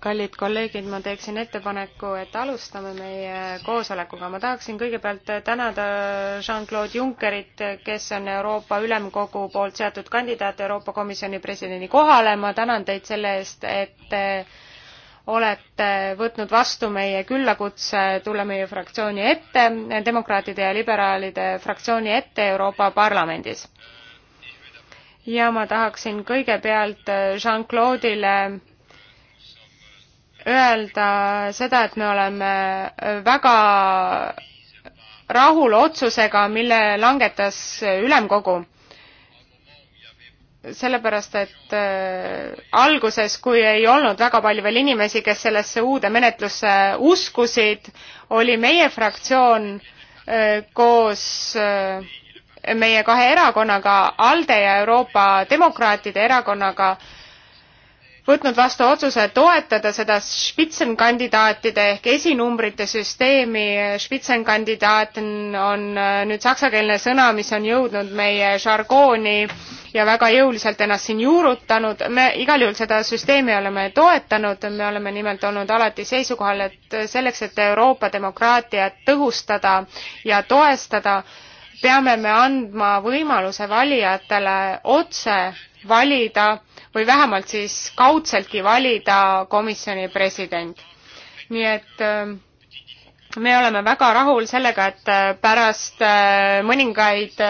kallid kolleegid, ma teeksin ettepaneku, et alustame meie koosolekuga. ma tahaksin kõigepealt tänada Jean-Claude Junckerit, kes on Euroopa Ülemkogu poolt seatud kandidaat Euroopa Komisjoni presidendi kohale. ma tänan teid selle eest, et te olete võtnud vastu meie küllakutse tulla meie fraktsiooni ette, demokraatide ja liberaalide fraktsiooni ette Euroopa Parlamendis ja ma tahaksin kõigepealt äh, Jean-Claude'ile öelda seda, et me oleme äh, väga rahul otsusega, mille langetas äh, ülemkogu sellepärast, et alguses, kui ei olnud väga palju veel inimesi, kes sellesse uude menetlusse uskusid, oli meie fraktsioon koos meie kahe erakonnaga, ALDE ja Euroopa Demokraatide Erakonnaga, võtnud vastu otsuse toetada seda spitsenkandidaatide ehk esinumbrite süsteemi. spitsenkandidaat on äh, nüüd saksakeelne sõna, mis on jõudnud meie žargooni ja väga jõuliselt ennast siin juurutanud. me igal juhul seda süsteemi oleme toetanud, me oleme nimelt olnud alati seisukohal, et selleks, et Euroopa demokraatiat tõhustada ja toestada, peame me andma võimaluse valijatele otse valida või vähemalt siis kaudseltki valida komisjoni president. nii et äh, me oleme väga rahul sellega, et äh, pärast äh, mõningaid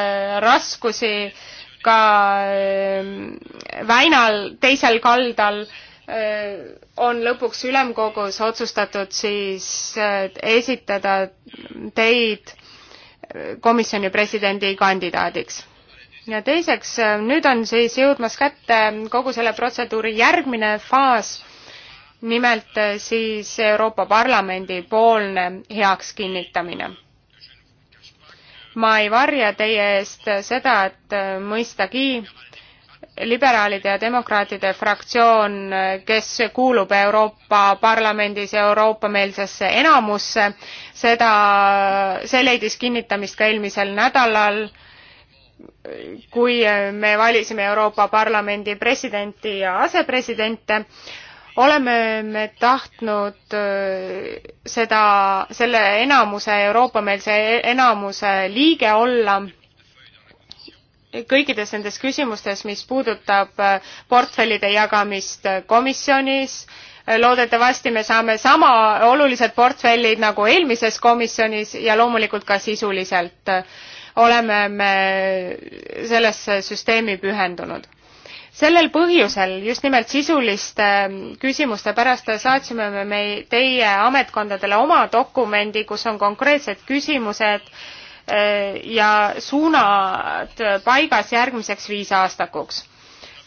raskusi ka väinal teisel kaldal on lõpuks ülemkogus otsustatud siis esitada teid komisjoni presidendi kandidaadiks. ja teiseks, äh, nüüd on siis jõudmas kätte kogu selle protseduuri järgmine faas, nimelt äh, siis Euroopa Parlamendi poolne heakskinnitamine. ma ei varja teie eest seda, et äh, mõistagi liberaalide ja demokraatide fraktsioon, kes kuulub Euroopa Parlamendis Euroopa-meelsesse enamusse, seda, see leidis kinnitamist ka eelmisel nädalal, kui me valisime Euroopa Parlamendi presidenti ja asepresidente, oleme me tahtnud äh, seda, selle enamuse, Euroopa-meelse enamuse liige olla kõikides nendes küsimustes, mis puudutab äh, portfellide jagamist äh, komisjonis, äh, loodetavasti me saame sama olulised portfellid nagu eelmises komisjonis ja loomulikult ka sisuliselt oleme me sellesse süsteemi pühendunud. sellel põhjusel, just nimelt sisuliste küsimuste pärast saatsime me, me teie ametkondadele oma dokumendi, kus on konkreetsed küsimused äh, ja suunad paigas järgmiseks viisaastakuks.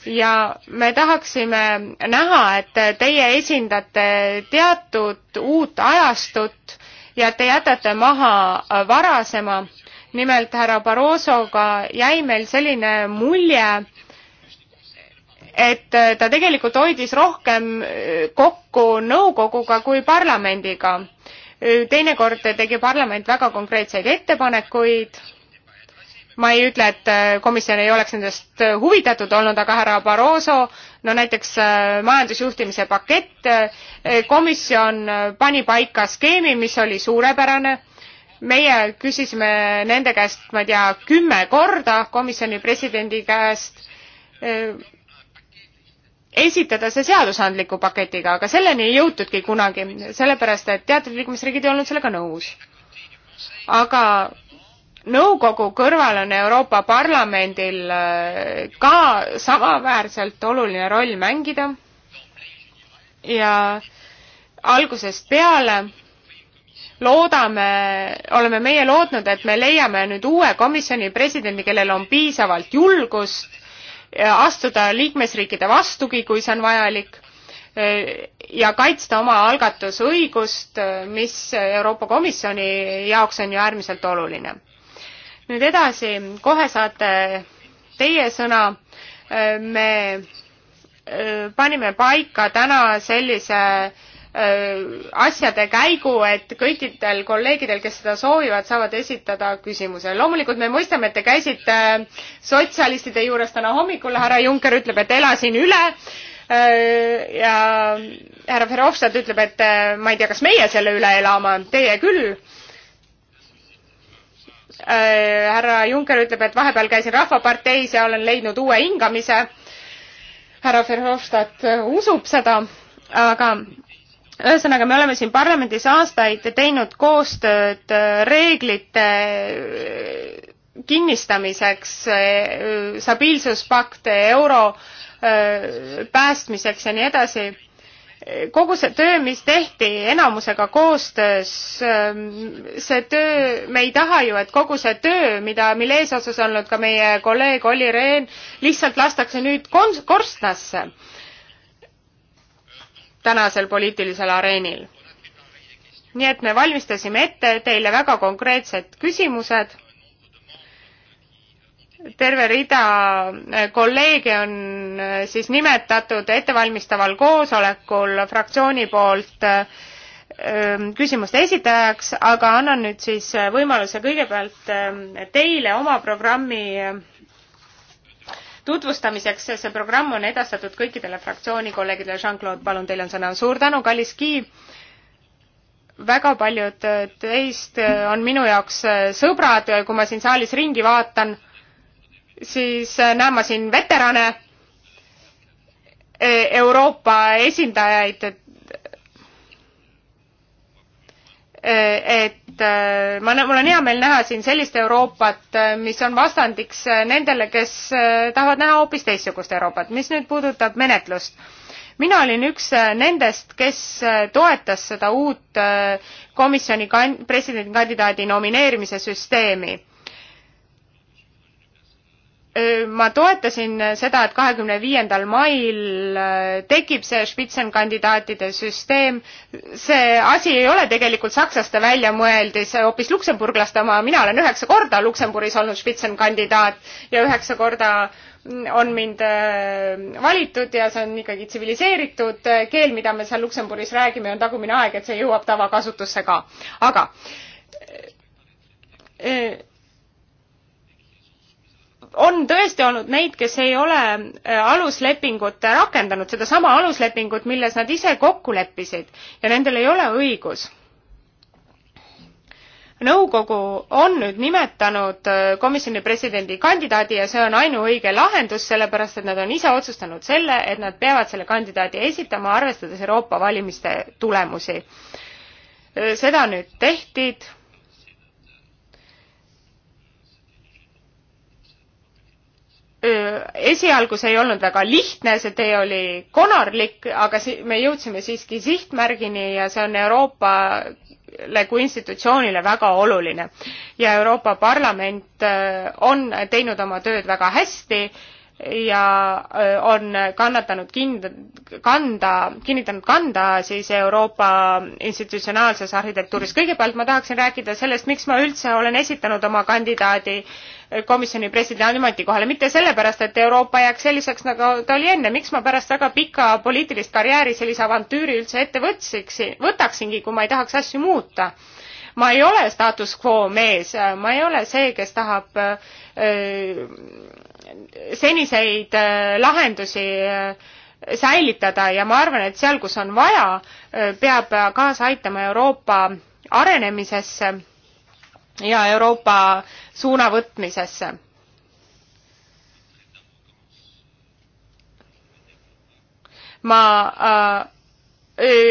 ja me tahaksime näha, et teie esindate teatud uut ajastut ja te jätate maha varasema. nimelt härra Barrosoga jäi meil selline mulje, et ta tegelikult hoidis rohkem kokku nõukoguga kui parlamendiga teinekord tegi parlament väga konkreetseid ettepanekuid ma ei ütle, et äh, komisjon ei oleks nendest äh, huvitatud olnud, aga härra Barroso, no näiteks äh, majandusjuhtimise pakett, komisjon pani paika skeemi, mis oli suurepärane. meie küsisime nende käest, ma ei tea, kümme korda komisjoni presidendi käest esitada see seadusandliku paketiga, aga selleni ei jõutudki kunagi, sellepärast et teatud liikmesriigid ei olnud sellega nõus. aga nõukogu kõrval on Euroopa Parlamendil äh, ka samaväärselt oluline roll mängida ja algusest peale loodame, oleme meie lootnud, et me leiame nüüd uue komisjoni presidendi, kellel on piisavalt julgust Äh, astuda liikmesriikide vastugi, kui see on vajalik äh, ja kaitsta oma algatusõigust, äh, mis Euroopa Komisjoni jaoks on ju äärmiselt oluline. nüüd edasi, kohe saate teie sõna. me panime paika täna sellise äh, Äh, asjade käigu, et kõikidel kolleegidel, kes seda soovivad, saavad esitada küsimuse. loomulikult me mõistame, et te käisite äh, sotsialistide juures täna hommikul, härra Juncker ütleb, et elasin üle äh, ja härra Verhofstadt ütleb, et ma ei tea, kas meie selle üle elame, teie küll härra Juncker ütleb, et vahepeal käisin Rahvaparteis ja olen leidnud uue hingamise. härra Verhofstadt usub seda, aga ühesõnaga, me oleme siin parlamendis aastaid teinud koostööd äh, reeglite äh, kinnistamiseks, äh, stabiilsuspakt, euro päästmiseks ja nii edasi. kogu see töö, mis tehti enamusega koostöös, ähm, see töö, me ei taha ju, et kogu see töö, mida, mille eesotsas olnud ka meie kolleeg Olli Rehn, lihtsalt lastakse nüüd korstnasse tänasel poliitilisel areenil. nii et me valmistasime ette teile väga konkreetsed küsimused. terve rida eh, kolleege on eh, siis nimetatud ettevalmistaval koosolekul fraktsiooni poolt eh, küsimuste esitajaks, aga annan nüüd siis võimaluse kõigepealt teile oma programmi tutvustamiseks. see programm on edastatud kõikidele fraktsiooni kolleegidele. Jean-Claude, palun, teil on sõna. suur tänu, kallis Kiiv väga paljud teist on minu jaoks sõbrad, kui ma siin saalis ringi vaatan, siis näen ma siin veterane, e, Euroopa esindajaid, et e, et äh, ma, mul on hea meel näha siin sellist Euroopat, äh, mis on vastandiks äh, nendele, kes tahavad näha hoopis teistsugust Euroopat. mis nüüd puudutab menetlust, mina olin üks nendest, kes toetas seda uut komisjoni kan-, presidendikandidaadi nomineerimise süsteemi ma toetasin seda, et kahekümne viiendal mail äh, tekib see spitsenkandidaatide süsteem. see asi ei ole tegelikult sakslaste väljamõeldis, hoopis luksemburglaste oma, mina olen üheksa korda Luksemburgis olnud spitsenkandidaat ja üheksa korda on mind äh, valitud ja see on ikkagi tsiviliseeritud äh, keel, mida me seal Luksemburgis räägime, on tagumine aeg, et see jõuab tavakasutusse ka. aga on tõesti olnud neid, kes ei ole äh, aluslepingut rakendanud, sedasama aluslepingut, milles nad ise kokku leppisid ja nendel ei ole õigus. nõukogu on nüüd nimetanud äh, komisjoni presidendi kandidaadi ja see on ainuõige lahendus, sellepärast et nad on ise otsustanud selle, et nad peavad selle kandidaadi esitama, arvestades Euroopa valimiste tulemusi. Äh, seda nüüd tehti esialgu see ei olnud väga lihtne, see tee oli konarlik, aga si me jõudsime siiski sihtmärgini ja see on Euroopale kui institutsioonile väga oluline. ja Euroopa Parlament on teinud oma tööd väga hästi ja on kannatanud kind-, kanda, kinnitanud kanda siis Euroopa institutsionaalses arhitektuuris. kõigepealt ma tahaksin rääkida sellest, miks ma üldse olen esitanud oma kandidaadi äh, komisjoni presidendi ametikohale, mitte sellepärast, et Euroopa jääks selliseks, nagu ta oli enne, miks ma pärast väga pika poliitilist karjääri sellise avantüüri üldse ette võtsiksin, võtaksingi, kui ma ei tahaks asju muuta ma ei ole status quo mees, ma ei ole see, kes tahab öö, äh, seniseid öö, äh, lahendusi öö, äh, säilitada ja ma arvan, et seal, kus on vaja, peab kaasa aitama Euroopa arenemisesse ja Euroopa suuna võtmisesse. ma äh,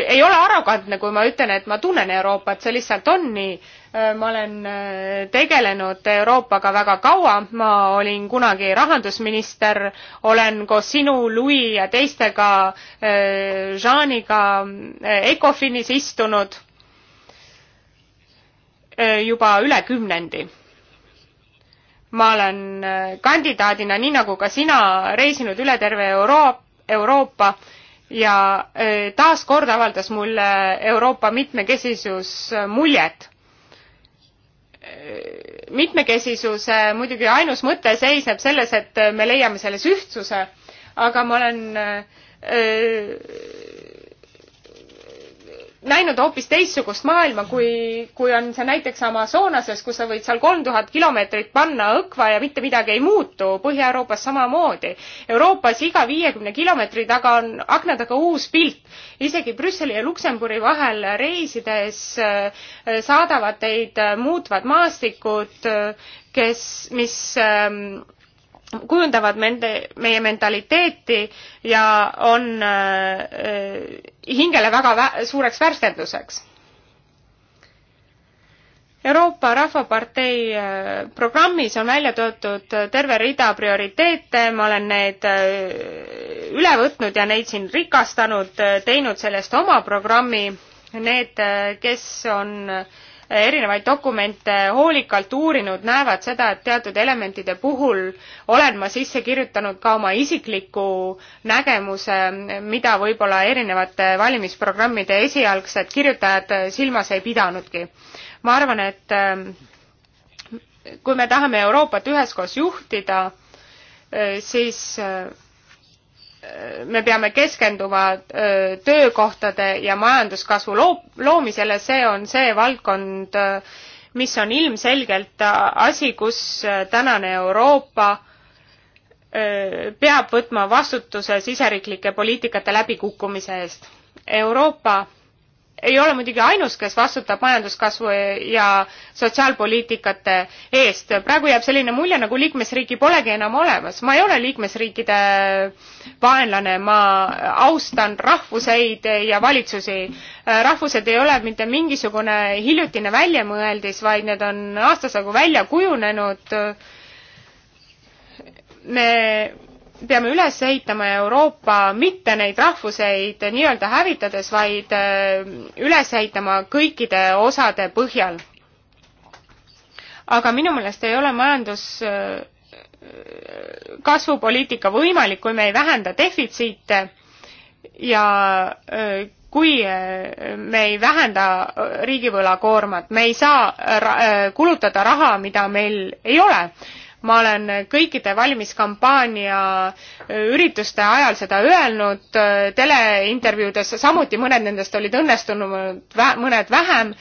ei ole arrogantne, kui ma ütlen, et ma tunnen Euroopat, see lihtsalt on nii äh, ma olen äh, tegelenud Euroopaga väga kaua, ma olin kunagi rahandusminister, olen koos sinu, Louis ja teistega, äh, Jaaniga Ecofinis istunud Äh, juba üle kümnendi. ma olen äh, kandidaadina, nii nagu ka sina, reisinud üle terve Euroop-, Euroopa ja äh, taaskord avaldas mulle Euroopa mitmekesisus muljet. mitmekesisuse muidugi ainus mõte seisneb selles, et me leiame selles ühtsuse, aga ma olen öö, näinud hoopis teistsugust maailma, kui, kui on see näiteks Amazonases, kus sa võid seal kolm tuhat kilomeetrit panna õkva ja mitte midagi ei muutu, Põhja-Euroopas samamoodi. Euroopas iga viiekümne kilomeetri taga on akna taga uus pilt. isegi Brüsseli ja Luksemburi vahel reisides äh, saadavad teid muutvad maastikud, äh, kes, mis ähm, kujundavad nende, meie mentaliteeti ja on äh, hingele väga vä suureks värskenduseks. Euroopa Rahvapartei äh, programmis on välja toodud äh, terve rida prioriteete, ma olen need äh, üle võtnud ja neid siin rikastanud, teinud sellest oma programmi. Need, kes on äh, erinevaid dokumente hoolikalt uurinud, näevad seda, et teatud elementide puhul olen ma sisse kirjutanud ka oma isikliku nägemuse, mida võib-olla erinevate valimisprogrammide esialgsed kirjutajad silmas ei pidanudki. ma arvan, et äh, kui me tahame Euroopat üheskoos juhtida, äh, siis äh, me peame keskenduma töökohtade ja majanduskasvu loo-, loomisele, see on see valdkond, mis on ilmselgelt asi, kus tänane Euroopa peab võtma vastutuse siseriiklike poliitikate läbikukkumise eest. Euroopa ei ole muidugi ainus, kes vastutab majanduskasvu ja sotsiaalpoliitikate eest. praegu jääb selline mulje, nagu liikmesriiki polegi enam olemas. ma ei ole liikmesriikide vaenlane, ma austan rahvuseid ja valitsusi. rahvused ei ole mitte mingisugune hiljutine väljamõeldis, vaid need on aastasagu välja kujunenud. me peame üles ehitama Euroopa mitte neid rahvuseid nii-öelda hävitades, vaid äh, üles ehitama kõikide osade põhjal. aga minu meelest ei ole majandus äh, kasvupoliitika võimalik, kui me ei vähenda defitsiite ja äh, kui me ei vähenda riigivõlakoormat, me ei saa kulutada raha, mida meil ei ole ma olen kõikide valimiskampaania ürituste ajal seda öelnud, teleintervjuudes samuti, mõned nendest olid õnnestunud, mõned vähem,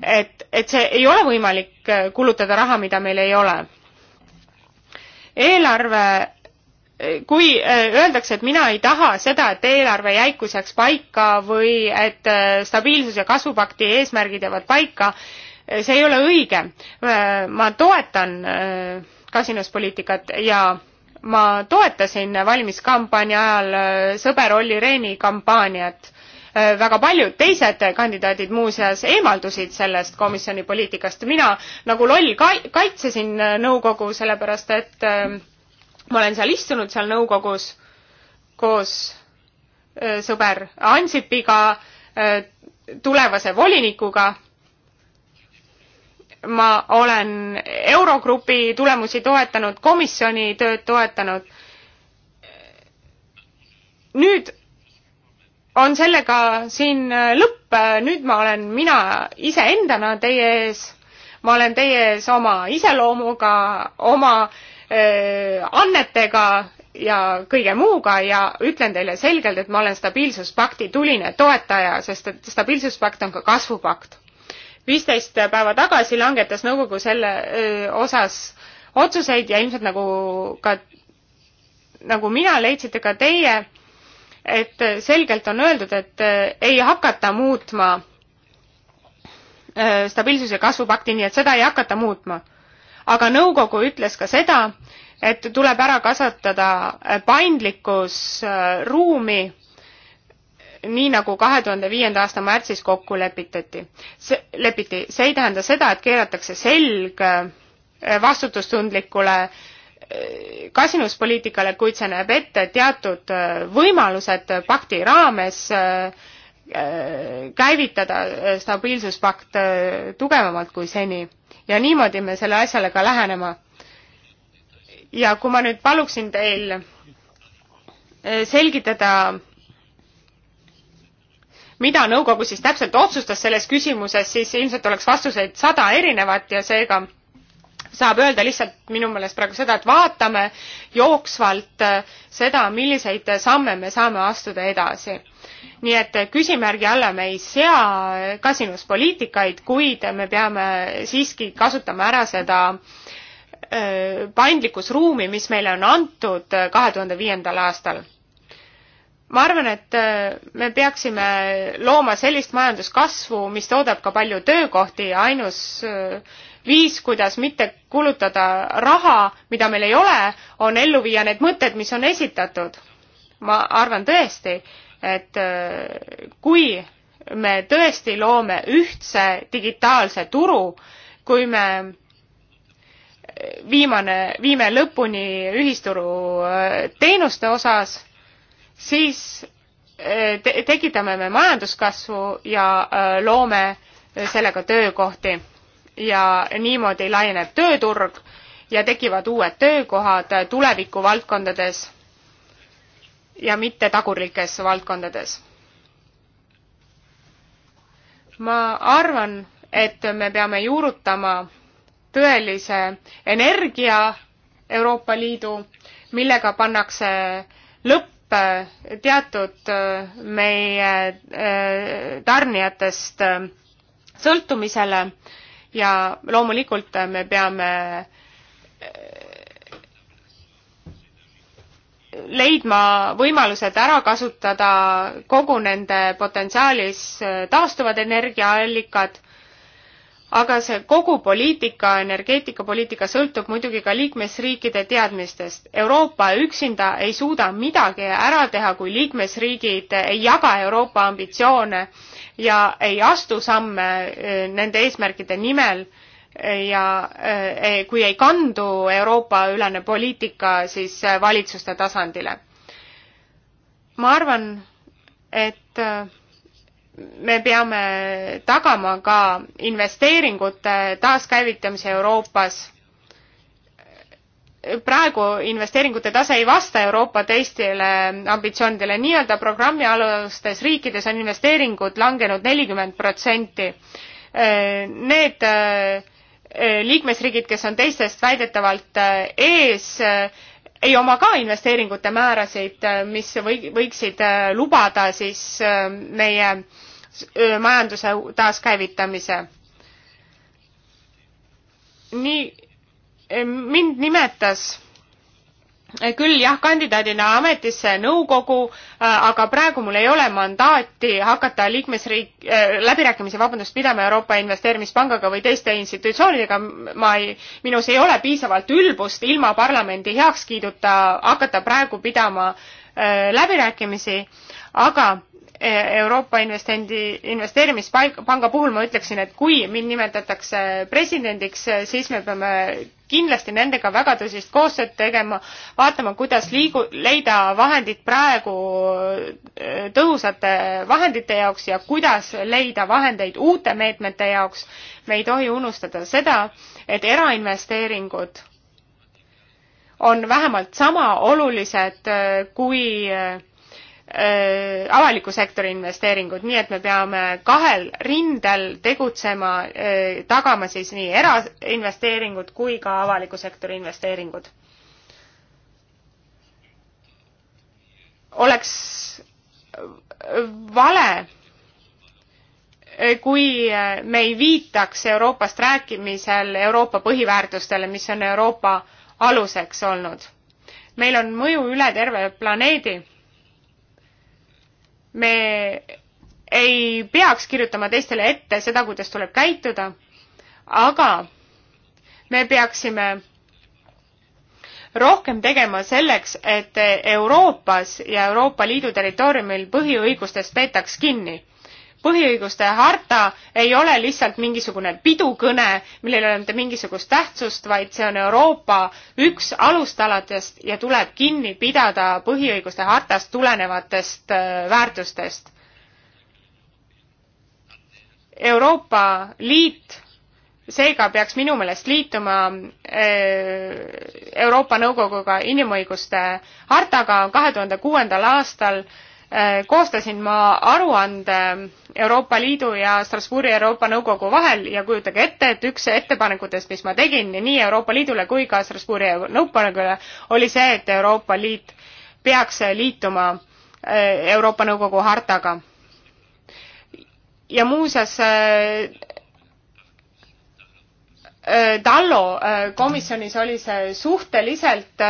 et, et see ei ole võimalik kulutada raha, mida meil ei ole. eelarve kui öeldakse, et mina ei taha seda, et eelarve jäikus jääks paika või et stabiilsus ja kasvupakti eesmärgid jäävad paika, see ei ole õige. ma toetan kasinuspoliitikat ja ma toetasin valimiskampaania ajal äh, sõber Olli Rehni kampaaniat. Äh, väga paljud teised kandidaadid muuseas eemaldusid sellest komisjoni poliitikast. mina nagu loll kaitsesin äh, nõukogu, sellepärast et ma olen seal istunud, seal nõukogus koos sõber Ansipiga, tulevase volinikuga ma olen Eurogrupi tulemusi toetanud, komisjoni tööd toetanud. nüüd on sellega siin lõpp, nüüd ma olen mina iseendana teie ees, ma olen teie ees oma iseloomuga, oma öö, äh, annetega ja kõige muuga ja ütlen teile selgelt, et ma olen stabiilsuspakti tuline toetaja, sest et stabiilsuspakt on ka kasvupakt viisteist päeva tagasi langetas nõukogu selle öö, osas otsuseid ja ilmselt nagu ka, nagu mina, leidsite ka teie, et selgelt on öeldud, et öö, ei hakata muutma öö, stabiilsuse kasvupakti, nii et seda ei hakata muutma. aga nõukogu ütles ka seda, et tuleb ära kasutada paindlikkusruumi nii nagu kahe tuhande viienda aasta märtsis kokku lepitati. see, lepiti, see ei tähenda seda, et keeratakse selg äh, vastutustundlikule äh, kasinuspoliitikale, kuid see näeb ette teatud äh, võimalused pakti raames käivitada stabiilsuspakt tugevamalt kui seni. ja niimoodi me selle asjale ka lähenema. ja kui ma nüüd paluksin teil selgitada mida nõukogu siis täpselt otsustas selles küsimuses, siis ilmselt oleks vastuseid sada erinevat ja seega saab öelda lihtsalt minu meelest praegu seda, et vaatame jooksvalt äh, seda, milliseid samme me saame astuda edasi. nii et küsimärgi alla me ei sea kasinus poliitikaid, kuid me peame siiski kasutama ära seda äh, paindlikkusruumi, mis meile on antud äh, kahe tuhande viiendal aastal ma arvan, et äh, me peaksime looma sellist majanduskasvu, mis toodab ka palju töökohti ja ainus äh, viis, kuidas mitte kulutada raha, mida meil ei ole, on ellu viia need mõtted, mis on esitatud. ma arvan tõesti, et äh, kui me tõesti loome ühtse digitaalse turu, kui me viimane, viime lõpuni ühisturu teenuste osas siis eh, te tekitame me majanduskasvu ja eh, loome eh, sellega töökohti ja niimoodi laieneb tööturg ja tekivad uued töökohad tulevikuvaldkondades ja mitte tagurlikes valdkondades. ma arvan, et me peame juurutama tõelise energia Euroopa Liidu, millega pannakse lõpp teatud äh, meie äh, tarnijatest äh, sõltumisele ja loomulikult me peame leidma võimalused ära kasutada kogu nende potentsiaalis taastuvad energiaallikad aga see kogu poliitika, energeetikapoliitika sõltub muidugi ka liikmesriikide teadmistest. Euroopa üksinda ei suuda midagi ära teha, kui liikmesriigid ei jaga Euroopa ambitsioone ja ei astu samme äh, nende eesmärkide nimel ja äh, kui ei kandu Euroopa ülene poliitika siis äh, valitsuste tasandile. ma arvan, et me peame tagama ka investeeringute taaskäivitamise Euroopas. praegu investeeringute tase ei vasta Euroopa teistele ambitsioonidele, nii-öelda programmi alustes riikides on investeeringud langenud nelikümmend protsenti. Need eh, liikmesriigid, kes on teistest väidetavalt eh, ees, eh, ei oma ka investeeringute määrasid, mis või, võiksid lubada siis meie äh, majanduse taaskäivitamise. nii, mind nimetas küll jah, kandidaadina ametisse nõukogu, aga praegu mul ei ole mandaati hakata liikmesriik äh,, läbirääkimisi, vabandust, pidama Euroopa Investeerimispangaga või teiste institutsioonidega, ma ei, minus ei ole piisavalt ülbust ilma parlamendi heakskiiduta hakata praegu pidama äh, läbirääkimisi, aga E, Euroopa investendi, investeerimispanga puhul ma ütleksin, et kui mind nimetatakse presidendiks, siis me peame kindlasti nendega väga tõsist koostööd tegema, vaatama, kuidas liigu-, leida vahendid praegu e, tõhusate vahendite jaoks ja kuidas leida vahendeid uute meetmete jaoks. me ei tohi unustada seda, et erainvesteeringud on vähemalt sama olulised kui e, äh, avaliku sektori investeeringud, nii et me peame kahel rindel tegutsema äh,, tagama siis nii erainvesteeringud kui ka avaliku sektori investeeringud. oleks vale, äh, kui äh, me ei viitaks Euroopast rääkimisel Euroopa põhiväärtustele, mis on Euroopa aluseks olnud. meil on mõju üle terve planeedi me ei peaks kirjutama teistele ette seda, kuidas tuleb käituda, aga me peaksime rohkem tegema selleks, et Euroopas ja Euroopa Liidu territooriumil põhiõigustest peetaks kinni põhiõiguste harta ei ole lihtsalt mingisugune pidukõne, millel ei ole mitte mingisugust tähtsust, vaid see on Euroopa üks alustaladest ja tuleb kinni pidada põhiõiguste hartast tulenevatest äh, väärtustest. Euroopa Liit seega peaks minu meelest liituma äh, Euroopa Nõukoguga inimõiguste hartaga kahe tuhande kuuendal aastal Äh, koostasin ma aruande Euroopa Liidu ja Strasbourgi Euroopa Nõukogu vahel ja kujutage ette, et üks ettepanekutest, mis ma tegin nii Euroopa Liidule kui ka Strasbourgi Nõukogule, oli see, et Euroopa Liit peaks liituma äh, Euroopa Nõukogu hartaga. ja muuseas, äh, Tallo komisjonis oli see suhteliselt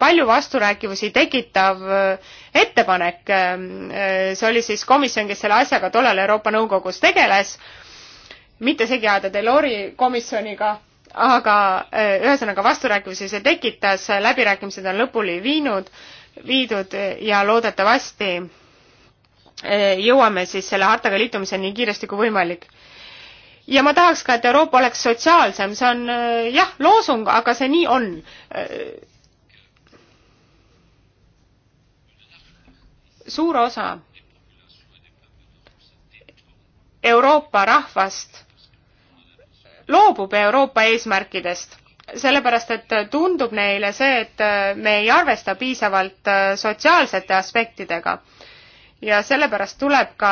palju vasturääkivusi tekitav ettepanek, äh, äh, see oli siis komisjon, kes selle asjaga tollal Euroopa Nõukogus tegeles, mitte segi ajada Delori komisjoniga, aga äh, ühesõnaga vasturääkivusi see tekitas, läbirääkimised on lõpuni viinud, viidud ja loodetavasti jõuame siis selle hartaga liitumiseni nii kiiresti kui võimalik ja ma tahaks ka, et Euroopa oleks sotsiaalsem, see on jah, loosung, aga see nii on. suur osa Euroopa rahvast loobub Euroopa eesmärkidest, sellepärast et tundub neile see, et me ei arvesta piisavalt sotsiaalsete aspektidega. ja sellepärast tuleb ka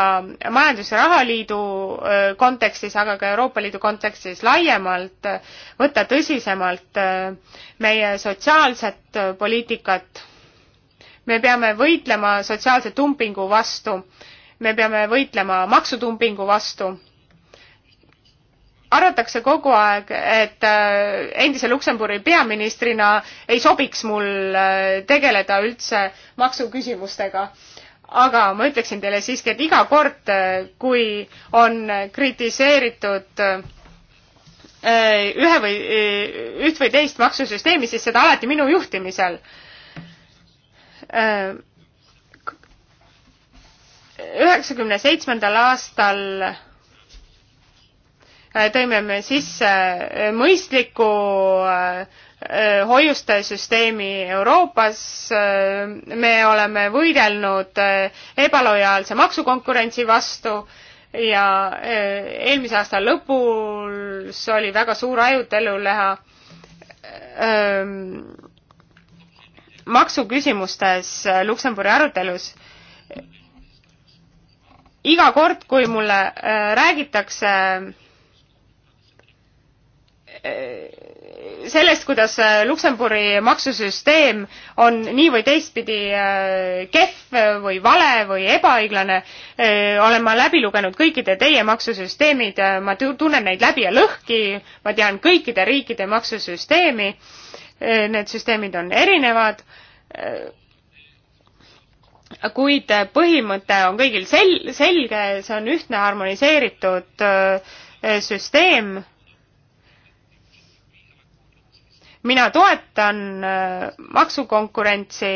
Majandus- ja Rahaliidu äh, kontekstis, aga ka Euroopa Liidu kontekstis laiemalt võtta tõsisemalt äh, meie sotsiaalset äh, poliitikat me peame võitlema sotsiaalse dumpingu vastu, me peame võitlema maksudumpingu vastu. arvatakse kogu aeg, et äh, endise Luksemburgi peaministrina ei sobiks mul äh, tegeleda üldse maksuküsimustega aga ma ütleksin teile siiski, et iga kord, äh, kui on kritiseeritud ühe või üht või teist maksusüsteemi, siis seda alati minu juhtimisel äh, üheksakümne seitsmendal aastal äh, tõime me sisse äh, mõistliku äh, hoiuste süsteemi Euroopas. me oleme võidelnud ebalojaalse maksukonkurentsi vastu ja eelmise aasta lõpus oli väga suur ajuteluleha maksuküsimustes äh, Luksemburgi arutelus iga kord, kui mulle äh, räägitakse äh, sellest, kuidas Luksemburgi maksusüsteem on nii või teistpidi kehv või vale või ebaõiglane, olen ma läbi lugenud kõikide teie maksusüsteemid, ma tunnen neid läbi ja lõhki, ma tean kõikide riikide maksusüsteemi Eh, need süsteemid on erinevad, eh, kuid põhimõte on kõigil sel-, selge, see on ühtne harmoniseeritud eh, süsteem. mina toetan maksukonkurentsi,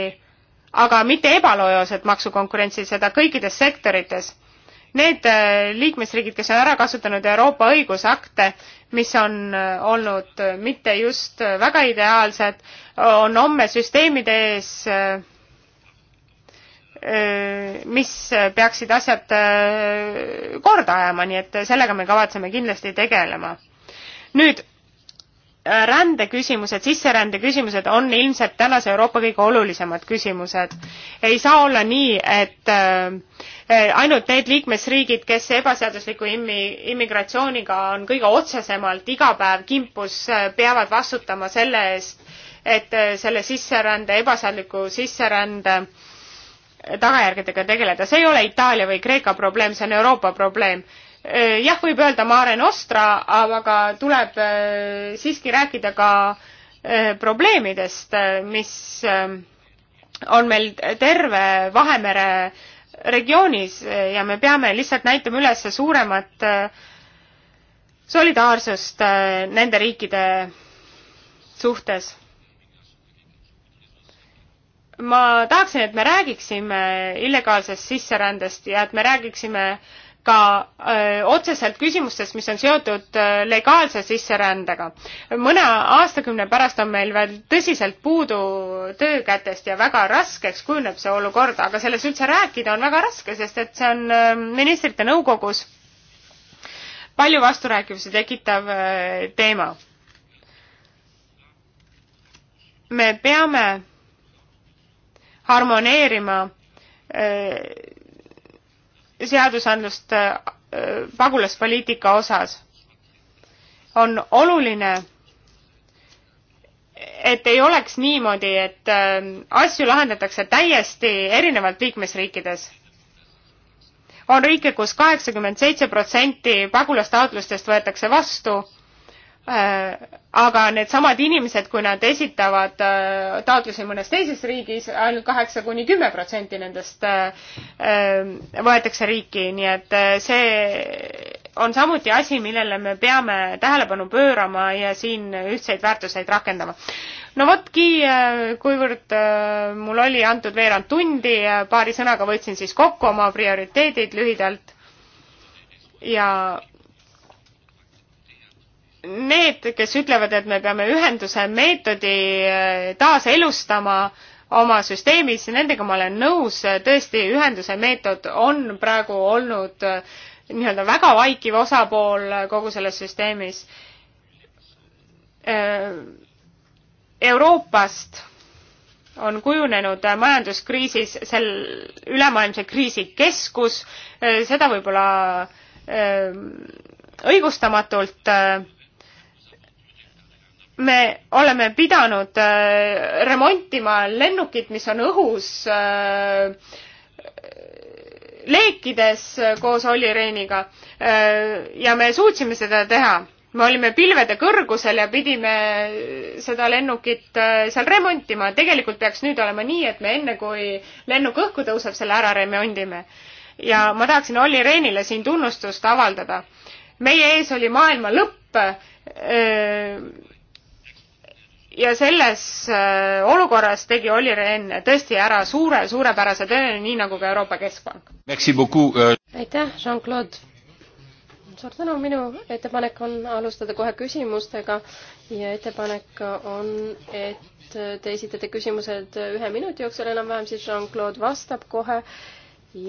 aga mitte ebalojaalset maksukonkurentsi, seda kõikides sektorites need äh, liikmesriigid, kes on ära kasutanud Euroopa õigusakte, mis on äh, olnud äh, mitte just väga ideaalsed, on homme süsteemide ees, mis peaksid asjad korda ajama, nii et sellega me kavatseme kindlasti tegelema. nüüd rändeküsimused, sisserändeküsimused on ilmselt tänase Euroopa kõige olulisemad küsimused. ei saa olla nii, et äh, ainult need liikmesriigid, kes ebaseadusliku immi-, immigratsiooniga on kõige otsesemalt iga päev kimpus, äh, peavad vastutama selle eest, et äh, selle sisserände, ebaseadusliku sisserände tagajärgedega tegeleda. see ei ole Itaalia või Kreeka probleem, see on Euroopa probleem Eh, jah, võib öelda Mare Nostra, aga ka tuleb eh, siiski rääkida ka eh, probleemidest, mis on meil terve Vahemere regioonis ja me peame lihtsalt näitama üles suuremat solidaarsust nende riikide suhtes. ma tahaksin, et me räägiksime illegaalsest sisserändest ja et me räägiksime äh, ka öö, otseselt küsimustest, mis on seotud öö, legaalse sisserändega. mõne aastakümne pärast on meil veel tõsiselt puudu töökätest ja väga raskeks kujuneb see olukord, aga sellest üldse rääkida on väga raske, sest et see on öö, ministrite nõukogus palju vasturääkivusi tekitav öö, teema. me peame harmoneerima öö, seadusandlust äh, pagulaspoliitika osas. on oluline, et ei oleks niimoodi, et äh, asju lahendatakse täiesti erinevalt liikmesriikides on riike kus kaheksakümmend seitse protsenti pagulastaotlustest võetakse vastu Äh, aga needsamad inimesed, kui nad esitavad äh, taotlusi mõnes teises riigis ainult, ainult kaheksa kuni kümme protsenti nendest äh, võetakse riiki, nii et see on samuti asi, millele me peame tähelepanu pöörama ja siin ühtseid väärtuseid rakendama. no votki, kuivõrd mul oli antud veerand tundi, paari sõnaga võtsin siis kokku oma prioriteedid lühidalt ja need, kes ütlevad, et me peame ühenduse meetodi eh, taaselustama oma süsteemis, nendega ma olen nõus, tõesti, ühenduse meetod on praegu olnud eh, nii-öelda väga vaikiv osapool kogu selles süsteemis. Eh, Euroopast on kujunenud majanduskriisis sel ülemaailmse kriisi keskus, seda võib-olla õigustamatult äh, me oleme pidanud äh, remontima lennukit, mis on õhus äh, leekides koos Olli Reiniga äh, ja me suutsime seda teha. me olime pilvede kõrgusel ja pidime äh, seda lennukit äh, seal remontima. tegelikult peaks nüüd olema nii, et me enne, kui lennuk õhku tõuseb, selle ära remondime. ja ma tahaksin Olli Reinile siin tunnustust avaldada. meie ees oli maailma lõpp äh, ja selles äh, olukorras tegi Olli Rehn tõesti ära suure, suurepärase töö, nii nagu ka Euroopa Keskpank. Euh. aitäh, Jean-Claude! suur tänu, minu ettepanek on alustada kohe küsimustega ja ettepanek on, et te esitate küsimused ühe minuti jooksul enam-vähem, siis Jean-Claude vastab kohe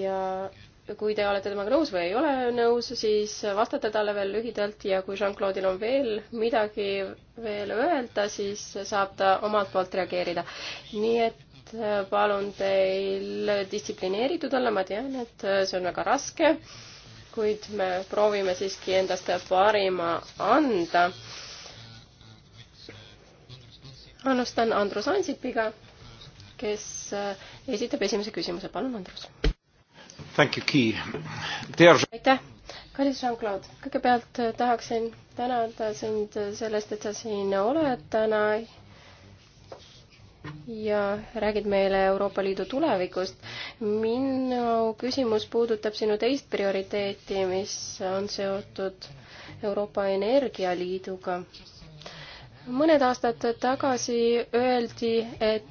ja kui te olete temaga nõus või ei ole nõus, siis vastate talle veel lühidalt ja kui Jean-Claude'il on veel midagi veel öelda, siis saab ta omalt poolt reageerida. nii et äh, palun teil distsiplineeritud olla, ma tean, et äh, see on väga raske, kuid me proovime siiski endast parima anda. alustan Andrus Ansipiga, kes äh, esitab esimese küsimuse. palun, Andrus aitäh, kallis Jean-Claude, kõigepealt äh, tahaksin tänada sind äh, sellest, et sa siin oled täna ja räägid meile Euroopa Liidu tulevikust. minu küsimus puudutab sinu teist prioriteeti, mis on seotud Euroopa Energialiiduga mõned aastad tagasi öeldi, et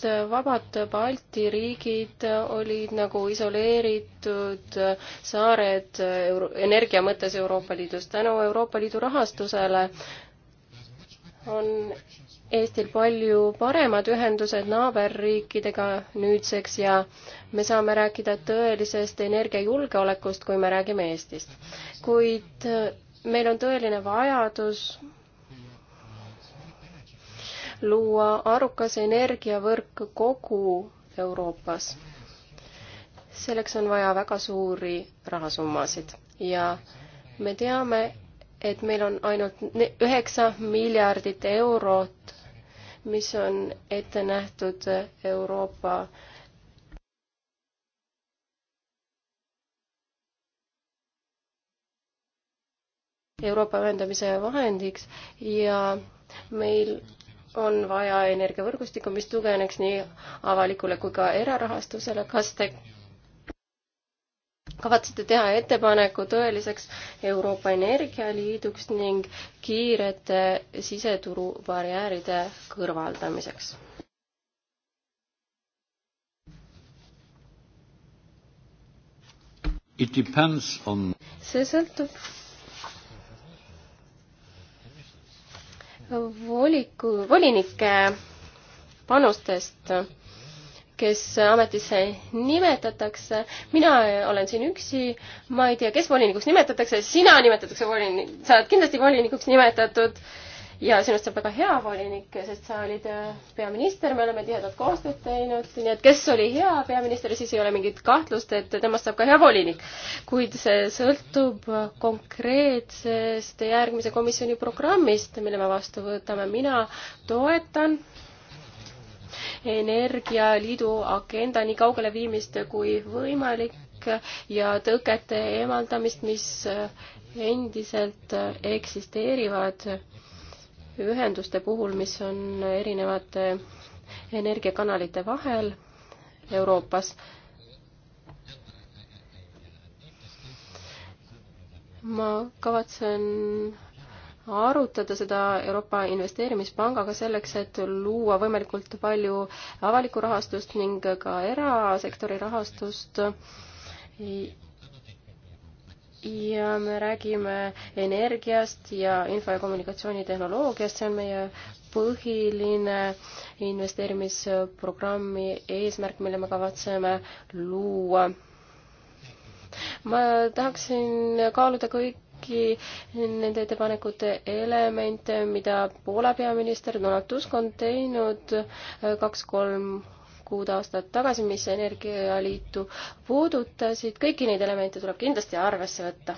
et vabad Balti riigid olid nagu isoleeritud saared euro-, energia mõttes Euroopa Liidus. tänu Euroopa Liidu rahastusele on Eestil palju paremad ühendused naaberriikidega nüüdseks ja me saame rääkida tõelisest energiajulgeolekust, kui me räägime Eestist. kuid meil on tõeline vajadus luua arukas energiavõrk kogu Euroopas. selleks on vaja väga suuri rahasummasid ja me teame, et meil on ainult üheksa miljardit eurot, mis on ette nähtud Euroopa Euroopa ühendamise vahendiks ja meil on vaja energiavõrgustikku, mis tugevneks nii avalikule kui ka erarahastusele. kas te kavatsete teha ettepaneku tõeliseks Euroopa Energialiiduks ning kiirete siseturu barjääride kõrvaldamiseks? On... see sõltub voliku, volinike panustest, kes ametisse nimetatakse. mina olen siin üksi, ma ei tea, kes volinikuks nimetatakse, sina nimetatakse volin-, sa oled kindlasti volinikuks nimetatud äh, ja sinust saab väga hea volinik, sest sa olid äh, peaminister, me oleme tihedat koostööd teinud, nii et kes oli hea peaminister, siis ei ole mingit kahtlust, et temast saab ka hea volinik. kuid see sõltub äh, konkreetsest järgmise komisjoni programmist, mille me vastu võtame. mina toetan energialiidu agenda nii kaugele viimist kui võimalik ja tõkete eemaldamist, mis äh, endiselt eksisteerivad ühenduste puhul, mis on erinevate energiakanalite vahel Euroopas. ma kavatsen arutada seda Euroopa Investeerimispangaga selleks, et luua võimalikult palju avalikku rahastust ning ka erasektori rahastust ja me räägime energiast ja info- ja kommunikatsioonitehnoloogiast, see on meie põhiline investeerimisprogrammi eesmärk, mille me kavatseme luua. ma tahaksin kaaluda kõiki nende ettepanekute elemente, mida Poola peaminister Donald Tusk on teinud kaks-kolm kuud aastat tagasi, mis Energialiitu puudutasid, kõiki neid elemente tuleb kindlasti arvesse võtta.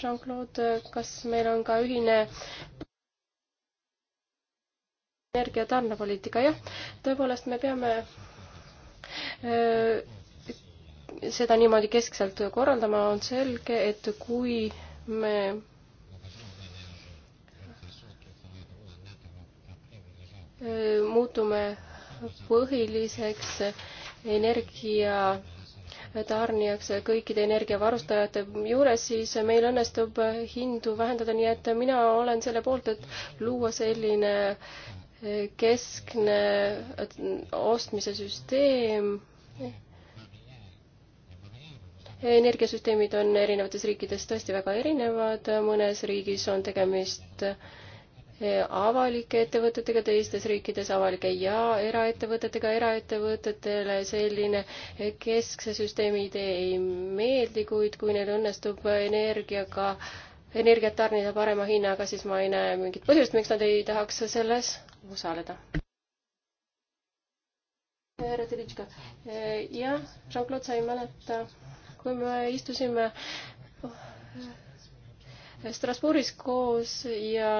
Jean-Claude, kas meil on ka ühine energia tarnepoliitika, jah, tõepoolest me peame äh, seda niimoodi keskselt korraldama, on selge, et kui me muutume põhiliseks energia tarnijaks kõikide energiavarustajate juures, siis meil õnnestub hindu vähendada, nii et mina olen selle poolt, et luua selline keskne ostmise süsteem. energiasüsteemid on erinevates riikides tõesti väga erinevad, mõnes riigis on tegemist äh, avalike ettevõtetega teistes riikides, avalike ja eraettevõtetega, eraettevõtetele selline keskse süsteemi idee ei meeldi, kuid kui neil õnnestub energiaga, energiat tarnida parema hinnaga, siis ma ei näe mingit põhjust, miks nad ei tahaks selles osaleda. härra Telitška, jah, Jean-Claude, sa ei mäleta, kui me istusime Strasbourgis koos ja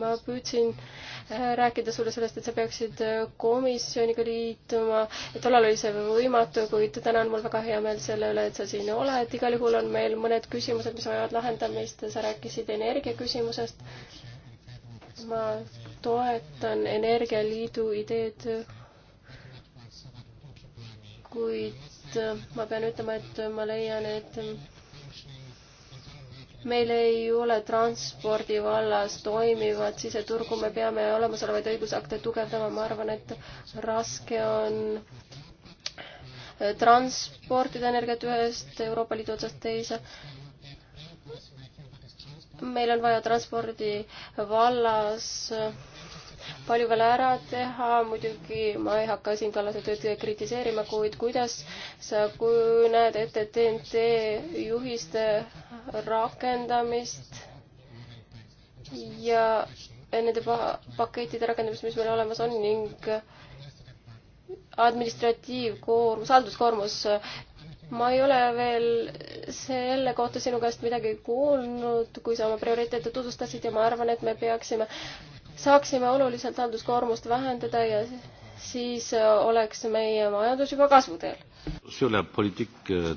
ma püüdsin äh, rääkida sulle sellest, et sa peaksid äh, komisjoniga liituma. tollal oli see võimatu, kuid täna on mul väga hea meel selle üle, et sa siin oled. igal juhul on meil mõned küsimused, mis vajavad lahendamist. sa rääkisid energiaküsimusest. ma toetan Energialiidu ideed, kuid ma pean ütlema, et ma leian, et meil ei ole transpordi vallas toimivat siseturgu, me peame olemasolevaid õigusakte tugevdama, ma arvan, et raske on transportida energiat ühest Euroopa Liidu otsast teise. meil on vaja transpordi vallas palju veel ära teha, muidugi ma ei hakka siin Kallase tööd kritiseerima, kuid kuidas sa näed ette TNT juhiste rakendamist ja nende pakettide rakendamist, mis meil olemas on ning administratiivkoormus, halduskoormus ma ei ole veel selle kohta sinu käest midagi kuulnud, kui sa oma prioriteete tutvustasid ja ma arvan, et me peaksime saaksime oluliselt halduskoormust vähendada ja siis äh, oleks meie majandus juba kasvuteel. Euh,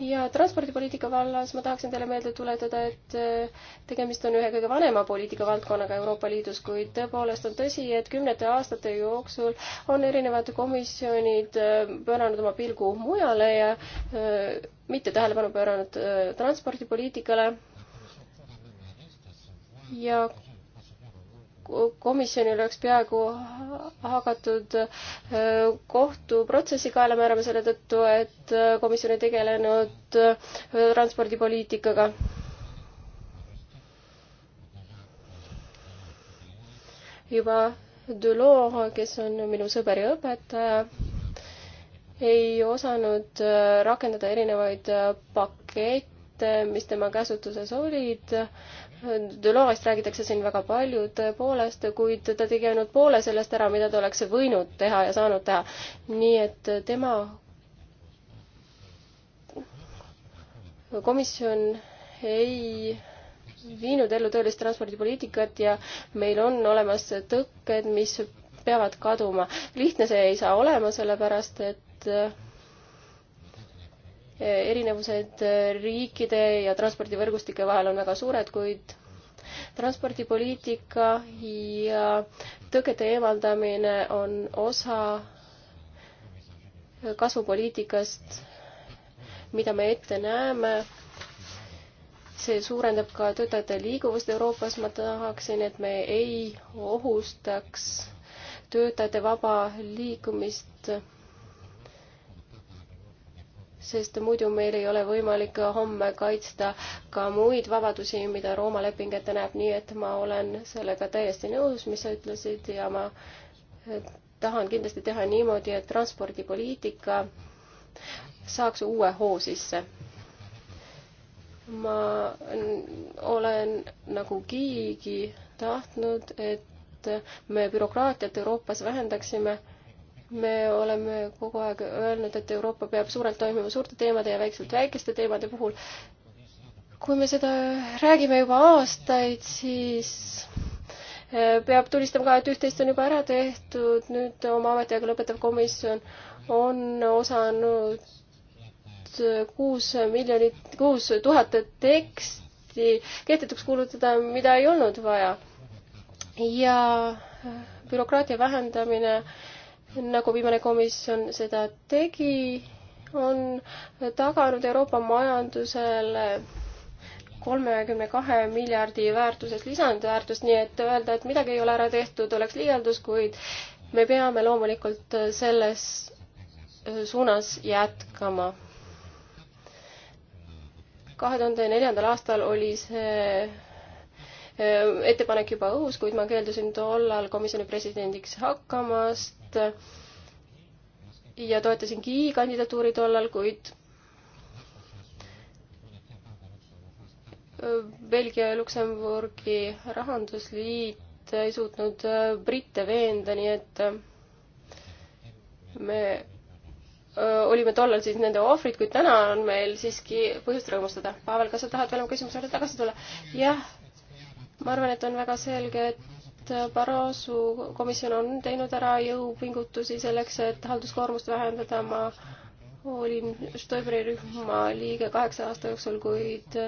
ja transpordipoliitika vallas ma tahaksin teile meelde tuletada, et äh, tegemist on ühe kõige vanema poliitikavaldkonnaga Euroopa Liidus, kuid tõepoolest on tõsi, et kümnete aastate jooksul on erinevad komisjonid äh, pööranud oma pilgu mujale ja mitte tähelepanu pööranud transpordipoliitikale. ja komisjonil oleks peaaegu hakatud äh, kohtuprotsessi kaela määrama selle tõttu, et äh, komisjon ei tegelenud äh, transpordipoliitikaga. juba Delors, kes on minu sõber ja õpetaja, ei osanud rakendada erinevaid pakette, mis tema käsutuses olid Delorest räägitakse siin väga palju tõepoolest, kuid ta tegi ainult poole sellest ära, mida ta oleks võinud teha ja saanud teha. nii et tema komisjon ei viinud ellu tõelist transpordipoliitikat ja meil on olemas tõkked, mis peavad kaduma. lihtne see ei saa olema, sellepärast et erinevused riikide ja transpordivõrgustike vahel on väga suured, kuid transpordipoliitika ja tõkete eemaldamine on osa kasvupoliitikast, mida me ette näeme see suurendab ka töötajate liiguvust Euroopas, ma tahaksin, et me ei ohustaks töötajate vaba liikumist sest muidu meil ei ole võimalik homme kaitsta ka muid vabadusi, mida Rooma leping ette näeb, nii et ma olen sellega täiesti nõus, mis sa ütlesid ja ma eh, tahan kindlasti teha niimoodi, et transpordipoliitika saaks uue hoo sisse. ma olen nagu Kiigi tahtnud, et me bürokraatiat Euroopas vähendaksime me oleme kogu aeg öelnud, et Euroopa peab suurelt toimima suurte teemade ja väikselt väikeste teemade puhul. kui me seda räägime juba aastaid, siis eh, peab tunnistama ka, et üht-teist on juba ära tehtud, nüüd oma ametiaega lõpetav komisjon on osanud kuus miljonit, kuus tuhat teksti kehtetuks kuulutada, mida ei olnud vaja. ja bürokraatia vähendamine äh, nagu viimane komisjon seda tegi, on taganud Euroopa majandusele kolmekümne kahe miljardi väärtuses lisandväärtust, nii et öelda, et midagi ei ole ära tehtud, oleks liialdus, kuid me peame loomulikult selles suunas jätkama. kahe tuhande neljandal aastal oli see eh, ettepanek juba õhus, kuid ma keeldusin tollal komisjoni presidendiks hakkamast poolt ja toetasin Gi kandidatuuri tollal, kuid Belgia ja Luksemburgi rahandusliit ei suutnud britte veenda, nii et me olime tollal siis nende ohvrid, kuid täna on meil siiski põhjust rõõmustada. Pavel, kas sa tahad veel oma küsimusele tagasi tulla? jah, ma arvan, et on väga selge, et Barroso komisjon on teinud ära jõupingutusi selleks, et halduskoormust vähendada. ma olin Stoiberi rühma liige kaheksa aasta jooksul, kuid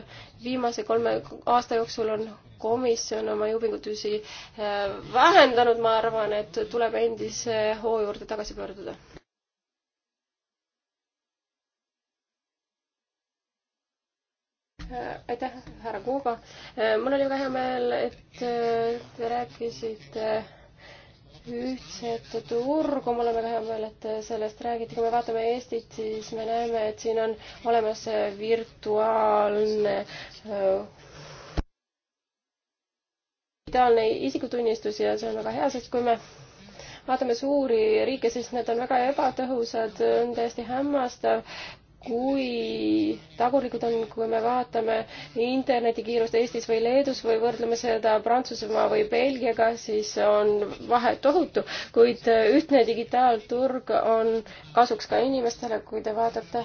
viimase kolme aasta jooksul on komisjon oma jõupingutusi äh, vähendanud. ma arvan, et tuleb endise hoo juurde tagasi pöörduda. Äh, aitäh, härra Kuuba. Äh, mul oli väga hea meel, et äh, te rääkisite ühtset turgu, mul on väga hea meel, et sellest räägiti. kui me vaatame Eestit, siis me näeme, et siin on olemas virtuaalne digitaalne isikutunnistus ja see on väga hea, sest kui me vaatame suuri riike, siis need on väga ebatõhusad, on täiesti hämmastav, kui tagurlikud on, kui me vaatame internetikiirust Eestis või Leedus või võrdleme seda Prantsusmaa või Belgiaga, siis on vahe tohutu, kuid ühtne digitaalturg on kasuks ka inimestele, kui te vaatate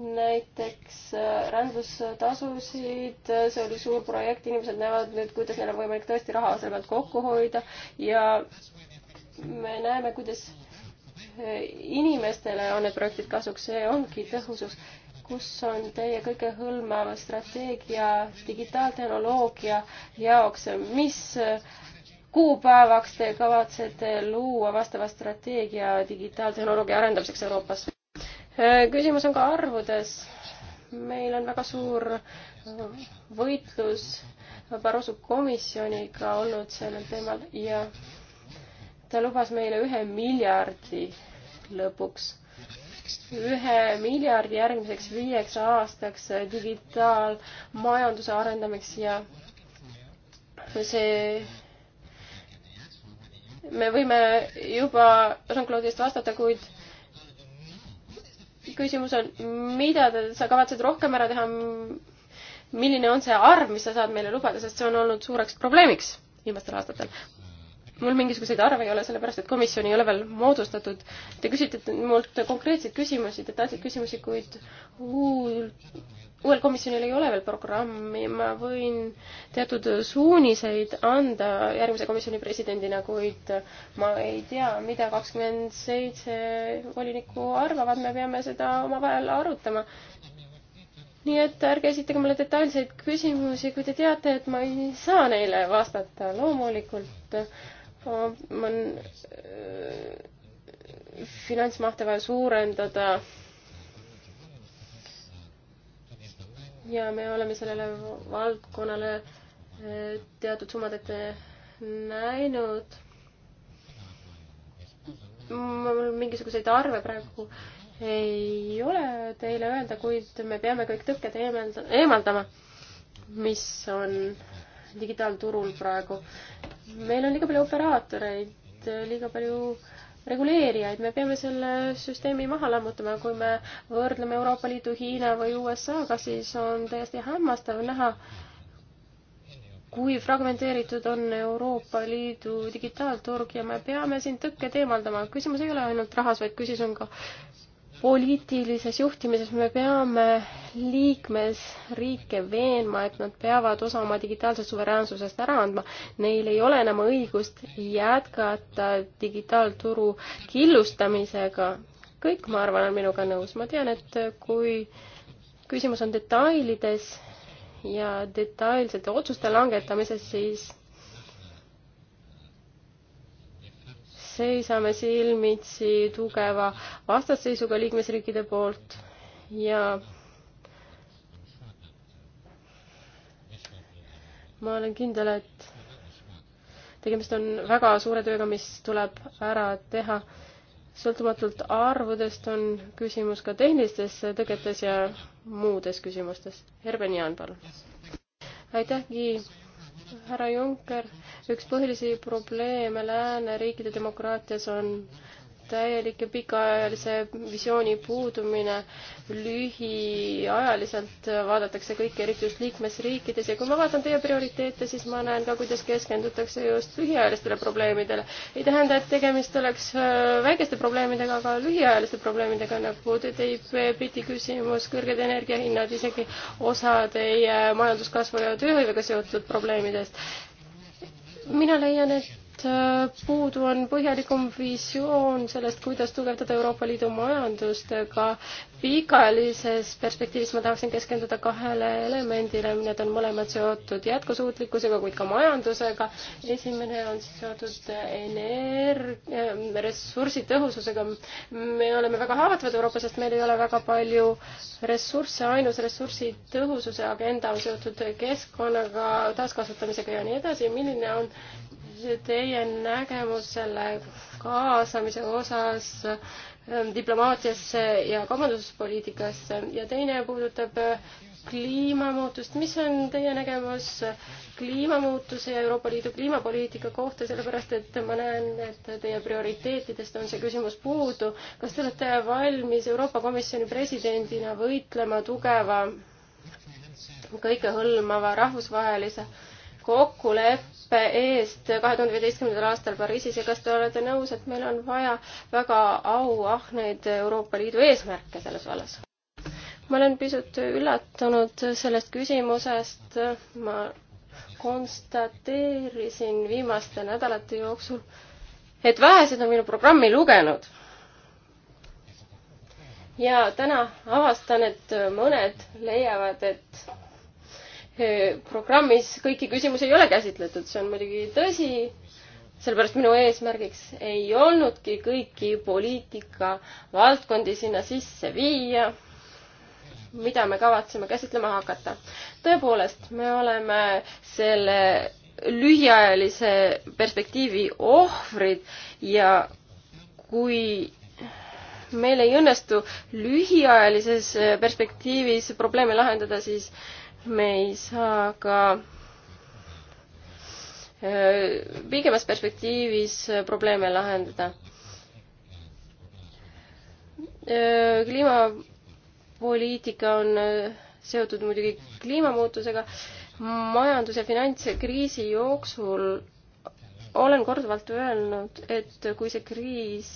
näiteks äh, rändlustasusid, see oli suur projekt, inimesed näevad nüüd, kuidas neil on võimalik tõesti raha selle pealt kokku hoida ja me näeme, kuidas inimestele on need projektid kasuks, see ongi tõhusus. kus on teie kõigehõlmav strateegia digitaaltehnoloogia jaoks, mis kuupäevaks te kavatsete luua vastava strateegia digitaaltehnoloogia arendamiseks Euroopas? küsimus on ka arvudes. meil on väga suur võitlus Barroso komisjoniga olnud sellel teemal ja ta lubas meile ühe miljardi lõpuks ühe miljardi järgmiseks viieks aastaks digitaalmajanduse arendamiseks ja see me võime juba Jean-Claude'ist vastata, kuid küsimus on, mida te, sa kavatsed rohkem ära teha, milline on see arv, mis sa saad meile lubada, sest see on olnud suureks probleemiksel viimastel aastatel mul mingisuguseid arve ei ole, sellepärast et komisjon ei ole veel moodustatud. Te küsite mult konkreetseid küsimusi, detailseid küsimusi, kuid uul, uuel komisjonil ei ole veel programmi. ma võin teatud suuniseid anda järgmise komisjoni presidendina, kuid ma ei tea, mida kakskümmend seitse volinikku arvavad, me peame seda omavahel arutama nii et ärge esitage mulle detailseid küsimusi, kui te teate, et ma ei saa neile vastata, loomulikult man äh, finantsmahte vaja suurendada. ja me oleme sellele valdkonnale äh, teatud summad ette näinud. mul mingisuguseid arve praegu ei ole teile öelda, kuid me peame kõik tõkked eemaldama, eemaldama, mis on digitaalturul praegu. meil on liiga palju operaatoreid, liiga palju reguleerijaid, me peame selle süsteemi maha lammutama, kui me võrdleme Euroopa Liidu, Hiina või USA-ga, siis on täiesti hämmastav näha, kui fragmenteeritud on Euroopa Liidu digitaalturg ja me peame siin tõkked eemaldama. küsimus ei ole ainult rahas, vaid küsimus on ka poliitilises juhtimises me peame liikmesriike veenma, et nad peavad osa oma digitaalsest suveräänsusest ära andma. Neil ei ole enam õigust jätkata digitaalturu killustamisega. kõik, ma arvan, on minuga nõus. ma tean, et kui küsimus on detailides ja detailsete otsuste langetamises, siis seisame silmitsi tugeva vastasseisuga liikmesriikide poolt ja ma olen kindel, et tegemist on väga suure tööga, mis tuleb ära teha. sõltumatult arvudest on küsimus ka tehnilistes tõketes ja muudes küsimustes. Herben Jaan, palun. aitäh, Gi. härra Juncker üks põhilisi probleeme lääneriikide demokraatias on täielik ja pikaajalise visiooni puudumine. lühiajaliselt vaadatakse kõike, eriti just liikmesriikides ja kui ma vaatan teie prioriteete, siis ma näen ka, kuidas keskendutakse just lühiajalistele probleemidele. ei tähenda, et tegemist oleks äh, väikeste probleemidega, aga lühiajaliste probleemidega nagu TTIP, Briti küsimus, kõrged energiahinnad, isegi osa teie majanduskasvu ja tööhõivega seotud probleemidest mina leian, et Äh, puudu on põhjalikum visioon sellest, kuidas tugevdada Euroopa Liidu majandust, aga pikaajalises perspektiivis ma tahaksin keskenduda kahele elemendile, need on mõlemad seotud jätkusuutlikkusega, kuid ka majandusega. esimene on siis seotud energia, äh, ressursitõhususega. me oleme väga haavatavad Euroopas, sest meil ei ole väga palju ressursse, ainus ressursitõhususe agenda on seotud keskkonnaga, taaskasutamisega ja nii edasi. milline on teie nägemus selle kaasamise osas ähm, diplomaatiasse ja kaubanduspoliitikasse ja teine puudutab äh, kliimamuutust. mis on teie nägemus äh, kliimamuutuse ja Euroopa Liidu kliimapoliitika kohta, sellepärast et ma näen, et teie prioriteetidest on see küsimus puudu. kas te olete valmis Euroopa Komisjoni presidendina võitlema tugeva, kõikehõlmava rahvusvahelise kokkuleppe eest kahe tuhande viieteistkümnendal aastal Pariisis ja kas te olete nõus, et meil on vaja väga auahneid Euroopa Liidu eesmärke selles vallas? ma olen pisut üllatunud sellest küsimusest, ma konstateerisin viimaste nädalate jooksul, et vähesed on minu programmi lugenud. ja täna avastan, et mõned leiavad, et Eh, programmis kõiki küsimusi ei ole käsitletud, see on muidugi tõsi, sellepärast minu eesmärgiks ei olnudki kõiki poliitika valdkondi sinna sisse viia, mida me kavatseme käsitlema hakata. tõepoolest, me oleme selle lühiajalise perspektiivi ohvrid ja kui meil ei õnnestu lühiajalises perspektiivis probleeme lahendada, siis äh, me ei saa ka äh, pikemas perspektiivis äh, probleeme lahendada. Äh, kliimapoliitika on seotud muidugi kliimamuutusega. majandus- ja finantskriisi jooksul olen korduvalt öelnud, et kui see kriis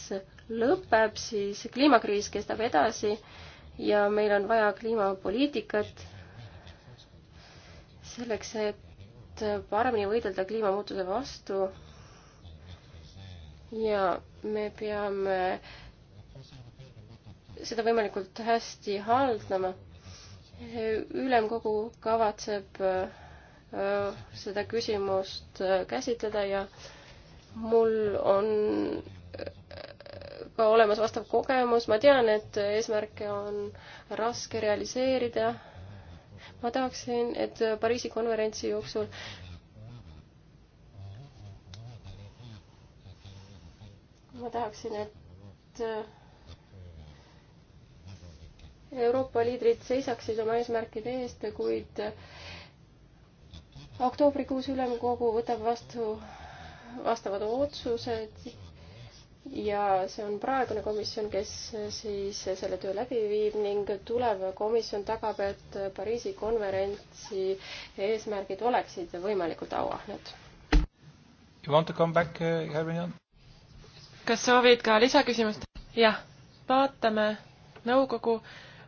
lõpeb, siis kliimakriis kestab edasi ja meil on vaja kliimapoliitikat selleks, et paremini võidelda kliimamuutuse vastu. ja me peame seda võimalikult hästi haldama. ülemkogu kavatseb äh, seda küsimust äh, käsitleda ja mul on äh, ka olemas vastav kogemus, ma tean, et eesmärke on raske realiseerida ma tahaksin, et Pariisi konverentsi jooksul ma tahaksin, et äh, Euroopa liidrid seisaksid oma eesmärkide eest, kuid oktoobrikuus ülemkogu võtab vastu vastavad otsused ja see on praegune komisjon, kes siis selle töö läbi viib ning tulev komisjon tagab, et Pariisi konverentsi eesmärgid oleksid võimalikult auahned. You want to come back uh,, Herminion? kas soovid ka lisaküsimust? jah, vaatame nõukogu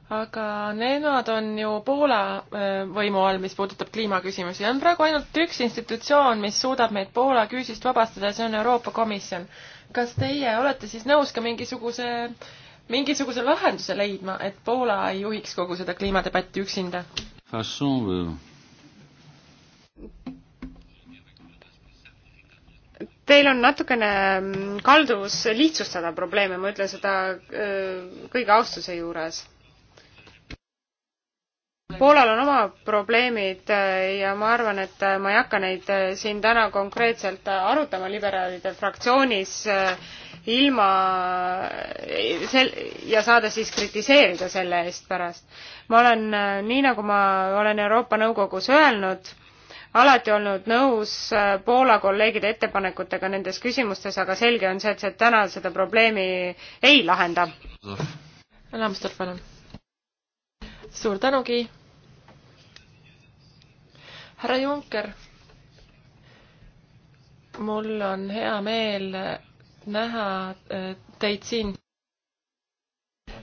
aga nemad on ju Poola äh, võimu all, mis puudutab kliimaküsimusi. on praegu ainult üks institutsioon, mis suudab meid Poola küüsist vabastada, see on Euroopa Komisjon. kas teie olete siis nõus ka mingisuguse, mingisuguse lahenduse leidma, et Poola ei juhiks kogu seda kliimadebatti üksinda? Euh, Teil on natukene mm, kalduvus lihtsustada probleeme, ma ütlen seda äh, kõige austuse juures Poolal on oma probleemid äh, ja ma arvan, et äh, ma ei hakka neid äh, siin täna konkreetselt arutama liberaalide fraktsioonis ilma sel- ja saada siis kritiseerida selle eest pärast. ma olen, nii nagu ma olen Euroopa Nõukogus öelnud, alati olnud nõus Poola kolleegide ettepanekutega nendes küsimustes, aga selge on see, et see täna seda probleemi ei lahenda. Lambsdorff, palun. suur tänugi härra Juncker, mul on hea meel näha äh, teid siin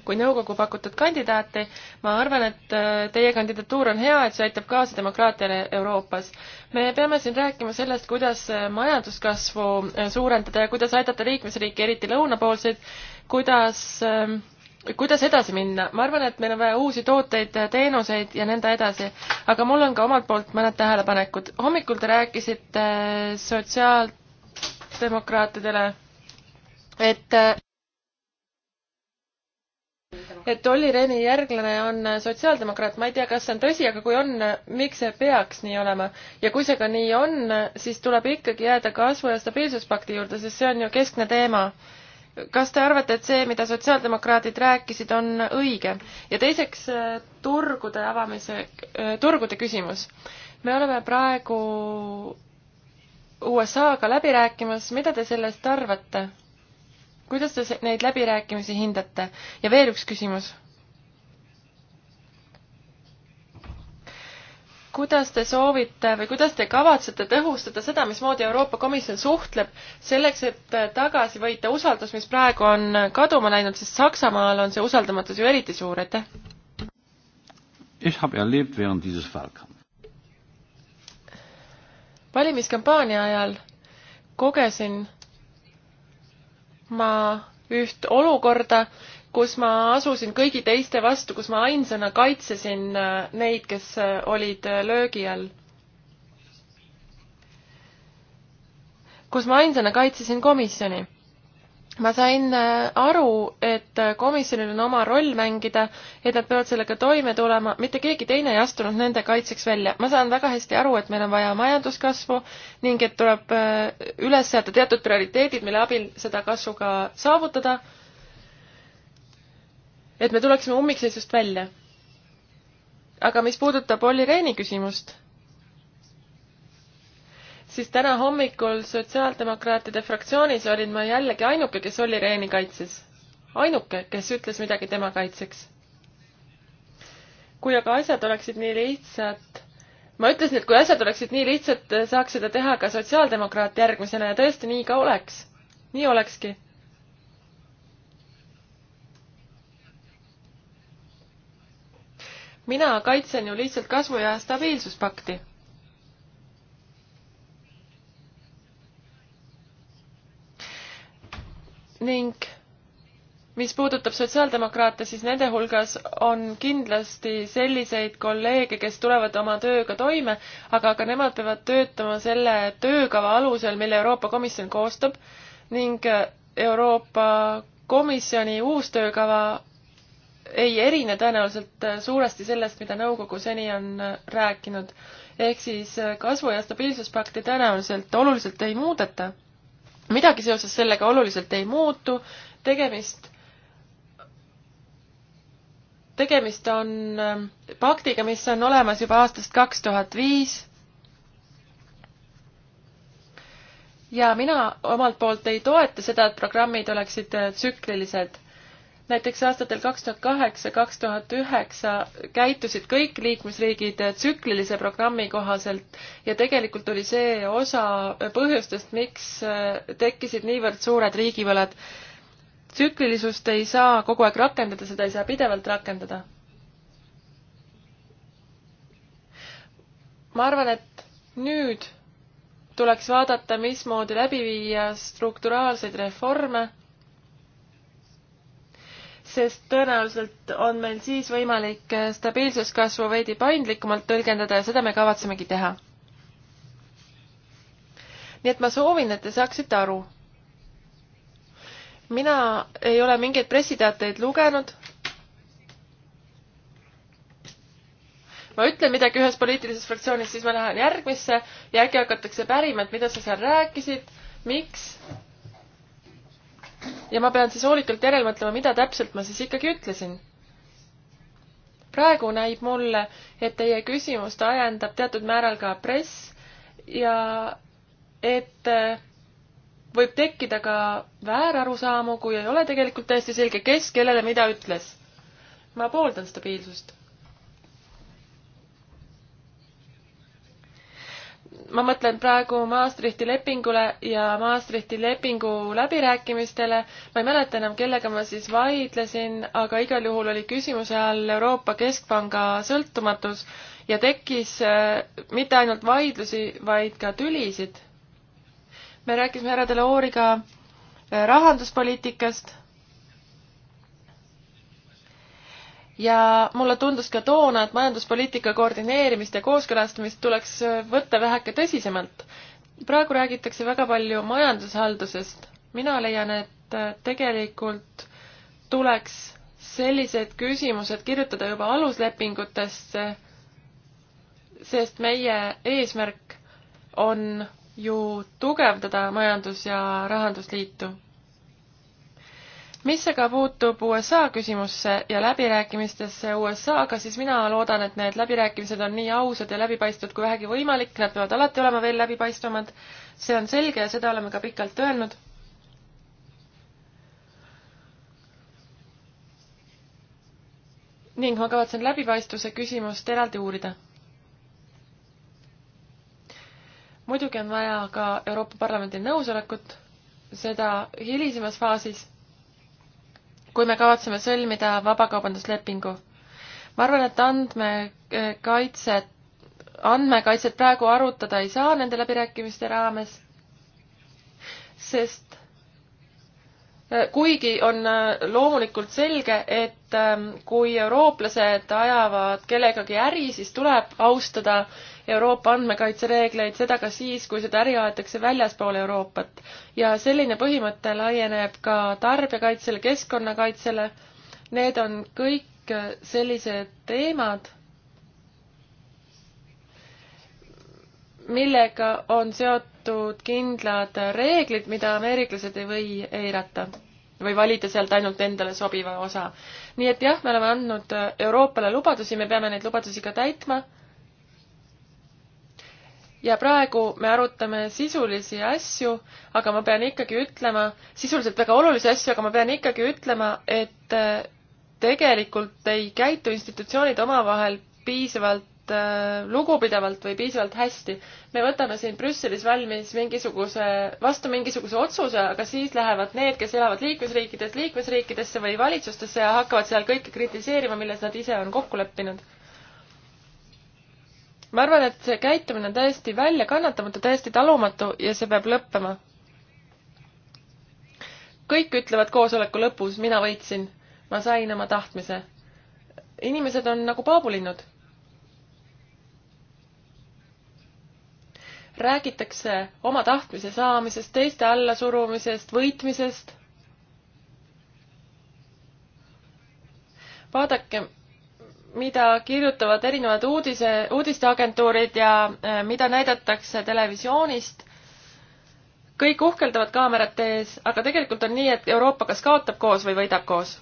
kui nõukogu pakutud kandidaati. ma arvan, et äh, teie kandidatuur on hea, et see aitab kaasa demokraatiale Euroopas. me peame siin rääkima sellest, kuidas äh, majanduskasvu suurendada ja kuidas aidata liikmesriike, eriti lõunapoolseid, kuidas äh, kuidas edasi minna, ma arvan, et meil on vaja uusi tooteid, teenuseid ja nõnda edasi, aga mul on ka omalt poolt mõned tähelepanekud. hommikul te rääkisite äh, sotsiaaldemokraatidele, et äh, et Olli Reni järglane on äh, sotsiaaldemokraat, ma ei tea, kas see on tõsi, aga kui on, miks see peaks nii olema? ja kui see ka nii on, siis tuleb ikkagi jääda kasvu- ja stabiilsuspakti juurde, sest see on ju keskne teema kas te arvate, et see, mida sotsiaaldemokraadid rääkisid, on õige? ja teiseks äh, turgude avamise, äh, turgude küsimus. me oleme praegu USA-ga läbi rääkimas, mida te sellest arvate? kuidas te neid läbirääkimisi hindate? ja veel üks küsimus kuidas te soovite või kuidas te kavatsete tõhustada seda, mismoodi Euroopa Komisjon suhtleb selleks, et tagasi võita usaldus, mis praegu on kaduma läinud, sest Saksamaal on see usaldamatus ju eriti suur, aitäh! valimiskampaania ajal kogesin ma üht olukorda, kus ma asusin kõigi teiste vastu, kus ma ainsana kaitsesin äh, neid, kes äh, olid äh, löögi all. kus ma ainsana kaitsesin komisjoni. ma sain aru, et komisjonil on oma roll mängida, et nad peavad sellega toime tulema, mitte keegi teine ei astunud nende kaitseks välja. ma saan väga hästi aru, et meil on vaja majanduskasvu ning et tuleb üles seada teatud prioriteedid, mille abil seda kasvu ka saavutada et me tuleksime ummikseisust välja. aga mis puudutab Olli Rehni küsimust, siis täna hommikul sotsiaaldemokraatide fraktsioonis olin ma jällegi ainuke, kes Olli Rehni kaitses. ainuke, kes ütles midagi tema kaitseks. kui aga asjad oleksid nii lihtsad, ma ütlesin, et kui asjad oleksid nii lihtsad, saaks seda teha ka sotsiaaldemokraat järgmisena ja tõesti nii ka oleks. nii olekski mina kaitsen ju lihtsalt kasvu- ja stabiilsuspakti. ning mis puudutab sotsiaaldemokraate, siis nende hulgas on kindlasti selliseid kolleege, kes tulevad oma tööga toime, aga ka nemad peavad töötama selle töökava alusel, mille Euroopa Komisjon koostab ning Euroopa Komisjoni uus töökava ei erine tõenäoliselt äh, suuresti sellest, mida nõukogu seni on äh, rääkinud. ehk siis äh, kasvu- ja stabiilsuspakti tõenäoliselt oluliselt ei muudeta. midagi seoses sellega oluliselt ei muutu, tegemist tegemist on paktiga, mis on olemas juba aastast kaks tuhat viis. ja mina omalt poolt ei toeta seda, et programmid oleksid tsüklilised näiteks aastatel kaks tuhat kaheksa, kaks tuhat üheksa käitusid kõik liikmesriigid tsüklilise programmi kohaselt ja tegelikult oli see osa põhjustest, miks äh, tekkisid niivõrd suured riigivõlad. tsüklilisust ei saa kogu aeg rakendada, seda ei saa pidevalt rakendada. ma arvan, et nüüd tuleks vaadata, mismoodi läbi viia strukturaalseid reforme sest tõenäoliselt on meil siis võimalik stabiilsuskasvu veidi paindlikumalt tõlgendada ja seda me kavatsemegi teha. nii et ma soovin, et te saaksite aru. mina ei ole mingeid pressiteateid lugenud. ma ütlen midagi ühes poliitilises fraktsioonis, siis ma lähen järgmisse ja äkki hakatakse pärima, et mida sa seal rääkisid, miks ja ma pean siis hoolikalt järelmõtlema, mida täpselt ma siis ikkagi ütlesin. praegu näib mulle, et teie küsimust ajendab teatud määral ka press ja et eh, võib tekkida ka väärarusaamu, kui ei ole tegelikult täiesti selge, kes kellele mida ütles. ma pooldan stabiilsust ma mõtlen praegu Maastrichti lepingule ja Maastrichti lepingu läbirääkimistele. ma ei mäleta enam, kellega ma siis vaidlesin, aga igal juhul oli küsimuse all Euroopa Keskpanga sõltumatus ja tekkis äh, mitte ainult vaidlusi, vaid ka tülisid. me rääkisime härra Delooriga äh, rahanduspoliitikast ja mulle tundus ka toona, et majanduspoliitika koordineerimist ja kooskõlastamist tuleks võtta väheke tõsisemalt. praegu räägitakse väga palju majandushaldusest. mina leian, et tegelikult tuleks sellised küsimused kirjutada juba aluslepingutesse, sest meie eesmärk on ju tugevdada Majandus- ja Rahandusliitu mis aga puutub USA küsimusse ja läbirääkimistesse USA-ga, siis mina loodan, et need läbirääkimised on nii ausad ja läbipaistvad kui vähegi võimalik, nad peavad alati olema veel läbipaistvamad, see on selge ja seda oleme ka pikalt öelnud. ning ma kavatsen läbipaistvuse küsimust eraldi uurida. muidugi on vaja ka Euroopa Parlamendi nõusolekut, seda hilisemas faasis kui me kavatseme sõlmida vabakaubanduslepingu. ma arvan, et andmekaitset, andmekaitset praegu arutada ei saa nende läbirääkimiste raames, sest äh, kuigi on äh, loomulikult selge, et ähm, kui eurooplased ajavad kellegagi äri, siis tuleb austada äh, Euroopa andmekaitsereegleid, seda ka siis, kui seda äri aetakse väljaspool Euroopat. ja selline põhimõte laieneb ka tarbijakaitsele, keskkonnakaitsele. Need on kõik sellised teemad, millega on seotud kindlad reeglid, mida ameeriklased ei või eirata või valida sealt ainult endale sobiva osa. nii et jah, me oleme andnud Euroopale lubadusi, me peame neid lubadusi ka täitma ja praegu me arutame sisulisi asju, aga ma pean ikkagi ütlema, sisuliselt väga olulisi asju, aga ma pean ikkagi ütlema, et äh, tegelikult ei käitu institutsioonid omavahel piisavalt äh, lugupidavalt või piisavalt hästi. me võtame siin Brüsselis valmis mingisuguse, vastu mingisuguse otsuse, aga siis lähevad need, kes elavad liikmesriikides, liikmesriikidesse või valitsustesse ja hakkavad seal kõike kritiseerima, milles nad ise on kokku leppinud ma arvan, et see käitumine on täiesti väljakannatamatu, täiesti talumatu ja see peab lõppema. kõik ütlevad koosoleku lõpus, mina võitsin, ma sain oma tahtmise. inimesed on nagu paabulinnud. räägitakse oma tahtmise saamisest, teiste allasurumisest, võitmisest. vaadake mida kirjutavad erinevad uudise, uudisteagentuurid ja äh, mida näidatakse televisioonist. kõik uhkeldavad kaamerate ees, aga tegelikult on nii, et Euroopa kas kaotab koos või võidab koos.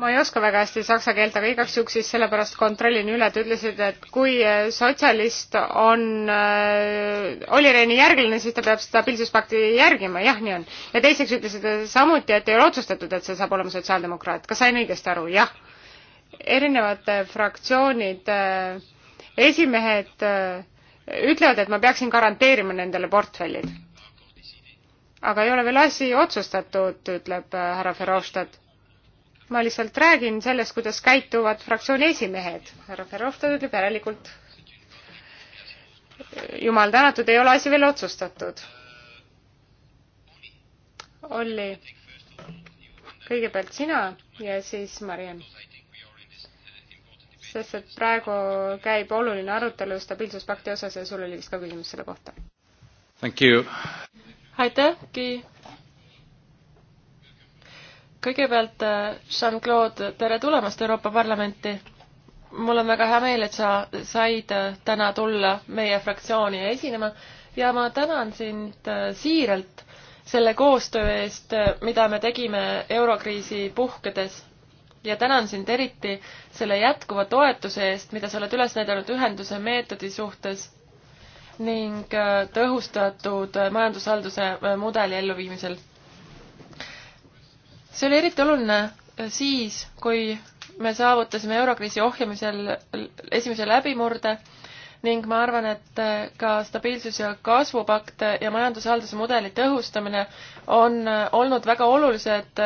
ma ei oska väga hästi saksa keelt, aga igaks juhuks siis sellepärast kontrollin üle, et ütlesid, et kui äh, sotsialist on äh, Olli Rehni järglane, siis ta peab stabiilsuspakti järgima, jah, nii on. ja teiseks ütlesid äh, samuti, et ei ole otsustatud, et see saab olema sotsiaaldemokraat. kas sain õigesti aru? jah erinevate fraktsioonide äh, esimehed äh, ütlevad, et ma peaksin garanteerima nendele portfellid. aga ei ole veel asi otsustatud, ütleb äh, härra Verhofstadt. ma lihtsalt räägin sellest, kuidas käituvad fraktsiooni esimehed. härra Verhofstadt ütleb järelikult, jumal tänatud, ei ole asi veel otsustatud. Olli, kõigepealt sina ja siis Mariann sest et praegu käib oluline arutelu stabiilsuspakti osas ja sul oli vist ka küsimus selle kohta. aitähki. kõigepealt, äh, Jean-Claude, tere tulemast Euroopa Parlamenti. mul on väga hea meel, et sa said äh, täna tulla meie fraktsiooni esinema ja ma tänan sind äh, siiralt selle koostöö eest, mida me tegime eurokriisi puhkedes ja tänan sind eriti selle jätkuva toetuse eest, mida sa oled üles näidanud ühenduse meetodi suhtes ning äh, tõhustatud äh, majandushalduse äh, mudeli elluviimisel. see oli eriti oluline siis, kui me saavutasime eurokriisi ohjamisel esimese läbimurde ning ma arvan, et ka stabiilsus- ja kasvupakt ja majandushalduse mudeli tõhustamine on olnud väga olulised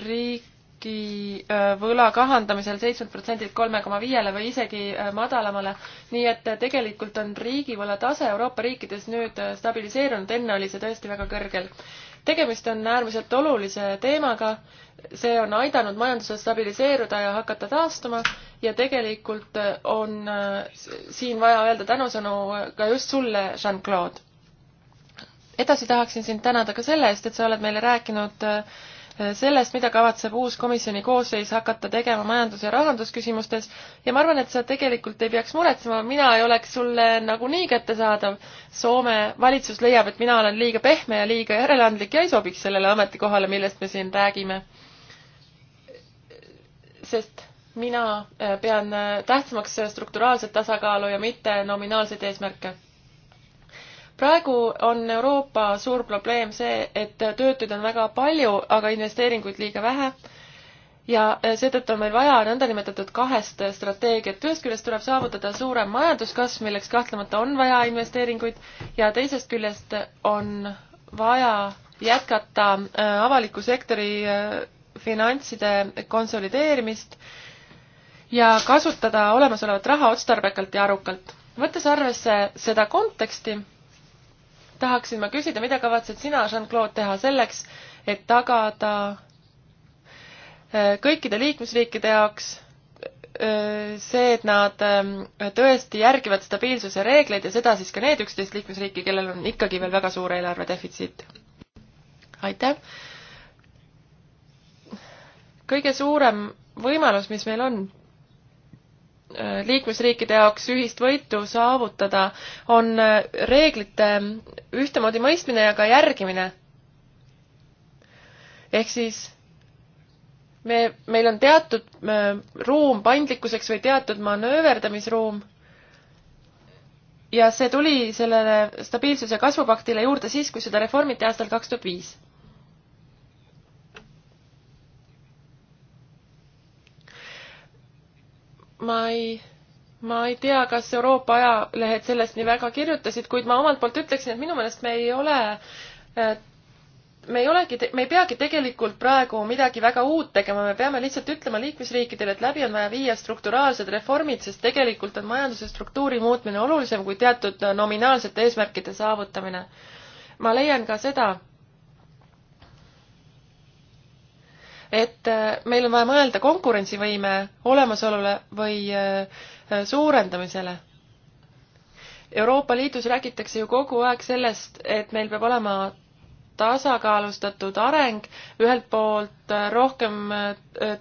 riik, riigi äh, võla kahandamisel seitsmelt protsendilt kolme koma viiele või isegi äh, madalamale. nii et äh, tegelikult on riigivõla tase Euroopa riikides nüüd stabiliseerunud, enne oli see tõesti väga kõrgel. tegemist on äärmiselt olulise teemaga, see on aidanud majandusel stabiliseeruda ja hakata taastuma ja tegelikult on siin vaja öelda tänusõnu ka just sulle, Jean-Claude edasi tahaksin sind tänada ka selle eest, et sa oled meile rääkinud äh, Äh, sellest, mida kavatseb uus komisjoni koosseis hakata tegema majandus- ja rahandusküsimustes ja ma arvan, et sa tegelikult ei peaks muretsema, mina ei oleks sulle nagunii kättesaadav. Soome valitsus leiab, et mina olen liiga pehme ja liiga järeleandlik ja ei sobiks sellele ametikohale, millest me siin räägime. sest mina äh, pean äh, tähtsamaks strukturaalset tasakaalu ja mitte nominaalseid eesmärke praegu on Euroopa suur probleem see, et töötuid on väga palju, aga investeeringuid liiga vähe ja seetõttu on meil vaja nõndanimetatud kahest strateegiat. ühest küljest tuleb saavutada suurem majanduskasv, milleks kahtlemata on vaja investeeringuid ja teisest küljest on vaja jätkata äh, avaliku sektori äh, finantside konsolideerimist ja kasutada olemasolevat raha otstarbekalt ja arukalt. võttes arvesse seda konteksti, tahaksin ma küsida, mida kavatsed sina, Jean-Claude, teha selleks, et tagada äh, kõikide liikmesriikide jaoks äh, see, et nad ähm, tõesti järgivad stabiilsuse reegleid ja seda siis ka need üksteist liikmesriiki, kellel on ikkagi veel väga suur eelarve defitsiit. aitäh! kõige suurem võimalus, mis meil on, Äh, liikmesriikide jaoks ühist võitu saavutada, on äh, reeglite ühtemoodi mõistmine ja ka järgimine. ehk siis me, meil on teatud äh, ruum paindlikkuseks või teatud manööverdamisruum ja see tuli sellele stabiilsuse kasvupaktile juurde siis, kui seda reformiti aastal kaks tuhat viis ma ei, ma ei tea, kas Euroopa ajalehed sellest nii väga kirjutasid, kuid ma omalt poolt ütleksin, et minu meelest me ei ole me ei olegi, me ei peagi tegelikult praegu midagi väga uut tegema, me peame lihtsalt ütlema liikmesriikidele, et läbi on vaja viia strukturaalsed reformid, sest tegelikult on majanduse struktuuri muutmine olulisem kui teatud nominaalsete eesmärkide saavutamine. ma leian ka seda, et äh, meil on vaja mõelda konkurentsivõime olemasolule või äh, suurendamisele. Euroopa Liidus räägitakse ju kogu aeg sellest, et meil peab olema tasakaalustatud areng, ühelt poolt äh, rohkem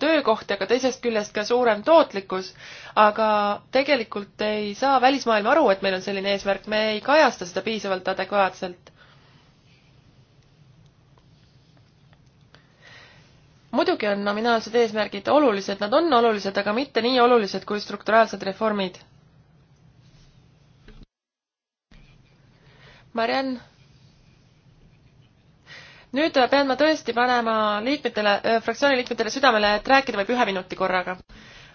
töökohti, aga teisest küljest ka suurem tootlikkus. aga tegelikult ei saa välismaailm aru, et meil on selline eesmärk, me ei kajasta seda piisavalt adekvaatselt. muidugi on nominaalsed eesmärgid olulised, nad on olulised, aga mitte nii olulised kui strukturaalsed reformid. Mariann? nüüd pean ma tõesti panema liikmetele, fraktsiooni liikmetele südamele, et rääkida võib ühe minuti korraga.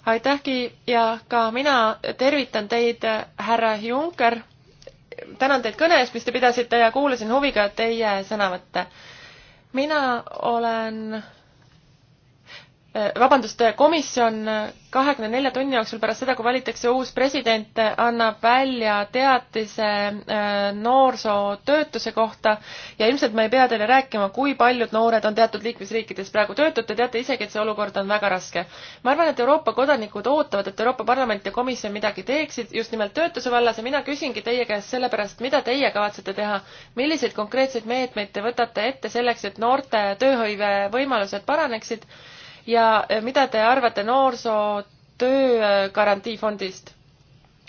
aitähki ja ka mina tervitan teid, härra Juncker. tänan teid kõne eest, mis te pidasite ja kuulasin huviga teie sõnavõtte. mina olen Äh, vabandust, komisjon kahekümne nelja tunni jooksul pärast seda, kui valitakse uus president, annab välja teatise äh, noorsootöötuse kohta ja ilmselt ma ei pea teile rääkima, kui paljud noored on teatud liikmesriikides praegu töötud, te teate isegi, et see olukord on väga raske. ma arvan, et Euroopa kodanikud ootavad, et Euroopa Parlament ja komisjon midagi teeksid just nimelt töötuse vallas ja mina küsingi teie käest sellepärast, mida teie kavatsete teha, milliseid konkreetseid meetmeid te võtate ette selleks, et noorte tööhõive võimalused paraneksid ja eh, mida te arvate noorsootöö garantiifondist?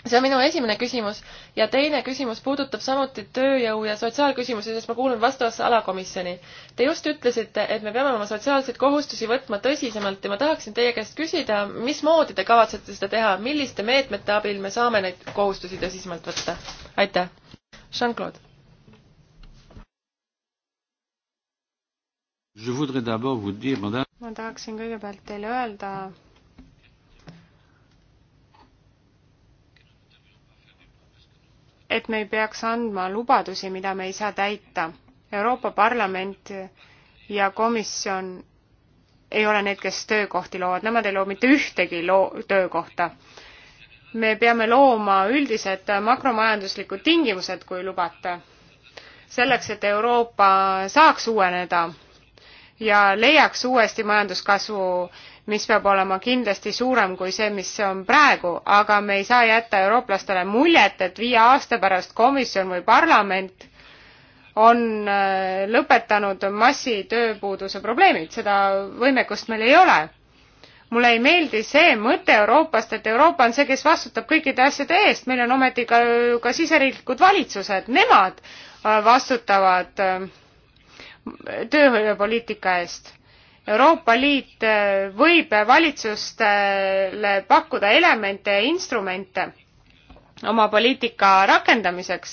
see on minu esimene küsimus ja teine küsimus puudutab samuti tööjõu ja sotsiaalküsimusi, sest ma kuulun vastavasse alakomisjoni. Te just ütlesite, et me peame oma sotsiaalseid kohustusi võtma tõsisemalt ja ma tahaksin teie käest küsida, mismoodi te kavatsete seda teha, milliste meetmete abil me saame neid kohustusi tõsisemalt võtta? aitäh. Jean-Claude ma tahaksin kõigepealt teile öelda, et me ei peaks andma lubadusi, mida me ei saa täita. Euroopa Parlament ja komisjon ei ole need, kes töökohti loovad, nemad ei loo mitte ühtegi loo-, töökohta. me peame looma üldised makromajanduslikud tingimused, kui lubate, selleks, et Euroopa saaks uueneda ja leiaks uuesti majanduskasvu, mis peab olema kindlasti suurem kui see, mis on praegu, aga me ei saa jätta eurooplastele muljet, et viie aasta pärast komisjon või parlament on äh, lõpetanud massitööpuuduse probleemid, seda võimekust meil ei ole. mulle ei meeldi see mõte Euroopast, et Euroopa on see, kes vastutab kõikide asjade eest, meil on ometi ka, ka siseriiklikud valitsused, nemad äh, vastutavad äh, tööhõivepoliitika eest. Euroopa Liit äh, võib valitsustele pakkuda elemente ja instrumente oma poliitika rakendamiseks,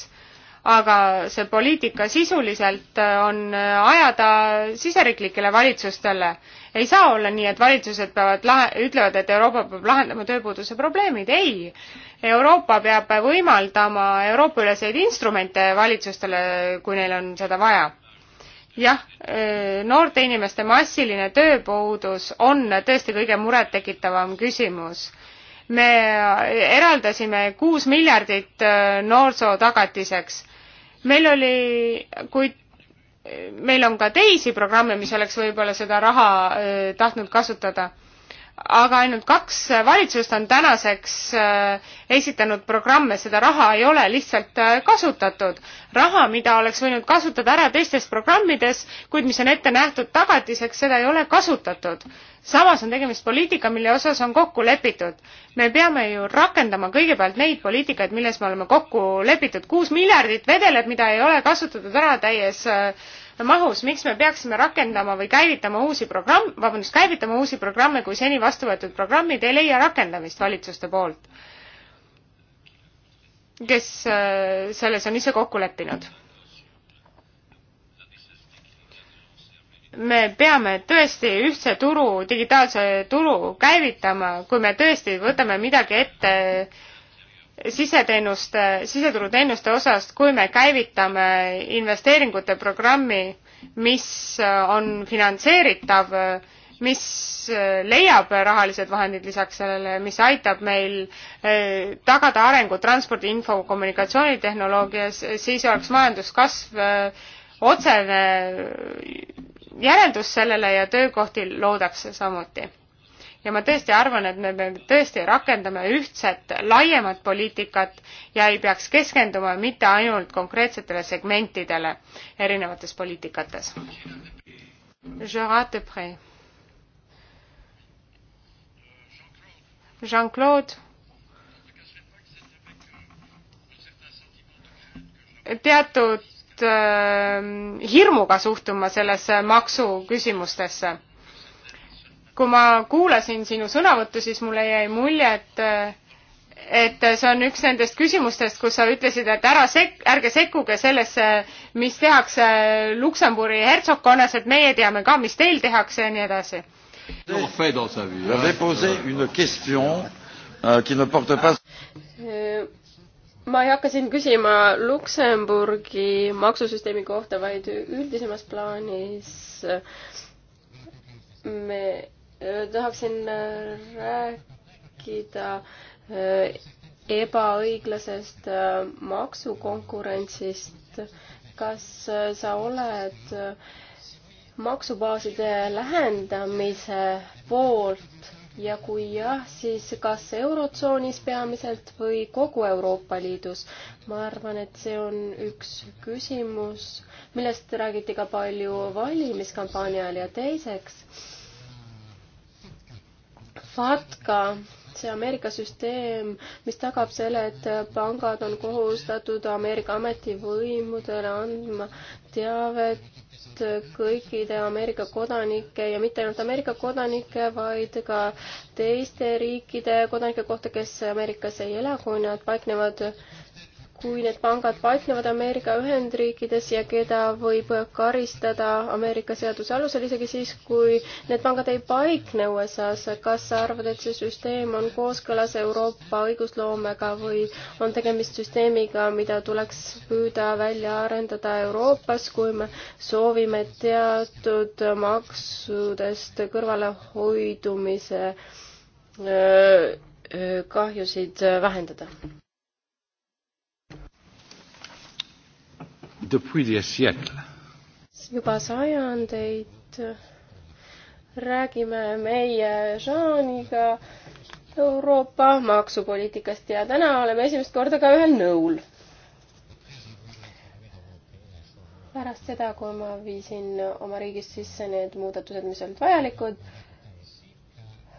aga see poliitika sisuliselt äh, on äh, ajada siseriiklikele valitsustele. ei saa olla nii, et valitsused peavad lahe, ütlevad, et Euroopa peab lahendama tööpuuduse probleemid, ei. Euroopa peab võimaldama Euroopa-üleseid instrumente valitsustele, kui neil on seda vaja jah, e, noorte inimeste massiline tööpuudus on tõesti kõige murettekitavam küsimus. me eraldasime kuus miljardit e, noorsoo tagatiseks. meil oli, kuid meil on ka teisi programme, mis oleks võib-olla seda raha e, tahtnud kasutada aga ainult kaks valitsust on tänaseks äh, esitanud programme, seda raha ei ole lihtsalt äh, kasutatud. raha, mida oleks võinud kasutada ära teistes programmides, kuid mis on ette nähtud tagatiseks, seda ei ole kasutatud. samas on tegemist poliitika, mille osas on kokku lepitud. me peame ju rakendama kõigepealt neid poliitikaid, milles me oleme kokku lepitud. kuus miljardit vedeleb, mida ei ole kasutatud ära täies äh, mahus, miks me peaksime rakendama või käivitama uusi programm, vabandust, käivitama uusi programme, kui seni vastu võetud programmid ei leia rakendamist valitsuste poolt, kes äh, selles on ise kokku leppinud? me peame tõesti ühtse turu, digitaalse turu käivitama, kui me tõesti võtame midagi ette äh, siseteenuste, siseturuteenuste osast, kui me käivitame investeeringute programmi, mis on finantseeritav, mis leiab rahalised vahendid lisaks sellele, mis aitab meil eh, tagada arengu transpordi info- kommunikatsioonitehnoloogias, siis oleks majanduskasv eh, otsene järeldus sellele ja töökohti loodakse samuti ja ma tõesti arvan, et me tõesti rakendame ühtset laiemat poliitikat ja ei peaks keskenduma mitte ainult konkreetsetele segmentidele erinevates poliitikates. Jean-Claude. teatud äh, hirmuga suhtun ma sellesse maksuküsimustesse kui ma kuulasin sinu sõnavõttu, siis mulle jäi mulje, et et see on üks nendest küsimustest, kus sa ütlesid, et ära sek-, ärge sekkuge sellesse, mis tehakse Luksemburi hertsogkonnas, et meie teame ka, mis teil tehakse ja nii edasi. Euh, euh, ma ei hakka siin küsima Luksemburgi maksusüsteemi kohta, vaid üldisemas plaanis me Äh, tahaksin äh, rääkida äh, ebaõiglasest maksukonkurentsist. kas sa oled maksubaaside lähendamise poolt ja kui jah, siis kas Eurotsoonis peamiselt või kogu Euroopa Liidus? ma arvan, et see on üks küsimus, millest räägiti ka palju valimiskampaania ajal ja teiseks FATCA, see Ameerika süsteem, mis tagab selle, et pangad on kohustatud Ameerika ametivõimudele andma teavet kõikide Ameerika kodanike ja mitte ainult Ameerika kodanike, vaid ka teiste riikide kodanike kohta, kes Ameerikas ei ela, kui nad paiknevad kui need pangad paiknevad Ameerika Ühendriikides ja keda võib karistada Ameerika seaduse alusel isegi siis, kui need pangad ei paikne USA-s. kas sa arvad, et see süsteem on kooskõlas Euroopa õigusloomega või on tegemist süsteemiga, mida tuleks püüda välja arendada Euroopas, kui me soovime teatud maksudest kõrvalehoidumise äh, äh, kahjusid vähendada? juba sajandeid räägime meie Jaaniga Euroopa maksupoliitikast ja täna oleme esimest korda ka ühel nõul pärast seda, kui ma viisin oma riigis sisse need muudatused, mis olid vajalikud,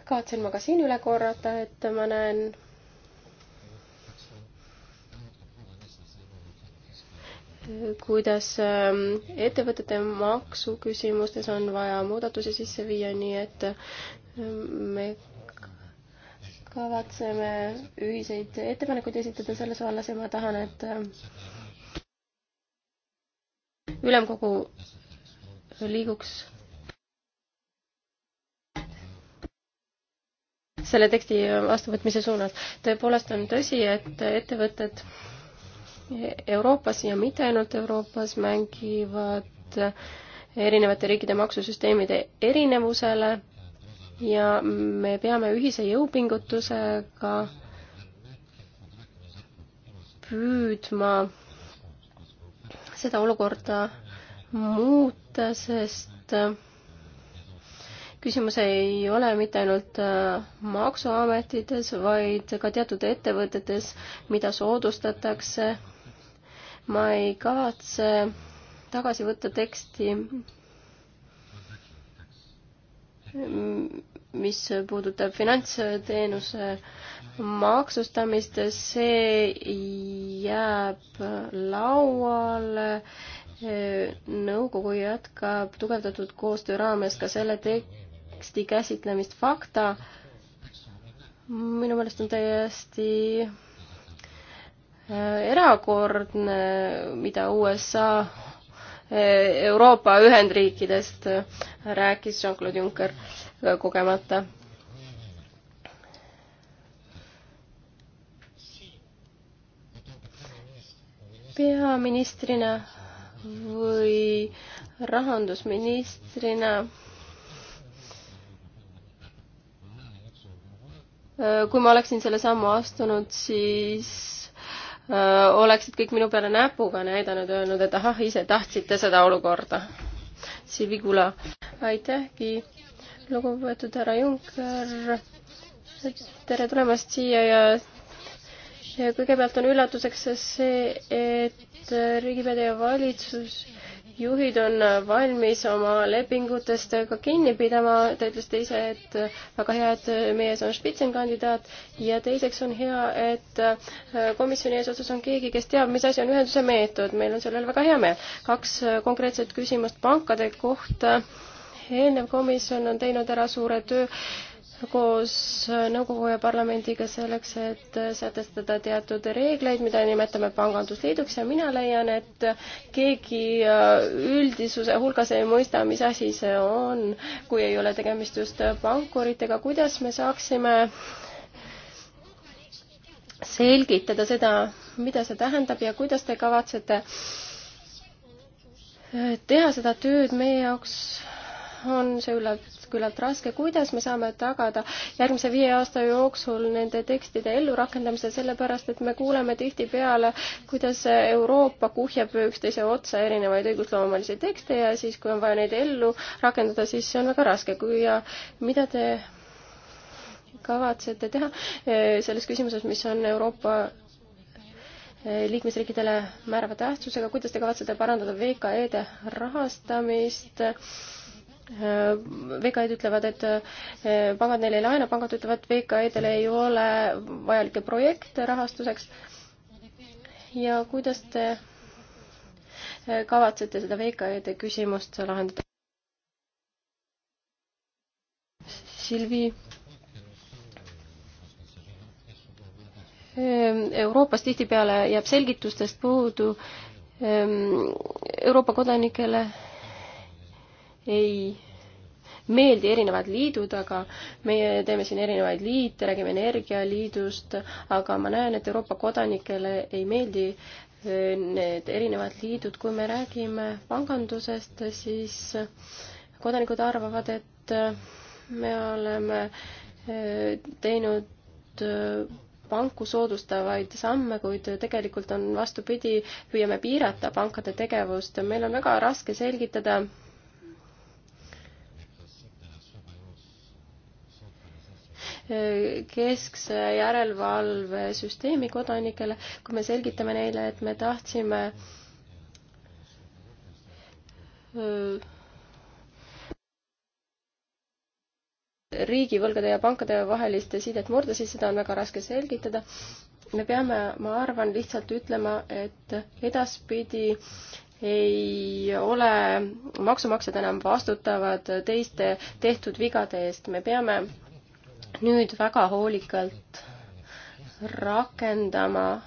kavatsen ma ka siin üle korrata, et ma näen kuidas ähm, ettevõtete maksuküsimustes on vaja muudatusi sisse viia, nii et ähm, me kavatseme ühiseid ettepanekuid esitada selles vallas ja ma tahan, et ähm, ülemkogu liiguks selle teksti vastuvõtmise suunas. tõepoolest on tõsi, et ettevõtted Euroopas ja mitte ainult Euroopas mängivad erinevate riikide maksusüsteemide erinevusele ja me peame ühise jõupingutusega püüdma seda olukorda muuta, sest küsimus ei ole mitte ainult äh, maksuametites, vaid ka teatud ettevõtetes, mida soodustatakse ma ei kavatse tagasi võtta teksti, mis puudutab finantsteenuse maksustamist, see jääb lauale. nõukogu jätkab tugevdatud koostöö raames ka selle teksti käsitlemist fakta. minu meelest on täiesti erakordne, mida USA e, Euroopa Ühendriikidest e, rääkis Jean-Claude Juncker e, kogemata. peaministrina või rahandusministrina kui ma oleksin selle sammu astunud, siis oleksid kõik minu peale näpuga näidanud, öelnud, et ahah, ise tahtsite seda olukorda. Sivi Kula, aitähki, lugupeetud härra Junker. tere tulemast siia ja, ja kõigepealt on üllatuseks see, et riigipead ja valitsus äh, juhid on valmis oma lepingutest ka kinni pidama, te ütlesite ise, et väga hea, et meie ees on spitsenkandidaat ja teiseks on hea, et komisjoni eesotsas on keegi, kes teab, mis asi on ühenduse meetod, meil on selle üle väga hea meel. kaks konkreetset küsimust pankade kohta. eelnev komisjon on teinud ära suure töö koos nõukogu ja parlamendiga selleks, et sätestada teatud reegleid, mida nimetame pangandusliiduks ja mina leian, et keegi äh, üldisuse hulgas ei mõista, mis asi see on, kui ei ole tegemist just pankuritega, kuidas me saaksime selgitada seda, mida see tähendab ja kuidas te kavatsete äh, teha seda tööd meie jaoks on see üllalt küllalt raske. kuidas me saame tagada järgmise viie aasta jooksul nende tekstide ellurakendamise, sellepärast et me kuuleme tihtipeale, kuidas Euroopa kuhjab üksteise otsa erinevaid õigusloomelisi tekste ja siis, kui on vaja neid ellu rakendada, siis see on väga raske. kui ja mida te kavatsete teha eh, selles küsimuses, mis on Euroopa eh, liikmesriikidele määrava tähtsusega, kuidas te kavatsete parandada VKE-de rahastamist Äh, VKE-d ütlevad, et äh, pangad neile ei laena, pangad ütlevad, VKE-del ei ole vajalikke projekte rahastuseks. ja kuidas te äh, kavatsete seda VKE-de küsimust lahendada? Silvi. Euroopas tihtipeale jääb selgitustest puudu ähm, Euroopa kodanikele ei meeldi erinevad liidud, aga meie teeme siin erinevaid liite, räägime energialiidust, aga ma näen, et Euroopa kodanikele ei meeldi e, need erinevad liidud, kui me räägime pangandusest, siis kodanikud arvavad, et me oleme e, teinud e, panku soodustavaid samme, kuid tegelikult on vastupidi, püüame piirata pankade tegevust. meil on väga raske selgitada keskse järelevalvesüsteemi kodanikele, kui me selgitame neile, et me tahtsime äh, riigivõlgade ja pankade vahelist sidet murda, siis seda on väga raske selgitada. me peame, ma arvan, lihtsalt ütlema, et edaspidi ei ole maksumaksjad enam vastutavad teiste tehtud vigade eest. me peame nüüd väga hoolikalt rakendama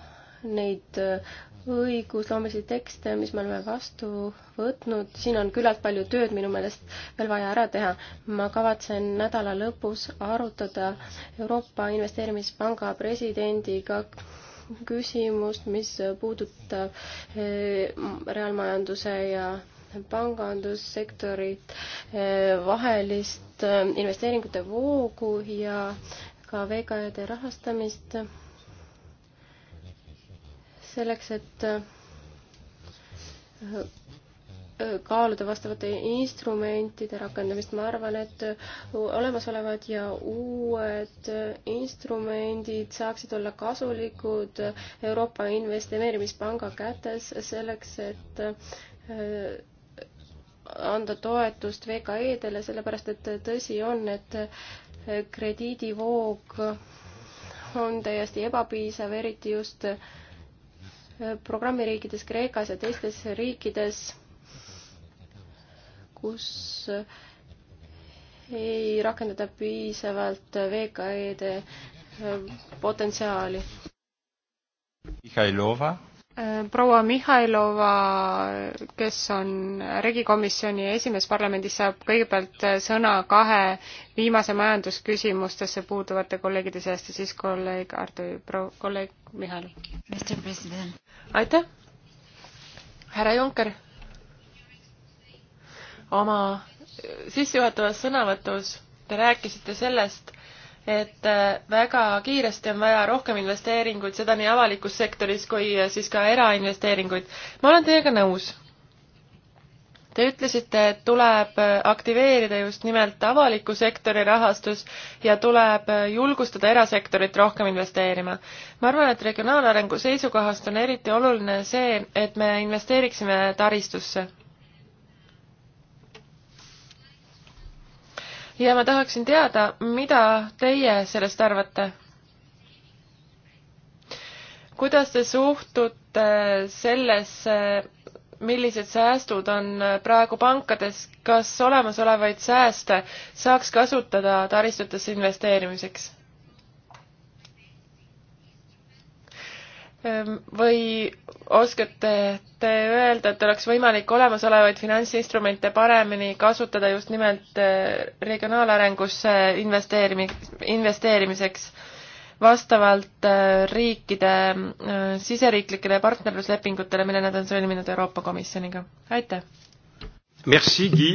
neid äh, õigusloomelisi tekste, mis me oleme vastu võtnud, siin on küllalt palju tööd minu meelest veel vaja ära teha. ma kavatsen nädala lõpus arutada Euroopa Investeerimispanga presidendiga küsimust, mis puudutab äh, reaalmajanduse ja pangandussektori eh, vahelist eh, investeeringute voogu ja ka VKD rahastamist selleks, et eh, kaaluda vastavate instrumentide rakendamist. ma arvan, et olemasolevad ja uued instrumendid saaksid olla kasulikud Euroopa Investeerimispanga kätes selleks, et anda toetust VKE-dele, sellepärast et tõsi on, et krediidivoog on täiesti ebapiisav, eriti just programmiriikides Kreekas ja teistes riikides, kus ei rakendada piisavalt VKE-de potentsiaali. Mihhailova Äh, proua Mihhailova, kes on regikomisjoni esimees parlamendis, saab kõigepealt äh, sõna kahe viimase majandusküsimustesse puutuvate kolleegide seast ja siis kolleeg Artur, proua, kolleeg Mihhail. aitäh, härra Juncker. oma sissejuhatavas sõnavõtus te rääkisite sellest, et äh, väga kiiresti on vaja rohkem investeeringuid, seda nii avalikus sektoris kui äh, siis ka erainvesteeringuid. ma olen teiega nõus. Te ütlesite, et tuleb äh, aktiveerida just nimelt avaliku sektori rahastus ja tuleb julgustada erasektorit rohkem investeerima. ma arvan, et regionaalarengu seisukohast on eriti oluline see, et me investeeriksime taristusse ja ma tahaksin teada, mida teie sellest arvate? kuidas te suhtute sellesse, millised säästud on praegu pankades, kas olemasolevaid sääste saaks kasutada taristutesse investeerimiseks? Ehm, või oskate te öelda, et oleks võimalik olemasolevaid finantsinstrumente paremini kasutada just nimelt eh, regionaalarengusse investeerimi-, investeerimiseks vastavalt eh, riikide eh, siseriiklikele partnerluslepingutele, mille nad on sõlminud Euroopa Komisjoniga? aitäh! Merci, Guy!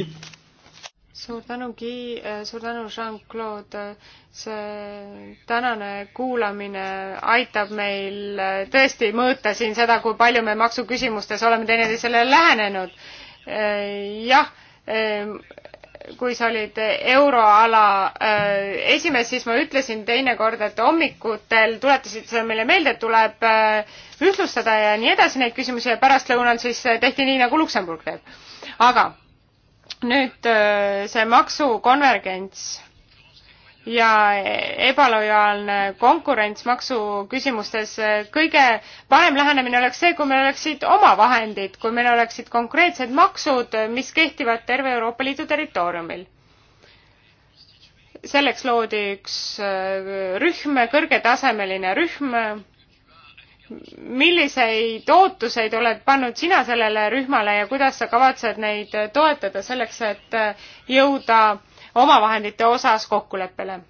suur tänu, Guy, äh, suur tänu, Jean-Claude. see tänane kuulamine aitab meil äh, tõesti mõõta siin seda, kui palju me maksuküsimustes oleme teineteisele lähenenud. Äh, jah, kui sa olid euroala esimees, siis ma ütlesin teinekord, et hommikutel tuletasid sa meile meelde, et tuleb ühtlustada ja nii edasi neid küsimusi ja pärastlõunal siis tehti nii, nagu Luksemburg teeb. aga nüüd äh, see maksukonvergents ja ebalojaalne konkurents maksuküsimustes, äh, kõige parem lähenemine oleks see, kui meil oleksid omavahendid, kui meil oleksid konkreetsed maksud, äh, mis kehtivad terve Euroopa Liidu territooriumil. selleks loodi üks rühm, kõrgetasemeline rühm milliseid ootuseid oled pannud sina sellele rühmale ja kuidas sa kavatsed neid toetada selleks, et äh, jõuda omavahendite osas kokkuleppele?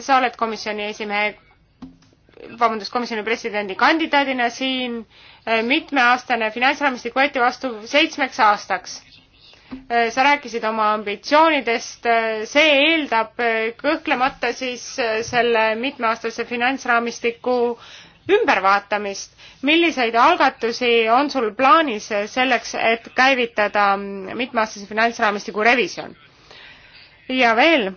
sa oled komisjoni esimehe, vabandust, komisjoni presidendi kandidaadina siin, äh, mitmeaastane finantsraamistik võeti vastu seitsmeks aastaks Äh, sa rääkisid oma ambitsioonidest, äh, see eeldab äh, kõhklemata siis selle mitmeaastase finantsraamistiku ümbervaatamist. milliseid algatusi on sul plaanis selleks, et käivitada mitmeaastase finantsraamistiku revisjon? ja veel,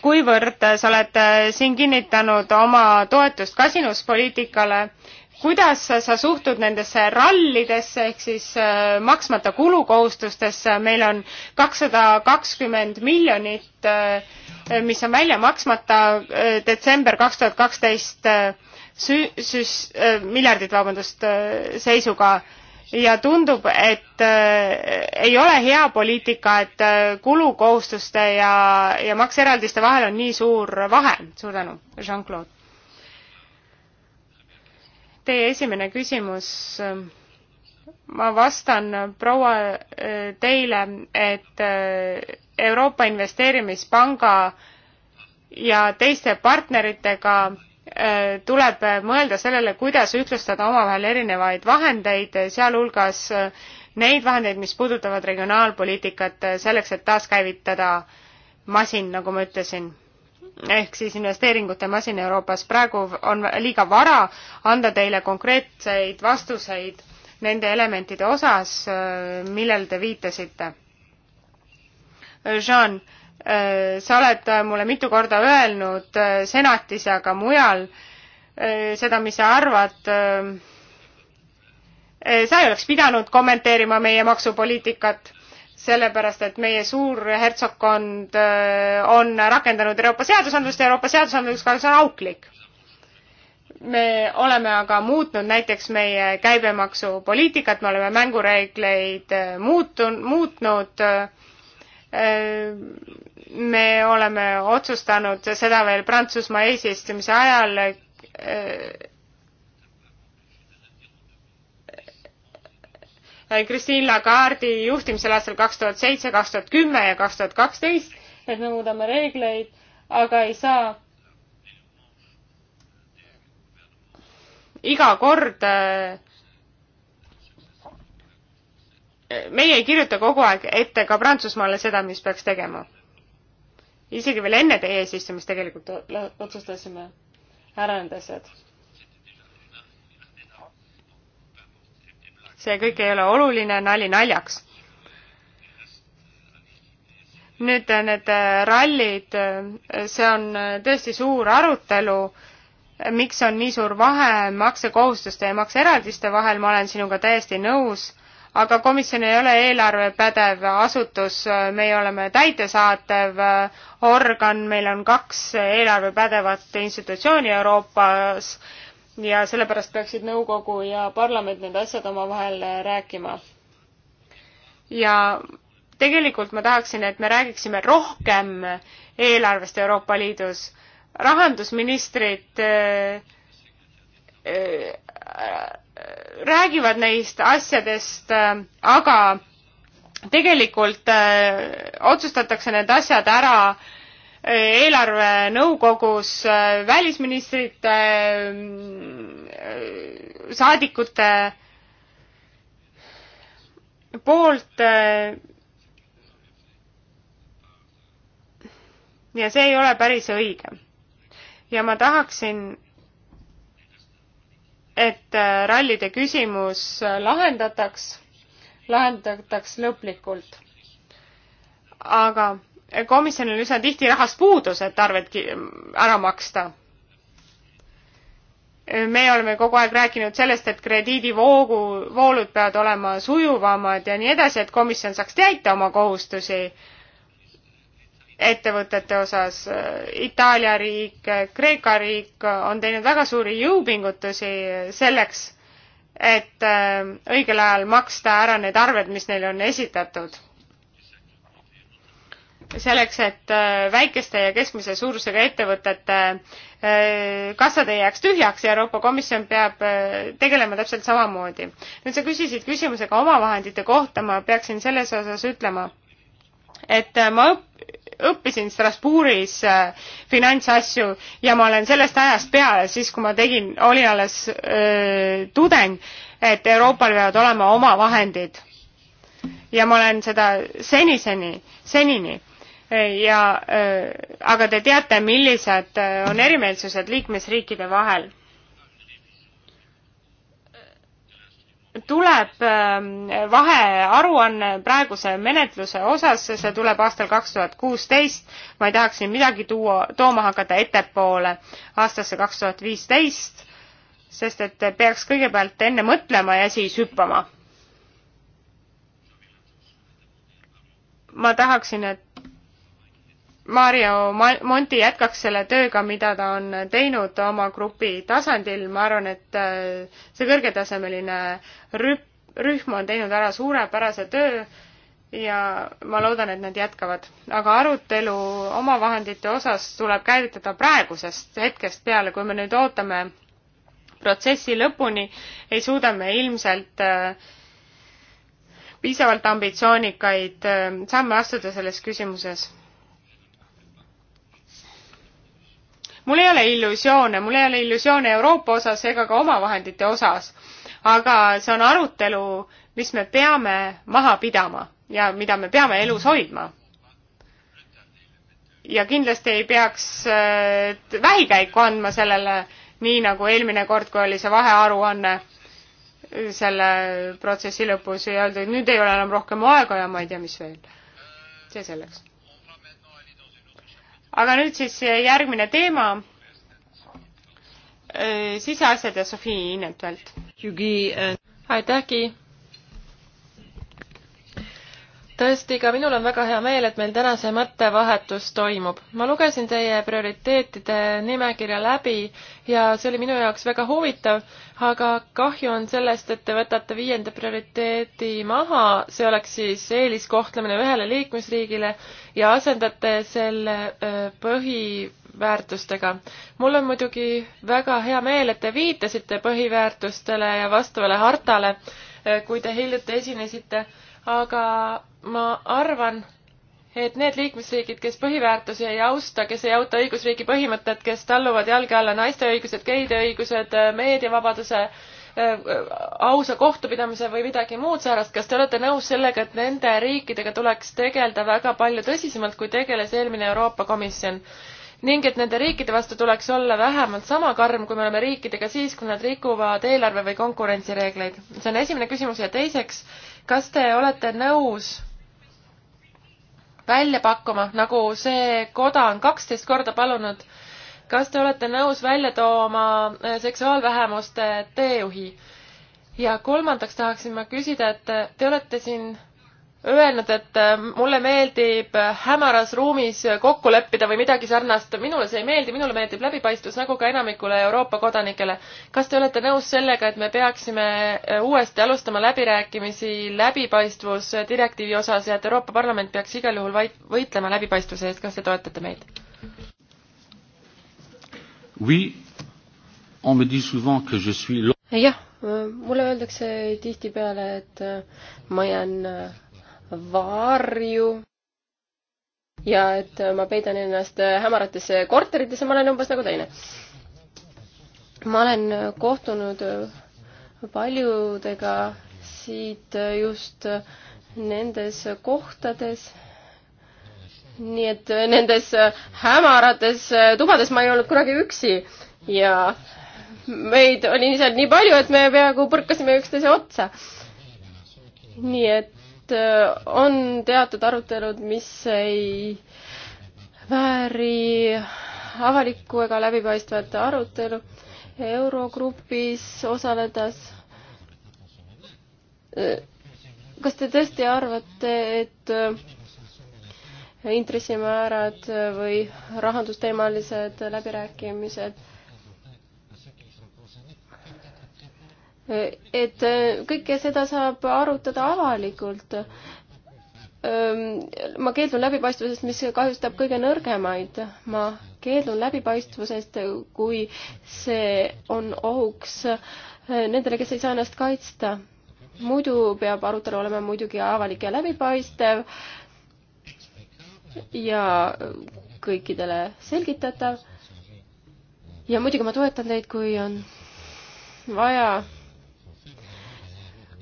kuivõrd sa oled siin kinnitanud oma toetust kasinuspoliitikale, kuidas sa, sa suhtud nendesse rallidesse ehk siis äh, maksmata kulukohustustesse, meil on kakssada kakskümmend miljonit äh,, mis on välja maksmata äh, detsember kaks tuhat kaksteist äh, sü-, süs- äh,, miljardit, vabandust äh,, seisuga ja tundub, et äh, ei ole hea poliitika, et äh, kulukohustuste ja, ja makseeraldiste vahel on nii suur vahe. suur tänu, Jean-Claude. Teie esimene küsimus, ma vastan proua äh, teile, et äh, Euroopa Investeerimispanga ja teiste partneritega äh, tuleb mõelda sellele, kuidas ühtlustada omavahel erinevaid vahendeid, sealhulgas neid vahendeid, mis puudutavad regionaalpoliitikat, selleks et taaskäivitada masin, nagu ma ütlesin ehk siis investeeringute masin Euroopas. praegu on liiga vara anda teile konkreetseid vastuseid nende elementide osas, millele te viitasite. Jean, sa oled mulle mitu korda öelnud senatis ja ka mujal seda, mis sa arvad sa ei oleks pidanud kommenteerima meie maksupoliitikat sellepärast et meie suurhertsogkond äh, on rakendanud Euroopa seadusandlust ja Euroopa seadusandlus kahjuks on auklik. me oleme aga muutnud näiteks meie käibemaksupoliitikat, me oleme mängureegleid äh, muutun-, muutnud, äh, me oleme otsustanud seda veel Prantsusmaa eesistumise ajal Äh, Christine Lagarde'i juhtimisel aastal kaks tuhat seitse, kaks tuhat kümme ja kaks tuhat kaksteist, et me muudame reegleid, aga ei saa iga kord äh, meie ei kirjuta kogu aeg ette ka Prantsusmaale seda, mis peaks tegema. isegi veel enne teie eesistumist tegelikult otsustasime ära need asjad see kõik ei ole oluline, nali naljaks. nüüd eh, need eh, rallid, eh, see on tõesti suur arutelu, miks on nii suur vahe maksekohustuste ja makseeraldiste vahel, ma olen sinuga täiesti nõus, aga komisjon ei ole eelarvepädev asutus, meie oleme täidesaatev organ, meil on kaks eelarvepädevat institutsiooni Euroopas ja sellepärast peaksid nõukogu ja parlament need asjad omavahel äh, rääkima. ja tegelikult ma tahaksin, et me räägiksime rohkem eelarvest Euroopa Liidus. rahandusministrid äh, äh, räägivad neist asjadest äh,, aga tegelikult äh, otsustatakse need asjad ära äh, eelarvenõukogus äh, välisministrite, äh, saadikute poolt. Äh, ja see ei ole päris õige. ja ma tahaksin, et rallide küsimus lahendataks, lahendataks lõplikult. aga komisjonil üsna tihti rahast puudus, et arved ära maksta. me oleme kogu aeg rääkinud sellest, et krediidivoogu, voolud peavad olema sujuvamad ja nii edasi, et komisjon saaks täita oma kohustusi ettevõtete osas. Itaalia riik, Kreeka riik on teinud väga suuri jõupingutusi selleks, et äh, õigel ajal maksta ära need arved, mis neile on esitatud selleks, et äh, väikeste ja keskmise suurusega ettevõtete äh, kassad ei jääks tühjaks ja Euroopa Komisjon peab äh, tegelema täpselt samamoodi. nüüd sa küsisid küsimuse ka omavahendite kohta, ma peaksin selles osas ütlema, et ma õppisin Strasbourgis finantsasju ja ma olen sellest ajast peale, siis kui ma tegin, olin alles öö, tudeng, et Euroopal peavad olema omavahendid ja ma olen seda seniseni, senini ja äh, aga te teate, millised äh, on erimeelsused liikmesriikide vahel. tuleb ähm, vahearuanne praeguse menetluse osas, see tuleb aastal kaks tuhat kuusteist. ma ei tahaks siin midagi tuua, tooma hakata ettepoole aastasse kaks tuhat viisteist, sest et peaks kõigepealt enne mõtlema ja siis hüppama. ma tahaksin, et Mario Monti jätkaks selle tööga, mida ta on teinud oma grupi tasandil, ma arvan, et äh, see kõrgetasemeline rüp-, rühm on teinud ära suurepärase töö ja ma loodan, et nad jätkavad. aga arutelu omavahendite osas tuleb käivitada praegusest hetkest peale, kui me nüüd ootame protsessi lõpuni, ei suuda me ilmselt äh, piisavalt ambitsioonikaid äh, samme astuda selles küsimuses mul ei ole illusioone, mul ei ole illusioone Euroopa osas ega ka omavahendite osas, aga see on arutelu, mis me peame maha pidama ja mida me peame elus hoidma. ja kindlasti ei peaks äh, vähikäiku andma sellele, nii nagu eelmine kord, kui oli see vahearuanne selle protsessi lõpus ja öeldi, et nüüd ei ole enam rohkem aega ja ma ei tea, mis veel. see selleks aga nüüd siis järgmine teema, äh, siseasjad ja Sofii Inetvelt. aitäh, Gi! tõesti, ka minul on väga hea meel, et meil täna see mõttevahetus toimub. ma lugesin teie prioriteetide nimekirja läbi ja see oli minu jaoks väga huvitav, aga kahju on sellest, et te võtate viienda prioriteedi maha, see oleks siis eeliskohtlemine ühele liikmesriigile ja asendate selle põhiväärtustega. mul on muidugi väga hea meel, et te viitasite põhiväärtustele ja vastavale hartale, kui te hiljuti esinesite aga ma arvan, et need liikmesriigid, kes põhiväärtusi ei austa, kes ei auta õigusriigi põhimõtet, kes talluvad jalge alla naiste õigused, geide õigused, meediavabaduse, äh, äh, ausa kohtupidamise või midagi muud säärast, kas te olete nõus sellega, et nende riikidega tuleks tegeleda väga palju tõsisemalt, kui tegeles eelmine Euroopa Komisjon? ning et nende riikide vastu tuleks olla vähemalt sama karm, kui me oleme riikidega siis, kui nad rikuvad eelarve või konkurentsireegleid. see on esimene küsimus ja teiseks kas te olete nõus välja pakkuma, nagu see koda on kaksteist korda palunud, kas te olete nõus välja tooma äh, seksuaalvähemuste teejuhi? ja kolmandaks tahaksin ma küsida, et te olete siin öelnud, et äh, mulle meeldib äh, hämaras ruumis äh, kokku leppida või midagi sarnast. minule see ei meeldi, minule meeldib läbipaistvus, nagu ka enamikule Euroopa kodanikele. kas te olete nõus sellega, et me peaksime uuesti alustama läbirääkimisi läbipaistvusdirektiivi osas ja et Euroopa Parlament peaks igal juhul vaid, võitlema läbipaistvuse eest, kas te toetate meid? jah, mulle öeldakse tihtipeale, et ma jään varju ja et ma peidan ennast hämaratesse korteritesse, ma olen umbes nagu teine. ma olen kohtunud paljudega siit just nendes kohtades, nii et nendes hämarates tubades ma ei olnud kunagi üksi ja meid oli seal nii palju, et me peaaegu põrkasime üksteise otsa. nii et et äh, on teatud arutelud, mis ei vääri avalikku ega läbipaistvat arutelu. eurogrupis osaledes äh, kas te tõesti arvate, et äh, intressimäärad või rahandusteemalised läbirääkimised et äh, kõike seda saab arutada avalikult. ma keeldun läbipaistvusest, mis kahjustab kõige nõrgemaid. ma keeldun läbipaistvusest, kui see on ohuks äh, nendele, kes ei saa ennast kaitsta. muidu peab arutelu olema muidugi avalik ja läbipaistev ja kõikidele selgitatav. ja muidugi ma toetan teid, kui on vaja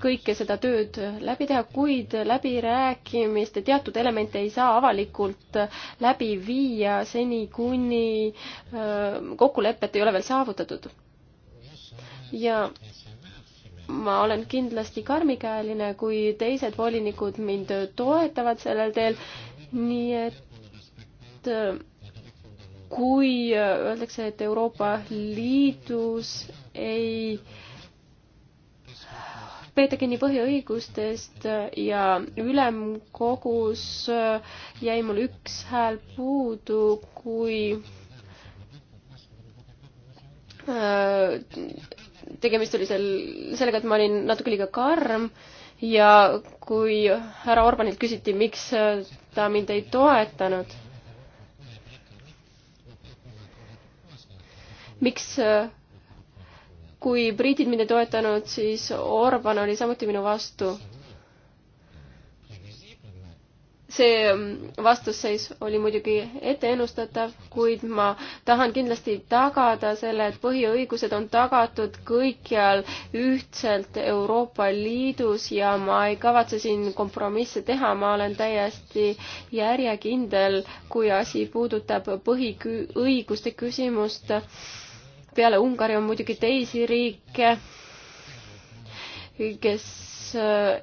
kõike seda tööd läbi teha, kuid läbirääkimiste teatud elemente ei saa avalikult läbi viia seni, kuni kokkulepet ei ole veel saavutatud. ja ma olen kindlasti karmikäeline, kui teised volinikud mind toetavad sellel teel, nii et kui öeldakse, et Euroopa Liidus ei äh, peeta kinni põhiõigustest ja ülemkogus jäi mul üks hääl puudu, kui äh, tegemist oli sel, sellega, et ma olin natuke liiga karm ja kui härra Orbanilt küsiti, miks ta mind ei toetanud, miks äh, kui britid mind ei toetanud, siis Orban oli samuti minu vastu. see mm, vastusseis oli muidugi etteennustatav, kuid ma tahan kindlasti tagada selle, et põhiõigused on tagatud kõikjal ühtselt Euroopa Liidus ja ma ei kavatse siin kompromisse teha, ma olen täiesti järjekindel, kui asi puudutab põhiõiguste küsimust peale Ungari on muidugi teisi riike, kes äh,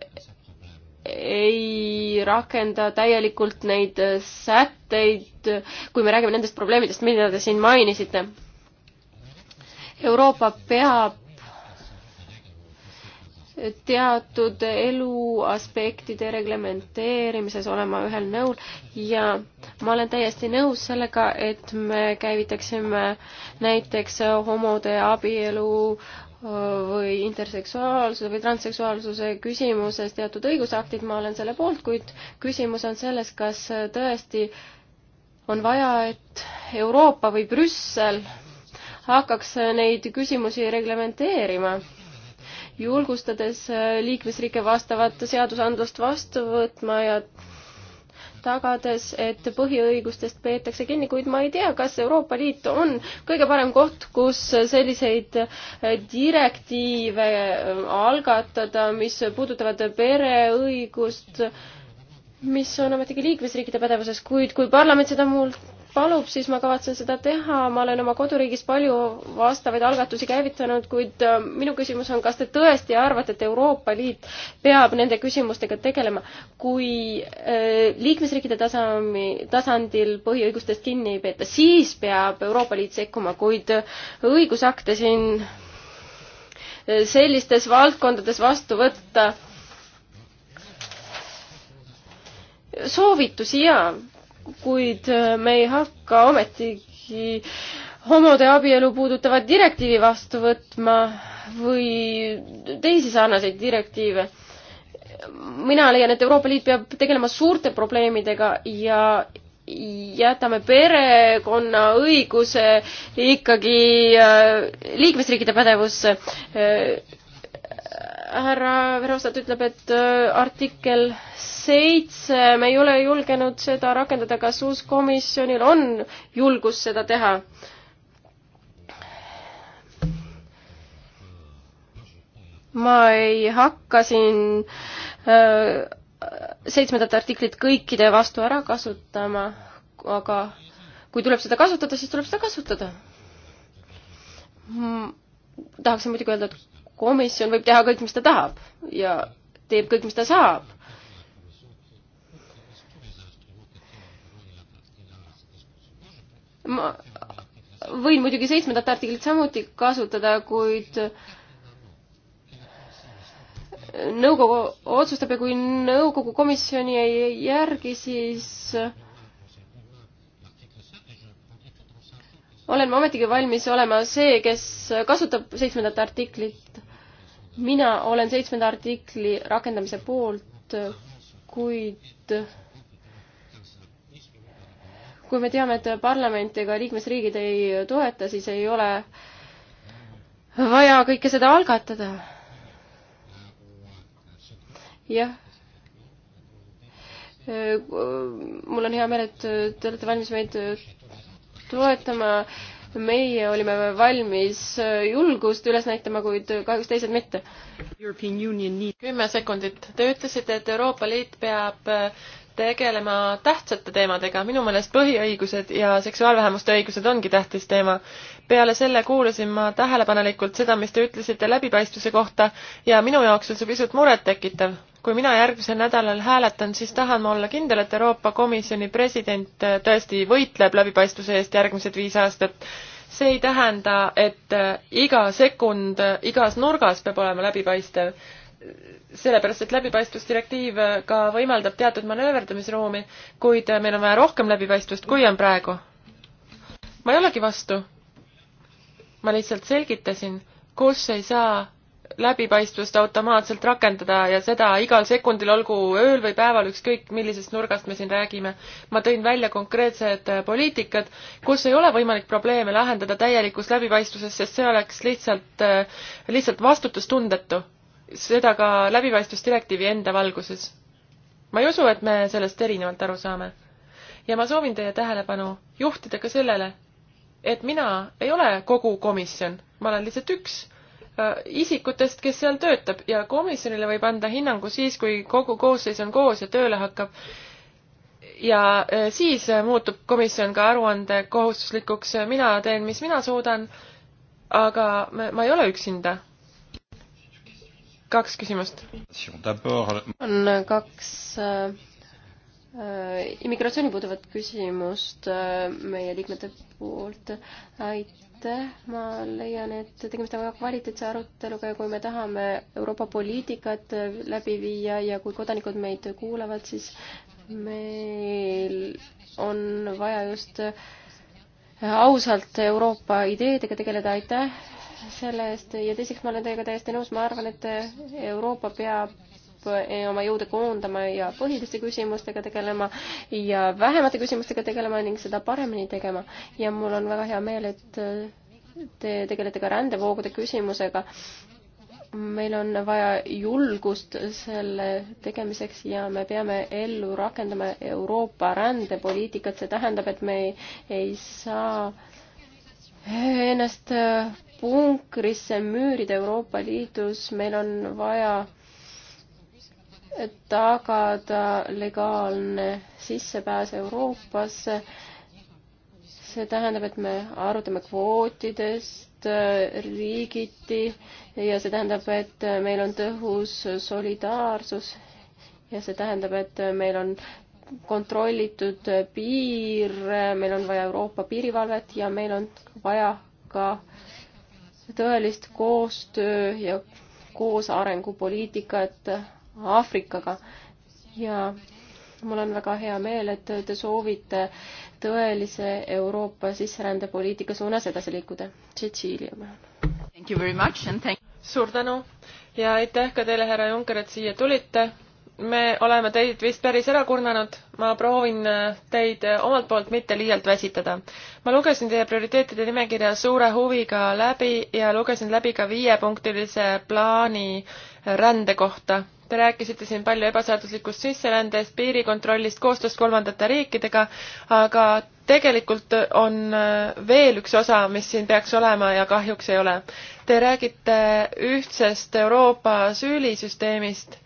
ei rakenda täielikult neid sätteid, kui me räägime nendest probleemidest, mida te siin mainisite. Euroopa peab teatud eluaspektide reglementeerimises olema ühel nõul ja ma olen täiesti nõus sellega, et me käivitaksime näiteks homode abielu äh, või interseksuaalsuse või transseksuaalsuse küsimuses teatud õigusaktid, ma olen selle poolt, kuid küsimus on selles, kas tõesti on vaja, et Euroopa või Brüssel hakkaks neid küsimusi reglementeerima julgustades äh, liikmesriike vastavat seadusandlust vastu võtma ja tagades, et põhiõigustest peetakse kinni, kuid ma ei tea, kas Euroopa Liit on kõige parem koht, kus selliseid äh, direktiive äh, algatada, mis puudutavad pereõigust, mis on ometigi liikmesriikide pädevuses, kuid kui parlament seda muult palub, siis ma kavatsen seda teha, ma olen oma koduriigis palju vastavaid algatusi käivitanud, kuid äh, minu küsimus on, kas te tõesti arvate, et Euroopa Liit peab nende küsimustega tegelema, kui äh, liikmesriikide tasami, tasandil põhiõigustest kinni ei peeta, siis peab Euroopa Liit sekkuma, kuid äh, õigusakte siin sellistes valdkondades vastu võtta, soovitusi jaa kuid äh, me ei hakka ometigi homode abielu puudutavat direktiivi vastu võtma või teisi sarnaseid direktiive. mina leian, et Euroopa Liit peab tegelema suurte probleemidega ja jätame perekonna õiguse ikkagi äh, liikmesriikide pädevusse äh, härra Verhofstadt ütleb, et äh, artikkel seitse, me ei ole julgenud seda rakendada, kas uus komisjonil on julgus seda teha? ma ei hakka siin äh, seitsmendat artiklit kõikide vastu ära kasutama, aga kui tuleb seda kasutada, siis tuleb seda kasutada tahaksin muidugi öelda, et komisjon võib teha kõik, mis ta tahab ja teeb kõik, mis ta saab. ma võin muidugi seitsmendat artiklit samuti kasutada, kuid nõukogu otsustab ja kui nõukogu komisjoni ei järgi, siis olen ma ometigi valmis olema see, kes kasutab seitsmendat artiklit mina olen seitsmenda artikli rakendamise poolt, kuid kui me teame, et parlament ega liikmesriigid ei toeta, siis ei ole vaja kõike seda algatada. jah. mul on hea meel, et te olete valmis meid toetama meie olime valmis äh, julgust üles näitama, kuid kahjuks teised mitte. kümme sekundit. Te ütlesite, et Euroopa Liit peab äh, tegelema tähtsate teemadega. minu meelest põhiõigused ja seksuaalvähemuste õigused ongi tähtis teema. peale selle kuulasin ma tähelepanelikult seda, mis te ütlesite läbipaistvuse kohta ja minu jaoks on see pisut murettekitav kui mina järgmisel nädalal hääletan, siis tahan ma olla kindel, et Euroopa Komisjoni president äh, tõesti võitleb läbipaistvuse eest järgmised viis aastat. see ei tähenda, et äh, iga sekund äh, igas nurgas peab olema läbipaistev sellepärast, et läbipaistvusdirektiiv ka võimaldab teatud manööverdamisruumi, kuid meil on vaja rohkem läbipaistvust, kui on praegu. ma ei olegi vastu. ma lihtsalt selgitasin, kus ei saa läbipaistvust automaatselt rakendada ja seda igal sekundil, olgu ööl või päeval, ükskõik millisest nurgast me siin räägime. ma tõin välja konkreetsed äh, poliitikad, kus ei ole võimalik probleeme lahendada täielikus läbipaistvuses, sest see oleks lihtsalt, äh, lihtsalt vastutustundetu. seda ka läbipaistvusdirektiivi enda valguses. ma ei usu, et me sellest erinevalt aru saame. ja ma soovin teie tähelepanu juhtida ka sellele, et mina ei ole kogu komisjon, ma olen lihtsalt üks Äh, isikutest, kes seal töötab ja komisjonile võib anda hinnangu siis, kui kogu koosseis on koos ja tööle hakkab. ja äh, siis äh, muutub komisjon ka aruande kohustuslikuks, mina teen, mis mina suudan, aga ma ei ole üksinda. kaks küsimust. on kaks Äh, immigratsiooni puuduvat küsimust äh, meie liikmete poolt. aitäh, ma leian, et tegemist on väga kvaliteetse aruteluga ja kui me tahame Euroopa poliitikat äh, läbi viia ja kui kodanikud meid kuulavad, siis meil on vaja just ausalt Euroopa ideedega tegeleda, aitäh selle eest ja teiseks ma olen teiega täiesti nõus, ma arvan, et Euroopa peab Eh, oma jõude koondama ja põhiliste küsimustega tegelema ja vähemate küsimustega tegelema ning seda paremini tegema. ja mul on väga hea meel, et eh, te tegelete ka rändevoogude küsimusega. meil on vaja julgust selle tegemiseks ja me peame ellu rakendama Euroopa rändepoliitikat, see tähendab, et me ei, ei saa ennast eh, punkrisse müürida Euroopa Liidus, meil on vaja tagada legaalne sissepääs Euroopasse. see tähendab, et me arutame kvootidest äh, riigiti ja see tähendab, et meil on tõhus solidaarsus ja see tähendab, et meil on kontrollitud piir, meil on vaja Euroopa piirivalvet ja meil on vaja ka tõelist koostöö ja koos arengupoliitikat Aafrikaga ja mul on väga hea meel, et te soovite tõelise Euroopa sisserändepoliitika suunas edasi liikuda. Cecilia. suur tänu ja aitäh ka teile, härra Juncker, et siia tulite. me oleme teid vist päris ära kurnanud, ma proovin äh, teid äh, omalt poolt mitte liialt väsitada. ma lugesin teie prioriteetide nimekirja suure huviga läbi ja lugesin läbi ka viiepunktilise plaani rände kohta Te rääkisite siin palju ebaseaduslikust sisserändest, piirikontrollist, koostööst kolmandate riikidega, aga tegelikult on äh, veel üks osa, mis siin peaks olema ja kahjuks ei ole. Te räägite ühtsest Euroopa süülisüsteemist,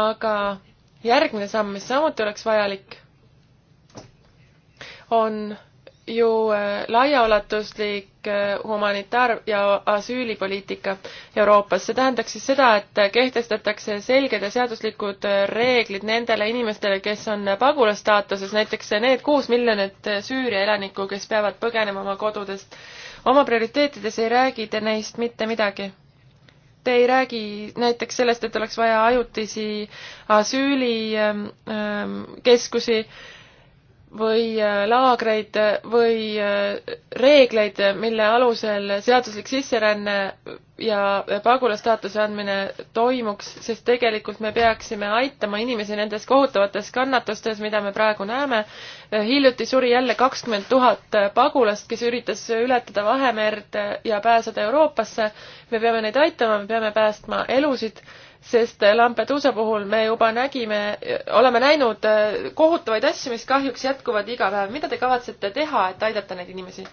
aga järgmine samm, mis samuti oleks vajalik, on ju äh, laiaulatuslik äh, humanitaar- ja asüülipoliitika Euroopas. see tähendaks siis seda, et kehtestatakse selged ja seaduslikud äh, reeglid nendele inimestele, kes on pagulasstaatuses, näiteks need kuus miljonit Süüria elanikku, kes peavad põgenema oma kodudest. oma prioriteetides ei räägi te neist mitte midagi. Te ei räägi näiteks sellest, et oleks vaja ajutisi asüülikeskusi ähm, ähm, või äh, laagreid äh, või äh, reegleid, mille alusel seaduslik sisseränne ja pagulasstaatuse andmine toimuks, sest tegelikult me peaksime aitama inimesi nendes kohutavates kannatustes, mida me praegu näeme. hiljuti suri jälle kakskümmend tuhat pagulast, kes üritas ületada Vahemerd ja pääseda Euroopasse. me peame neid aitama, me peame päästma elusid sest äh, Lampeduusa puhul me juba nägime, oleme näinud äh, kohutavaid asju, mis kahjuks jätkuvad iga päev. mida te kavatsete teha, et aidata neid inimesi?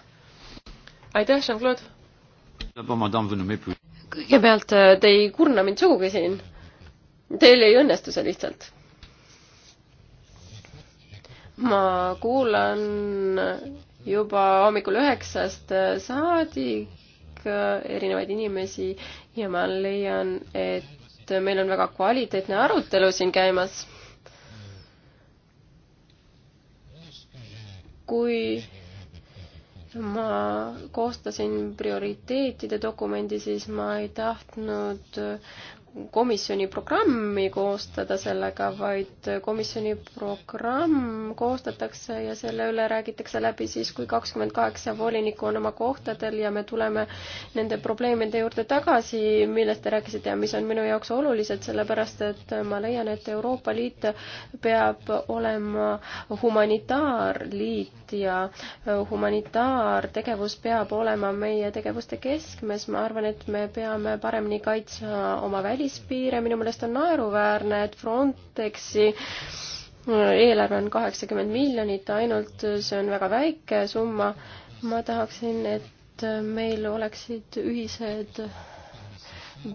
aitäh, Jean-Claude! kõigepealt, äh, te ei kurna mind sugugi siin. Teil ei õnnestu see lihtsalt. ma kuulan juba hommikul üheksast saadik erinevaid inimesi ja ma leian, et et meil on väga kvaliteetne arutelu siin käimas. kui ma koostasin prioriteetide dokumendi, siis ma ei tahtnud komisjoni programmi koostada sellega, vaid komisjoni programm koostatakse ja selle üle räägitakse läbi siis, kui kakskümmend kaheksa volinikku on oma kohtadel ja me tuleme nende probleemide juurde tagasi, millest te rääkisite ja mis on minu jaoks olulised, sellepärast et ma leian, et Euroopa Liit peab olema humanitaarliit ja humanitaartegevus peab olema meie tegevuste keskmes, ma arvan, et me peame paremini kaitsma oma välis-, välispiire, minu meelest on naeruväärne, et Frontexi äh, eelarve on kaheksakümmend miljonit ainult, äh, see on väga väike summa. ma tahaksin, et äh, meil oleksid ühised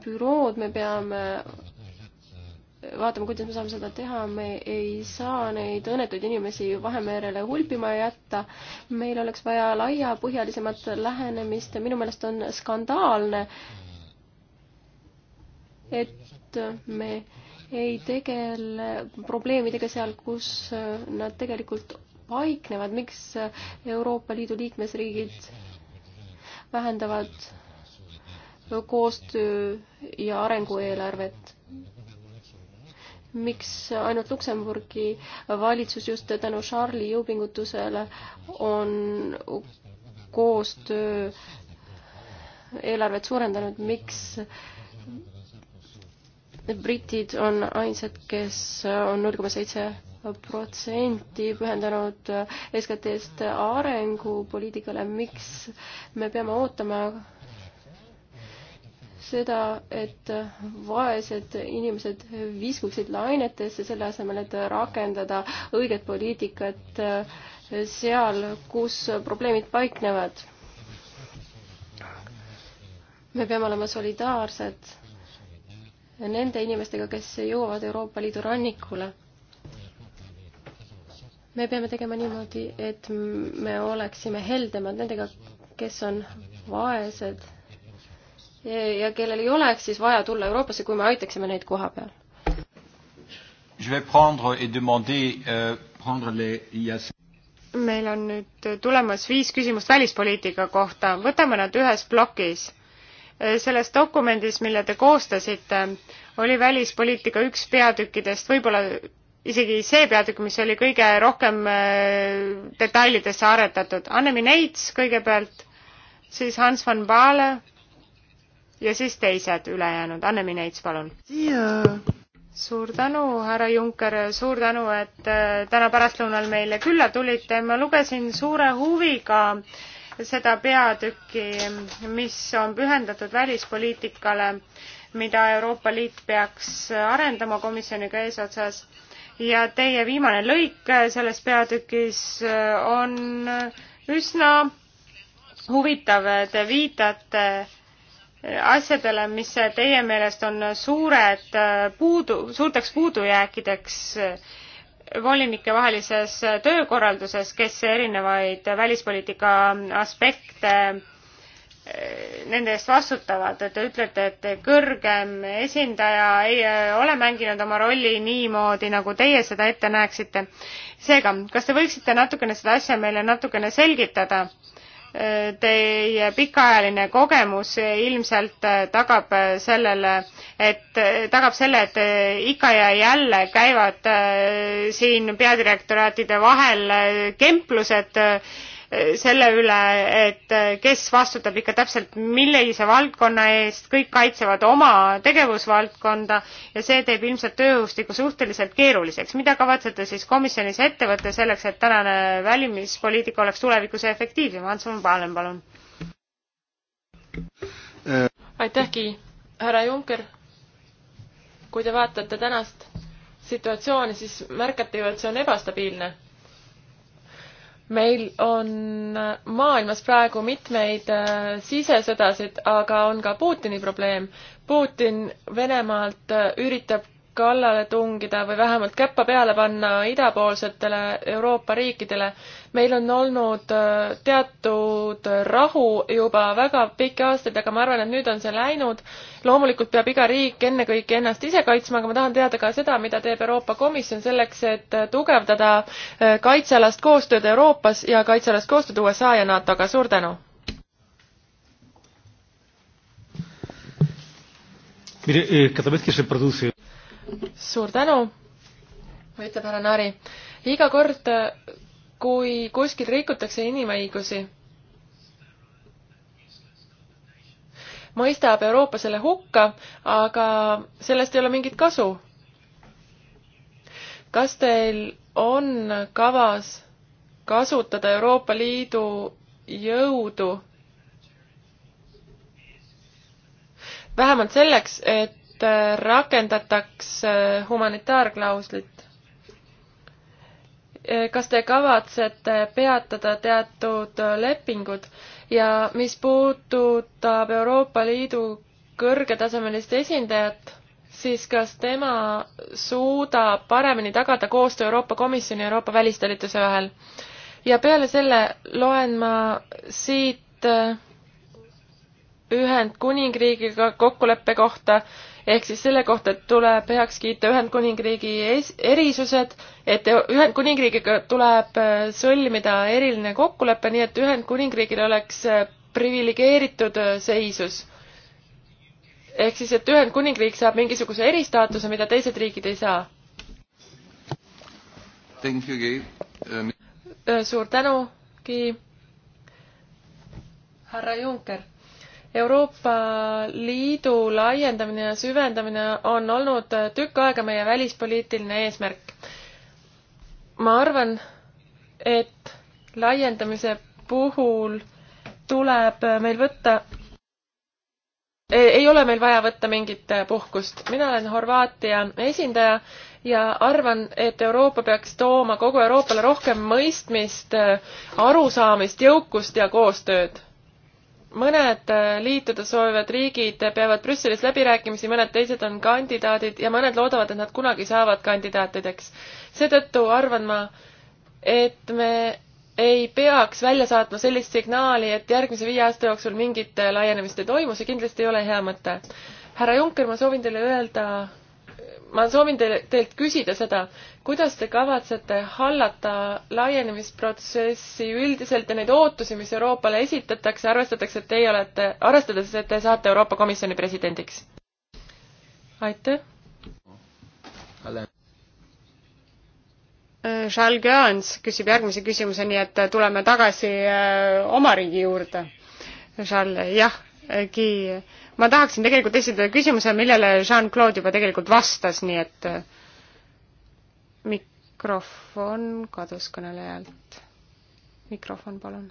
bürood, me peame vaatame, kuidas me saame seda teha, me ei saa neid õnnetuid inimesi Vahemerele hulpima jätta. meil oleks vaja laiapõhjalisemat lähenemist ja minu meelest on skandaalne, et me ei tegele probleemidega seal, kus nad tegelikult paiknevad, miks Euroopa Liidu liikmesriigid vähendavad koostöö ja arengueelarvet miks ainult Luksemburgi valitsus just tänu Charlie jõupingutusele on koostöö eelarvet suurendanud, miks britid on ainsad, kes on null koma seitse protsenti pühendanud äh, SKT-st arengupoliitikale, miks me peame ootama seda, et vaesed inimesed viskuksid lainetesse, selle asemel, et rakendada õiget poliitikat äh, seal, kus probleemid paiknevad. me peame olema solidaarsed nende inimestega, kes jõuavad Euroopa Liidu rannikule. me peame tegema niimoodi, et me oleksime heldemad nendega, kes on vaesed ja, ja kellel ei oleks siis vaja tulla Euroopasse, kui me aitaksime neid koha peal. Euh, meil on nüüd tulemas viis küsimust välispoliitika kohta, võtame nad ühes plokis Äh, selles dokumendis, mille te koostasite, oli välispoliitika üks peatükkidest, võib-olla isegi see peatükk, mis oli kõige rohkem äh, detailidesse aretatud. Anneli Neits kõigepealt, siis Hans van Baale ja siis teised ülejäänud. Anneli Neits, palun yeah suur tänu, härra Junker, suur tänu, et äh, täna pärastlõunal meile külla tulite. ma lugesin suure huviga seda peatükki, mis on pühendatud välispoliitikale, mida Euroopa Liit peaks arendama komisjoniga eesotsas ja teie viimane lõik selles peatükis on üsna huvitav, te viitate asjadele, mis teie meelest on suured puudu, suurteks puudujääkideks volinike vahelises töökorralduses, kes erinevaid välispoliitika aspekte eh, nende eest vastutavad, et te ütlete, et kõrgem esindaja ei eh, ole mänginud oma rolli niimoodi, nagu teie seda ette näeksite. seega, kas te võiksite natukene seda asja meile natukene selgitada? teie pikaajaline kogemus ilmselt tagab sellele, et, tagab selle, et ikka ja jälle käivad äh, siin peadirektoraatide vahel äh, kemplused selle üle, et kes vastutab ikka täpselt millise valdkonna eest, kõik kaitsevad oma tegevusvaldkonda ja see teeb ilmselt tööõhustiku suhteliselt keeruliseks. mida kavatsete siis komisjonis ette võtta selleks, et tänane välimispoliitika oleks tulevikus efektiivsem? Hans von Pahlen, palun. aitähki, härra Juncker. kui te vaatate tänast situatsiooni, siis märkate ju, et see on ebastabiilne meil on maailmas praegu mitmeid äh, sisesõdasid, aga on ka Putini probleem. Putin Venemaalt äh, üritab kallale tungida või vähemalt käppa peale panna idapoolsetele Euroopa riikidele meil on olnud äh, teatud äh, rahu juba väga pikki aastaid, aga ma arvan, et nüüd on see läinud. loomulikult peab iga riik ennekõike ennast ise kaitsma, aga ma tahan teada ka seda, mida teeb Euroopa Komisjon selleks, et äh, tugevdada kaitsealast koostööd Euroopas ja kaitsealast koostööd USA ja NATO-ga. suur tänu! Mire, cada vez que se produce suur tänu, ütleb härra Nari. iga kord, kui kuskil rikutakse inimõigusi, mõistab Euroopa selle hukka, aga sellest ei ole mingit kasu. kas teil on kavas kasutada Euroopa Liidu jõudu vähemalt selleks, et rakendataks humanitaarklauslit Eh, kas te kavatsete peatada teatud eh, lepingud ja mis puudutab Euroopa Liidu kõrgetasemelist esindajat, siis kas tema suudab paremini tagada koostöö Euroopa Komisjoni ja Euroopa välistalituse vahel? ja peale selle loen ma siit eh, Ühendkuningriigiga kokkuleppe kohta, ehk siis selle kohta, et tuleb heaks kiita Ühendkuningriigi erisused, et Ühendkuningriigiga tuleb äh, sõlmida eriline kokkulepe, nii et Ühendkuningriigil oleks äh, priviligeeritud äh, seisus. ehk siis, et Ühendkuningriik saab mingisuguse eristaatuse, mida teised riigid ei saa. Ähm, suur tänu, Ki. härra Juncker Euroopa Liidu laiendamine ja süvendamine on olnud tükk aega meie välispoliitiline eesmärk. ma arvan, et laiendamise puhul tuleb meil võtta ei ole meil vaja võtta mingit puhkust. mina olen Horvaatia esindaja ja arvan, et Euroopa peaks tooma kogu Euroopale rohkem mõistmist, arusaamist, jõukust ja koostööd mõned äh, liituda soovivad riigid peavad Brüsselis läbirääkimisi, mõned teised on kandidaadid ja mõned loodavad, et nad kunagi saavad kandidaatideks. seetõttu arvan ma, et me ei peaks välja saatma sellist signaali, et järgmise viie aasta jooksul mingit äh, laienemist ei toimu, see kindlasti ei ole hea mõte. härra Juncker, ma soovin teile öelda ma soovin teile, teilt küsida seda, kuidas te kavatsete hallata laienemisprotsessi üldiselt ja neid ootusi, mis Euroopale esitatakse, arvestatakse, et teie olete, arvestades, et te saate Euroopa Komisjoni presidendiks? aitäh. Äh, Charles Gans küsib järgmise küsimuse, nii et tuleme tagasi äh, oma riigi juurde. Charles, jah, Guy äh, ma tahaksin tegelikult esitada küsimuse, millele Jean-Claude juba tegelikult vastas, nii et äh, mikrofon kadus kõnelejalt. mikrofon, palun.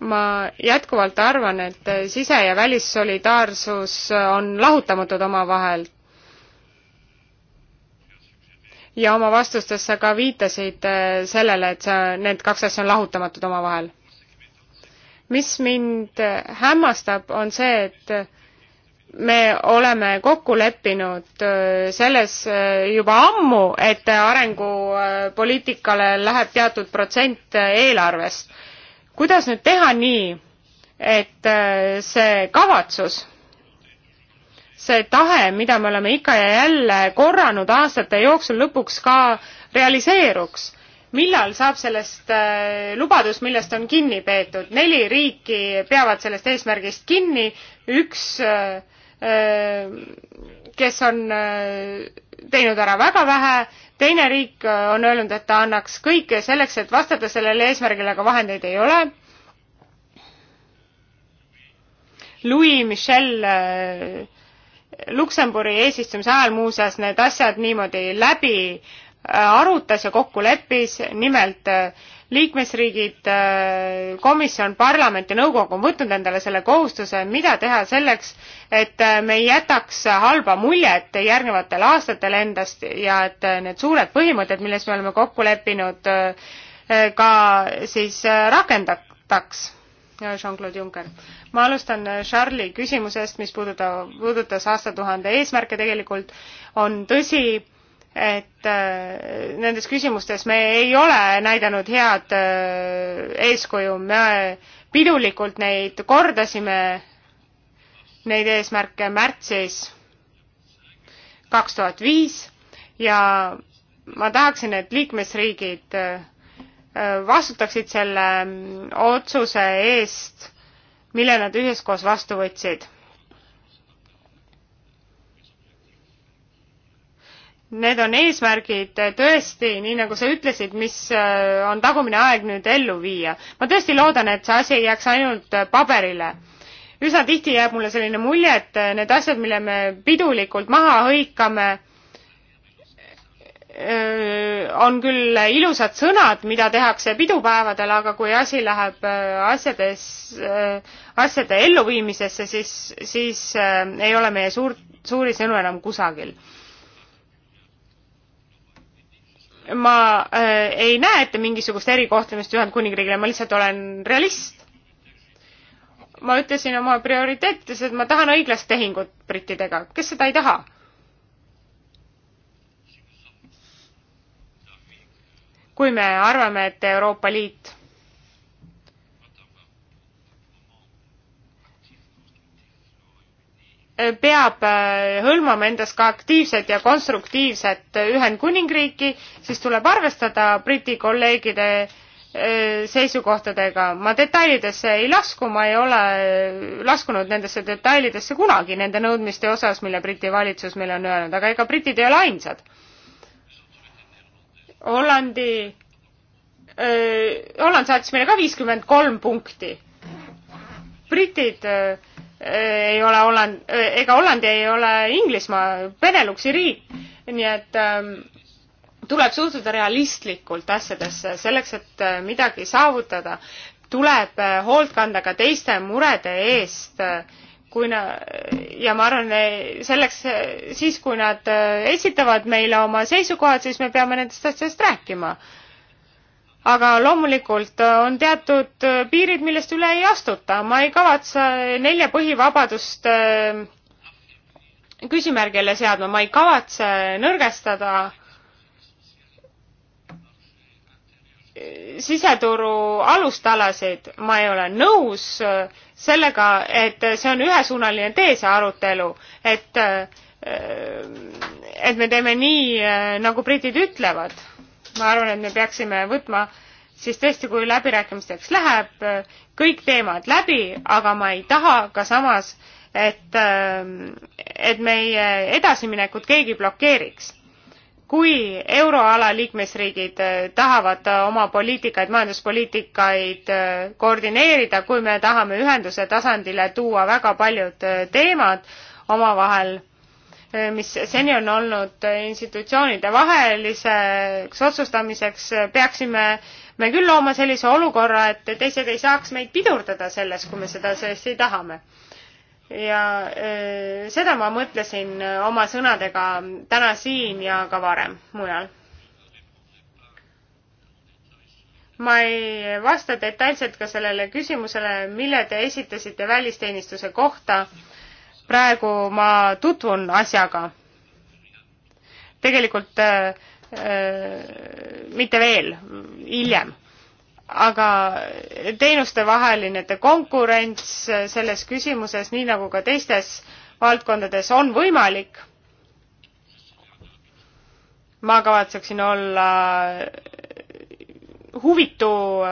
ma jätkuvalt arvan, et sise- ja välissolidaarsus on lahutamatud omavahel ja oma vastustes sa ka viitasid äh, sellele, et sa, need kaks asja on lahutamatud omavahel. mis mind äh, hämmastab, on see, et äh, me oleme kokku leppinud selles juba ammu, et arengupoliitikale läheb teatud protsent eelarvest. kuidas nüüd teha nii, et see kavatsus see tahe, mida me oleme ikka ja jälle korranud aastate jooksul, lõpuks ka realiseeruks. millal saab sellest äh, lubadust, millest on kinni peetud? neli riiki peavad sellest eesmärgist kinni, üks, äh, äh, kes on teinud ära väga vähe, teine riik on öelnud, et ta annaks kõike selleks, et vastata sellele eesmärgile, aga vahendeid ei ole Louis Michel Luksemburi eesistumise ajal muuseas need asjad niimoodi läbi äh, arutas ja kokku leppis, nimelt äh, liikmesriigid, äh, komisjon, parlament ja nõukogu on võtnud endale selle kohustuse, mida teha selleks, et me ei jätaks halba muljet järgnevatel aastatel endast ja et need suured põhimõtted, milles me oleme kokku leppinud, ka siis rakendataks Jean-Claude Juncker. ma alustan äh, Charlie küsimusest, mis puudutab, puudutas aastatuhande eesmärke tegelikult, on tõsi, et äh, nendes küsimustes me ei ole näidanud head äh, eeskuju, me pidulikult neid kordasime, neid eesmärke märtsis kaks tuhat viis ja ma tahaksin, et liikmesriigid vastutaksid selle otsuse eest, mille nad üheskoos vastu võtsid. Need on eesmärgid tõesti, nii nagu sa ütlesid, mis äh, on tagumine aeg nüüd ellu viia. ma tõesti loodan, et see asi ei jääks ainult paberile üsna tihti jääb mulle selline mulje, et need asjad, mille me pidulikult maha hõikame, Äh, on küll ilusad sõnad, mida tehakse pidupäevadel, aga kui asi läheb äh, asjades, äh, asjade elluviimisesse, siis, siis ei ole meie suur, suuri sõnu enam kusagil. ma äh, ei näe ette mingisugust erikohtlemist Ühendkuningriigile, ma lihtsalt olen realist. ma ütlesin oma prioriteetides, et ma tahan õiglast tehingut brittidega, kes seda ei taha kui me arvame, et Euroopa Liit peab äh, hõlmama endas ka aktiivset ja konstruktiivset Ühendkuningriiki, siis tuleb arvestada Briti kolleegide äh, seisukohtadega. ma detailidesse ei lasku, ma ei ole äh, laskunud nendesse detailidesse kunagi nende nõudmiste osas, mille Briti valitsus meile on öelnud, aga ega britid ei ole ainsad Hollandi, Holland saatis meile ka viiskümmend kolm punkti. britid öö, ei ole Holland, ega Hollandi ei ole Inglismaa, Beneluxi riik, nii et öö, ähm, tuleb suhtuda realistlikult asjadesse, selleks et äh, midagi saavutada, tuleb äh, hoolt kanda ka teiste murede eest äh, kui na- ja ma arvan, selleks, siis kui nad esitavad meile oma seisukohad, siis me peame nendest asjadest rääkima. aga loomulikult on teatud piirid, millest üle ei astuta, ma ei kavatse nelja põhivabadust äh, küsimärgile seadma, ma ei kavatse nõrgestada siseturu alustalasid, ma ei ole nõus äh, sellega, et see on ühesuunaline tee, see arutelu, et äh, et me teeme nii, äh, nagu britid ütlevad. ma arvan, et me peaksime võtma siis tõesti, kui läbirääkimisteks läheb, kõik teemad läbi, aga ma ei taha ka samas, et, et meie edasiminekut keegi blokeeriks kui euroala liikmesriigid äh, tahavad äh, oma poliitikaid, majanduspoliitikaid äh, koordineerida, kui me tahame ühenduse tasandile tuua väga paljud teemad omavahel, mis seni on olnud institutsioonide vaheliseks otsustamiseks, peaksime me küll looma sellise olukorra, et teised ei saaks meid pidurdada selles, kui me seda tõesti tahame ja öö, äh, seda ma mõtlesin äh, oma sõnadega täna siin ja ka varem mujal. ma ei vasta detailselt ka sellele küsimusele, mille te esitasite välisteenistuse kohta. praegu ma tutvun asjaga. tegelikult öö, äh, mitte veel, hiljem aga teenustevaheline konkurents selles küsimuses, nii nagu ka teistes valdkondades, on võimalik. ma kavatseksin olla huvitu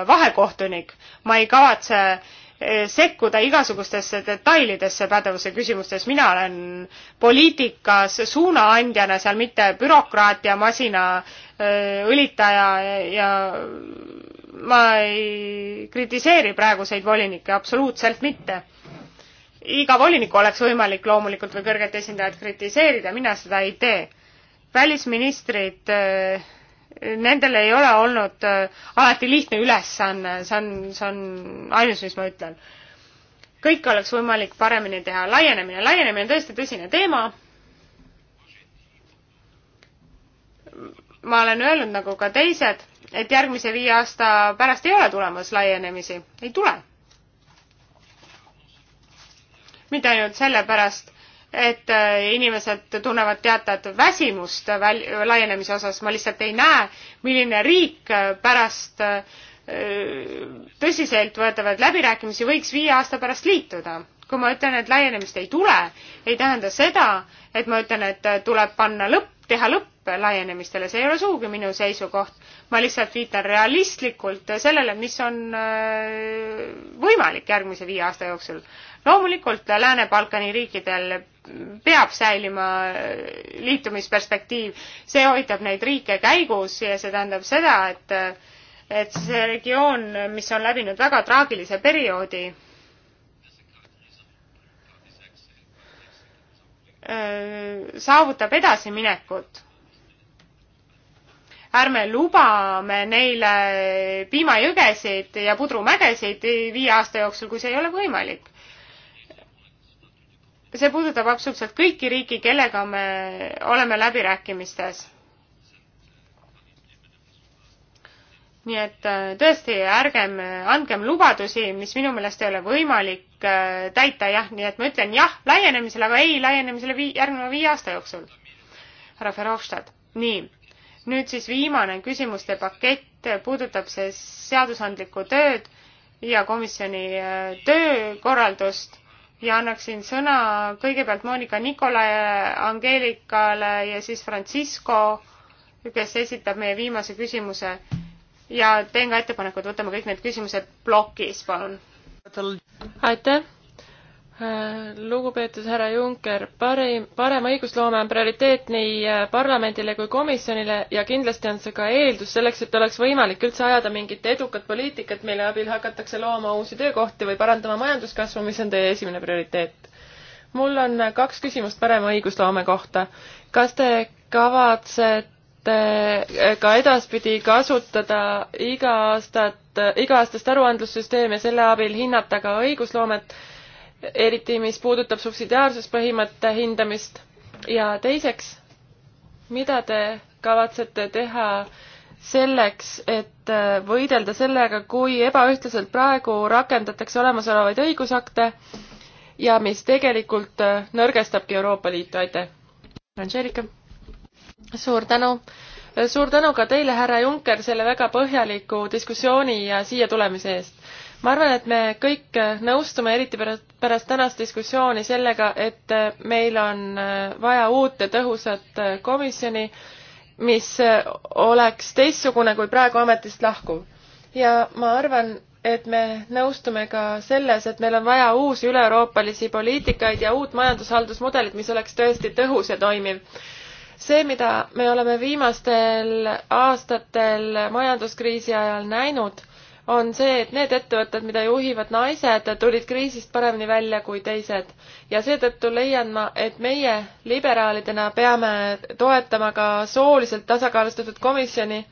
vahekohtunik, ma ei kavatse eh, sekkuda igasugustesse detailidesse pädevuse küsimustes, mina olen poliitikas suunaandjana seal, mitte bürokraatia masina eh, õlitaja ja ma ei kritiseeri praeguseid volinikke, absoluutselt mitte. iga voliniku oleks võimalik loomulikult või kõrget esindajat kritiseerida, mina seda ei tee. välisministrid, äh, nendel ei ole olnud äh, alati lihtne ülesanne, see on, see on ainus, mis ma ütlen. kõike oleks võimalik paremini teha, laienemine, laienemine on tõesti tõsine teema ma olen öelnud nagu ka teised, et järgmise viie aasta pärast ei ole tulemas laienemisi, ei tule. mitte ainult sellepärast, et äh, inimesed tunnevad teatavat väsimust väl-, laienemise osas, ma lihtsalt ei näe, milline riik äh, pärast äh, tõsiseltvõetavaid läbirääkimisi võiks viie aasta pärast liituda. kui ma ütlen, et laienemist ei tule, ei tähenda seda, et ma ütlen, et tuleb panna lõpp teha lõpp laienemistele, see ei ole sugugi minu seisukoht. ma lihtsalt viitan realistlikult sellele, mis on äh, võimalik järgmise viie aasta jooksul. loomulikult Lääne-Balkani riikidel peab säilima äh, liitumisperspektiiv, see hoitab neid riike käigus ja see tähendab seda, et äh, et see regioon, mis on läbinud väga traagilise perioodi, saavutab edasiminekut. ärme lubame neile piimajõgesid ja pudrumägesid viie aasta jooksul, kui see ei ole võimalik. see puudutab absoluutselt kõiki riike, kellega me oleme läbirääkimistes nii et äh, tõesti, ärgem andkem lubadusi, mis minu meelest ei ole võimalik äh, täita, jah, nii et ma ütlen jah laienemisele, aga ei laienemisele vii-, järgneva viie aasta jooksul. härra Verhofstadt, nii, nüüd siis viimane küsimuste pakett puudutab see seadusandlikku tööd ja komisjoni äh, töökorraldust ja annaksin sõna kõigepealt Monika Nikolai Angeelikale ja siis Francisco, kes esitab meie viimase küsimuse ja teen ka ettepaneku, et võtame kõik need küsimused plokis, palun. aitäh äh, lugupeetud härra Juncker, parim, parem õigusloome on prioriteet nii äh, parlamendile kui komisjonile ja kindlasti on see ka eeldus selleks, et oleks võimalik üldse ajada mingit edukat poliitikat, mille abil hakatakse looma uusi töökohti või parandama majanduskasvu, mis on teie esimene prioriteet. mul on äh, kaks küsimust parema õigusloome kohta. kas te kavatsete Eh, ka edaspidi kasutada iga aastat, eh, iga-aastast aruandlussüsteemi ja selle abil hinnata ka õigusloomet, eriti mis puudutab subsidiaarsuspõhimõtte hindamist. ja teiseks, mida te kavatsete teha selleks, et eh, võidelda sellega, kui ebaühtlaselt praegu rakendatakse olemasolevaid õigusakte ja mis tegelikult nõrgestabki Euroopa Liitu, aitäh! Angelika suur tänu. suur tänu ka teile, härra Juncker, selle väga põhjaliku diskussiooni ja siia tulemise eest. ma arvan, et me kõik nõustume, eriti pärast, pärast tänast diskussiooni, sellega, et meil on vaja uut ja tõhusat komisjoni, mis oleks teistsugune kui praegu ametist lahkuv. ja ma arvan, et me nõustume ka selles, et meil on vaja uusi üleeuroopalisi poliitikaid ja uut majandushaldusmudelit, mis oleks tõesti tõhus ja toimiv see, mida me oleme viimastel aastatel majanduskriisi ajal näinud, on see, et need ettevõtted, mida juhivad naised, tulid kriisist paremini välja kui teised. ja seetõttu leian ma, et meie liberaalidena peame toetama ka sooliselt tasakaalustatud komisjoni.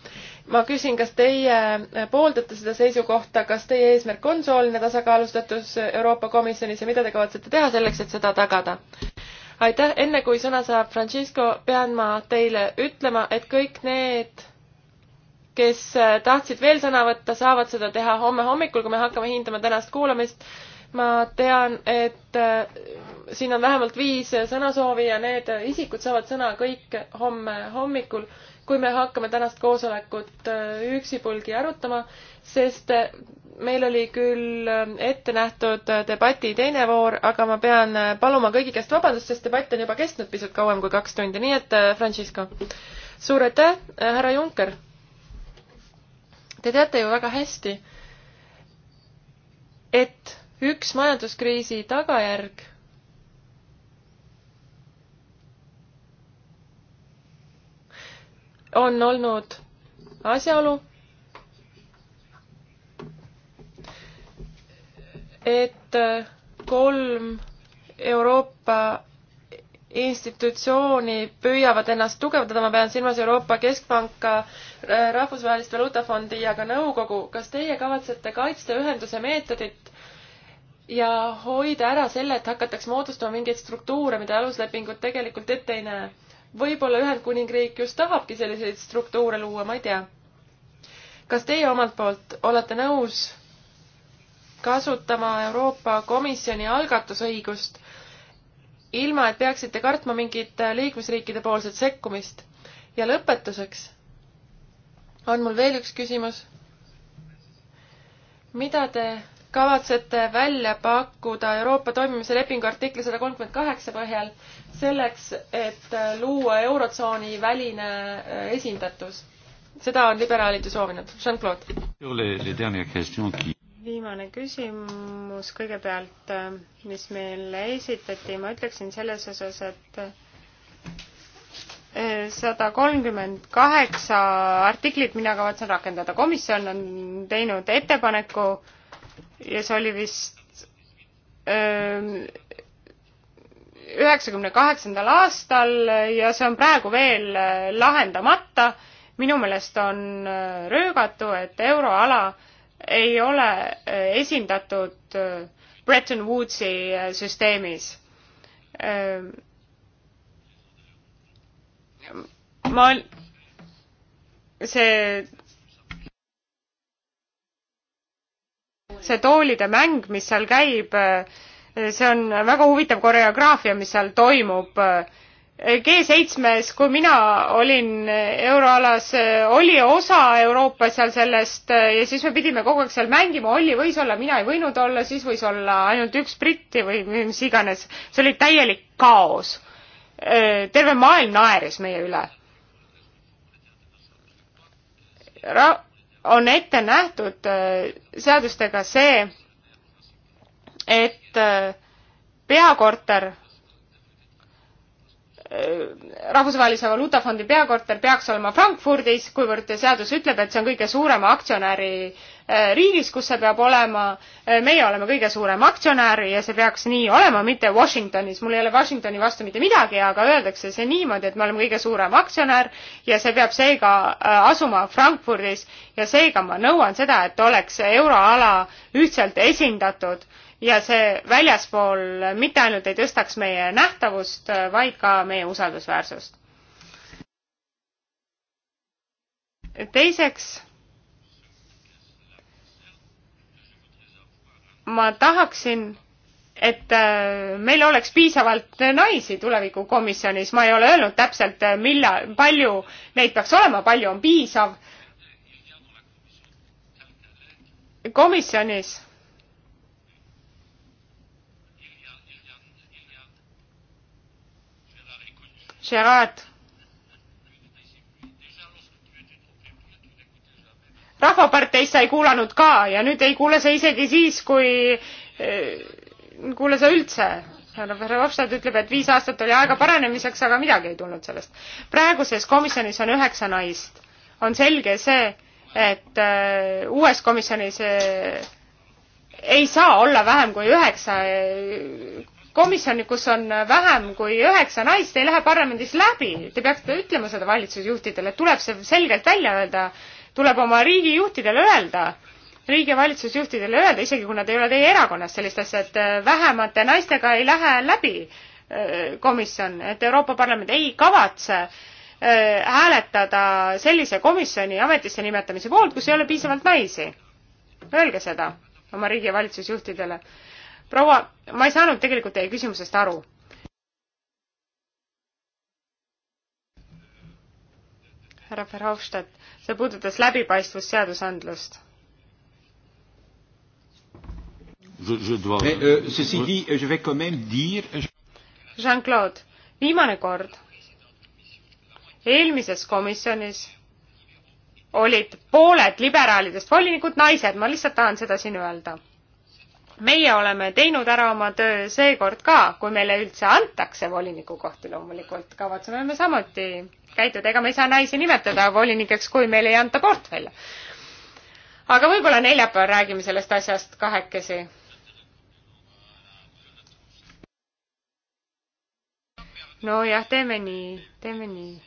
ma küsin, kas teie pooldate seda seisukohta, kas teie eesmärk on sooline tasakaalustatus Euroopa Komisjonis ja mida te kavatsete teha selleks, et seda tagada? aitäh, enne kui sõna saab Francisco, pean ma teile ütlema, et kõik need, kes tahtsid veel sõna võtta, saavad seda teha homme hommikul, kui me hakkame hindama tänast kuulamist. ma tean, et äh, siin on vähemalt viis sõnasoovi ja need isikud saavad sõna kõik homme hommikul, kui me hakkame tänast koosolekut äh, üksipulgi arutama, sest äh, meil oli küll äh, ette nähtud äh, debati teine voor, aga ma pean äh, paluma kõigi käest vabandust, sest debatt on juba kestnud pisut kauem kui kaks tundi, nii et Francisco, suur aitäh, härra Juncker. Te teate ju väga hästi, et üks majanduskriisi tagajärg on olnud asjaolu, et kolm Euroopa institutsiooni püüavad ennast tugevdada, ma pean silmas Euroopa Keskpanka, Rahvusvahelist Valuutafondi ja ka nõukogu. kas teie kavatsete kaitsta ühenduse meetodit ja hoida ära selle, et hakataks moodustama mingeid struktuure, mida aluslepingud tegelikult ette ei näe? võib-olla Ühendkuningriik just tahabki selliseid struktuure luua, ma ei tea. kas teie omalt poolt olete nõus kasutama Euroopa Komisjoni algatusõigust, ilma et peaksite kartma mingit liikmesriikide poolset sekkumist. ja lõpetuseks on mul veel üks küsimus. mida te kavatsete välja pakkuda Euroopa toimimise lepingu artikli sada kolmkümmend kaheksa põhjal selleks, et luua Eurotsooni väline äh, esindatus? seda on liberaalid ju soovinud. Jean-Claude viimane küsimus kõigepealt, äh, mis meile esitati, ma ütleksin selles osas, et äh, sada kolmkümmend kaheksa artiklit mina kavatsen rakendada. komisjon on teinud ettepaneku ja see oli vist ähm, üheksakümne kaheksandal aastal ja see on praegu veel äh, lahendamata. minu meelest on röögatu, et euroala ei ole eh, esindatud eh, Bretton Woodsi eh, süsteemis. ma, see, see toolide mäng, mis seal käib, see on väga huvitav koreograafia, mis seal toimub äh, G7-s, kui mina olin euroalas, oli osa Euroopas seal sellest eh, ja siis me pidime kogu aeg seal mängima, Olli võis olla, mina ei võinud olla, siis võis olla ainult üks britti või mis iganes. see oli täielik kaos. Eh, terve maailm naeris meie üle. Ra-, on ette nähtud eh, seadustega see, et peakorter rahvusvahelise valuutafondi peakorter peaks olema Frankfurdis, kuivõrd seadus ütleb, et see on kõige suurema aktsionäri äh, riigis, kus see peab olema. Äh, meie oleme kõige suurem aktsionär ja see peaks nii olema, mitte Washingtonis. mul ei ole Washingtoni vastu mitte midagi, aga öeldakse see niimoodi, et me oleme kõige suurem aktsionär ja see peab seega äh, asuma Frankfurdis ja seega ma nõuan seda, et oleks euroala ühtselt esindatud ja see väljaspool mitte ainult ei tõstaks meie nähtavust, vaid ka meie usaldusväärsust. teiseks, ma tahaksin et äh, meil oleks piisavalt naisi tulevikukomisjonis, ma ei ole öelnud täpselt, äh, millal, palju neid peaks olema, palju on piisav. komisjonis Gerard. rahvaparteist sa ei kuulanud ka ja nüüd ei kuule sa isegi siis, kui äh,, kuule sa üldse. Verhofstadt ütleb, et viis aastat oli aega paranemiseks, aga midagi ei tulnud sellest. praeguses komisjonis on üheksa naist. on selge see, et äh, uues komisjonis äh, ei saa olla vähem kui üheksa komisjoni, kus on vähem kui üheksa naist, ei lähe parlamendis läbi. Te peaksite ütlema seda valitsusjuhtidele, tuleb see selgelt välja öelda, tuleb oma riigijuhtidele öelda, riigi ja valitsusjuhtidele öelda, isegi kui nad ei ole teie erakonnas, sellist asja, et äh, vähemate naistega ei lähe läbi äh, komisjon, et Euroopa Parlament ei kavatse äh, hääletada sellise komisjoni ametisse nimetamise poolt, kus ei ole piisavalt naisi. Öelge seda oma riigi ja valitsusjuhtidele proua, ma ei saanud tegelikult teie küsimusest aru. härra Verhofstadt, see puudutas läbipaistvust seadusandlust Je, je dois... Mais, euh, ceci je... dit, je vais quand même dire. Jean-Claude, viimane kord eelmises komisjonis olid pooled liberaalidest volinikud naised, ma lihtsalt tahan seda siin öelda meie oleme teinud ära oma töö seekord ka, kui meile üldse antakse volinikukohti loomulikult, kavatseme me samuti käituda, ega me ei saa naisi nimetada volinikeks, kui meile ei anta portfelle. aga võib-olla neljapäeval räägime sellest asjast kahekesi. nojah, teeme nii, teeme nii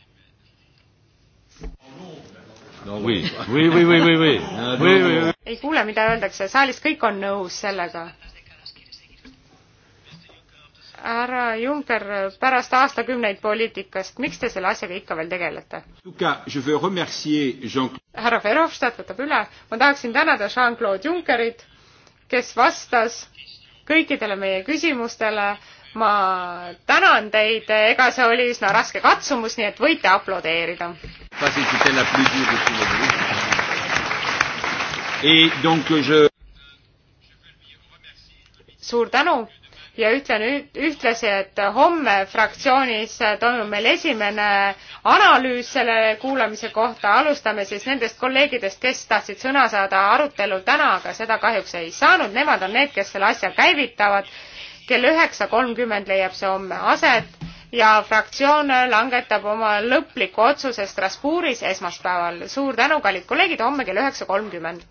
no,. Oui. Oui, oui, oui, oui, oui. Ah, oui, oui, oui. ei kuule, mida öeldakse, saalis kõik on nõus sellega. härra Juncker, pärast aastakümneid poliitikast, miks te selle asjaga ikka veel tegelete? härra Verhofstadt võtab üle. ma tahaksin tänada Jean-Claude Junckerit, kes vastas kõikidele meie küsimustele ma tänan teid, ega see oli üsna raske katsumus, nii et võite aplodeerida pas si c'était la plus dure de tous les groupes. Et donc je suur tänu ja ütlen ühtlasi, et homme fraktsioonis toimub meil esimene analüüs selle kuulamise kohta. alustame siis nendest kolleegidest, kes tahtsid sõna saada arutelul täna, aga seda kahjuks ei saanud. Nemad on need, kes selle asja käivitavad. kell üheksa kolmkümmend leiab see homme aset ja fraktsioon langetab oma lõpliku otsuse Strasbourgis esmaspäeval. suur tänu, kallid kolleegid, homme kell üheksa kolmkümmend.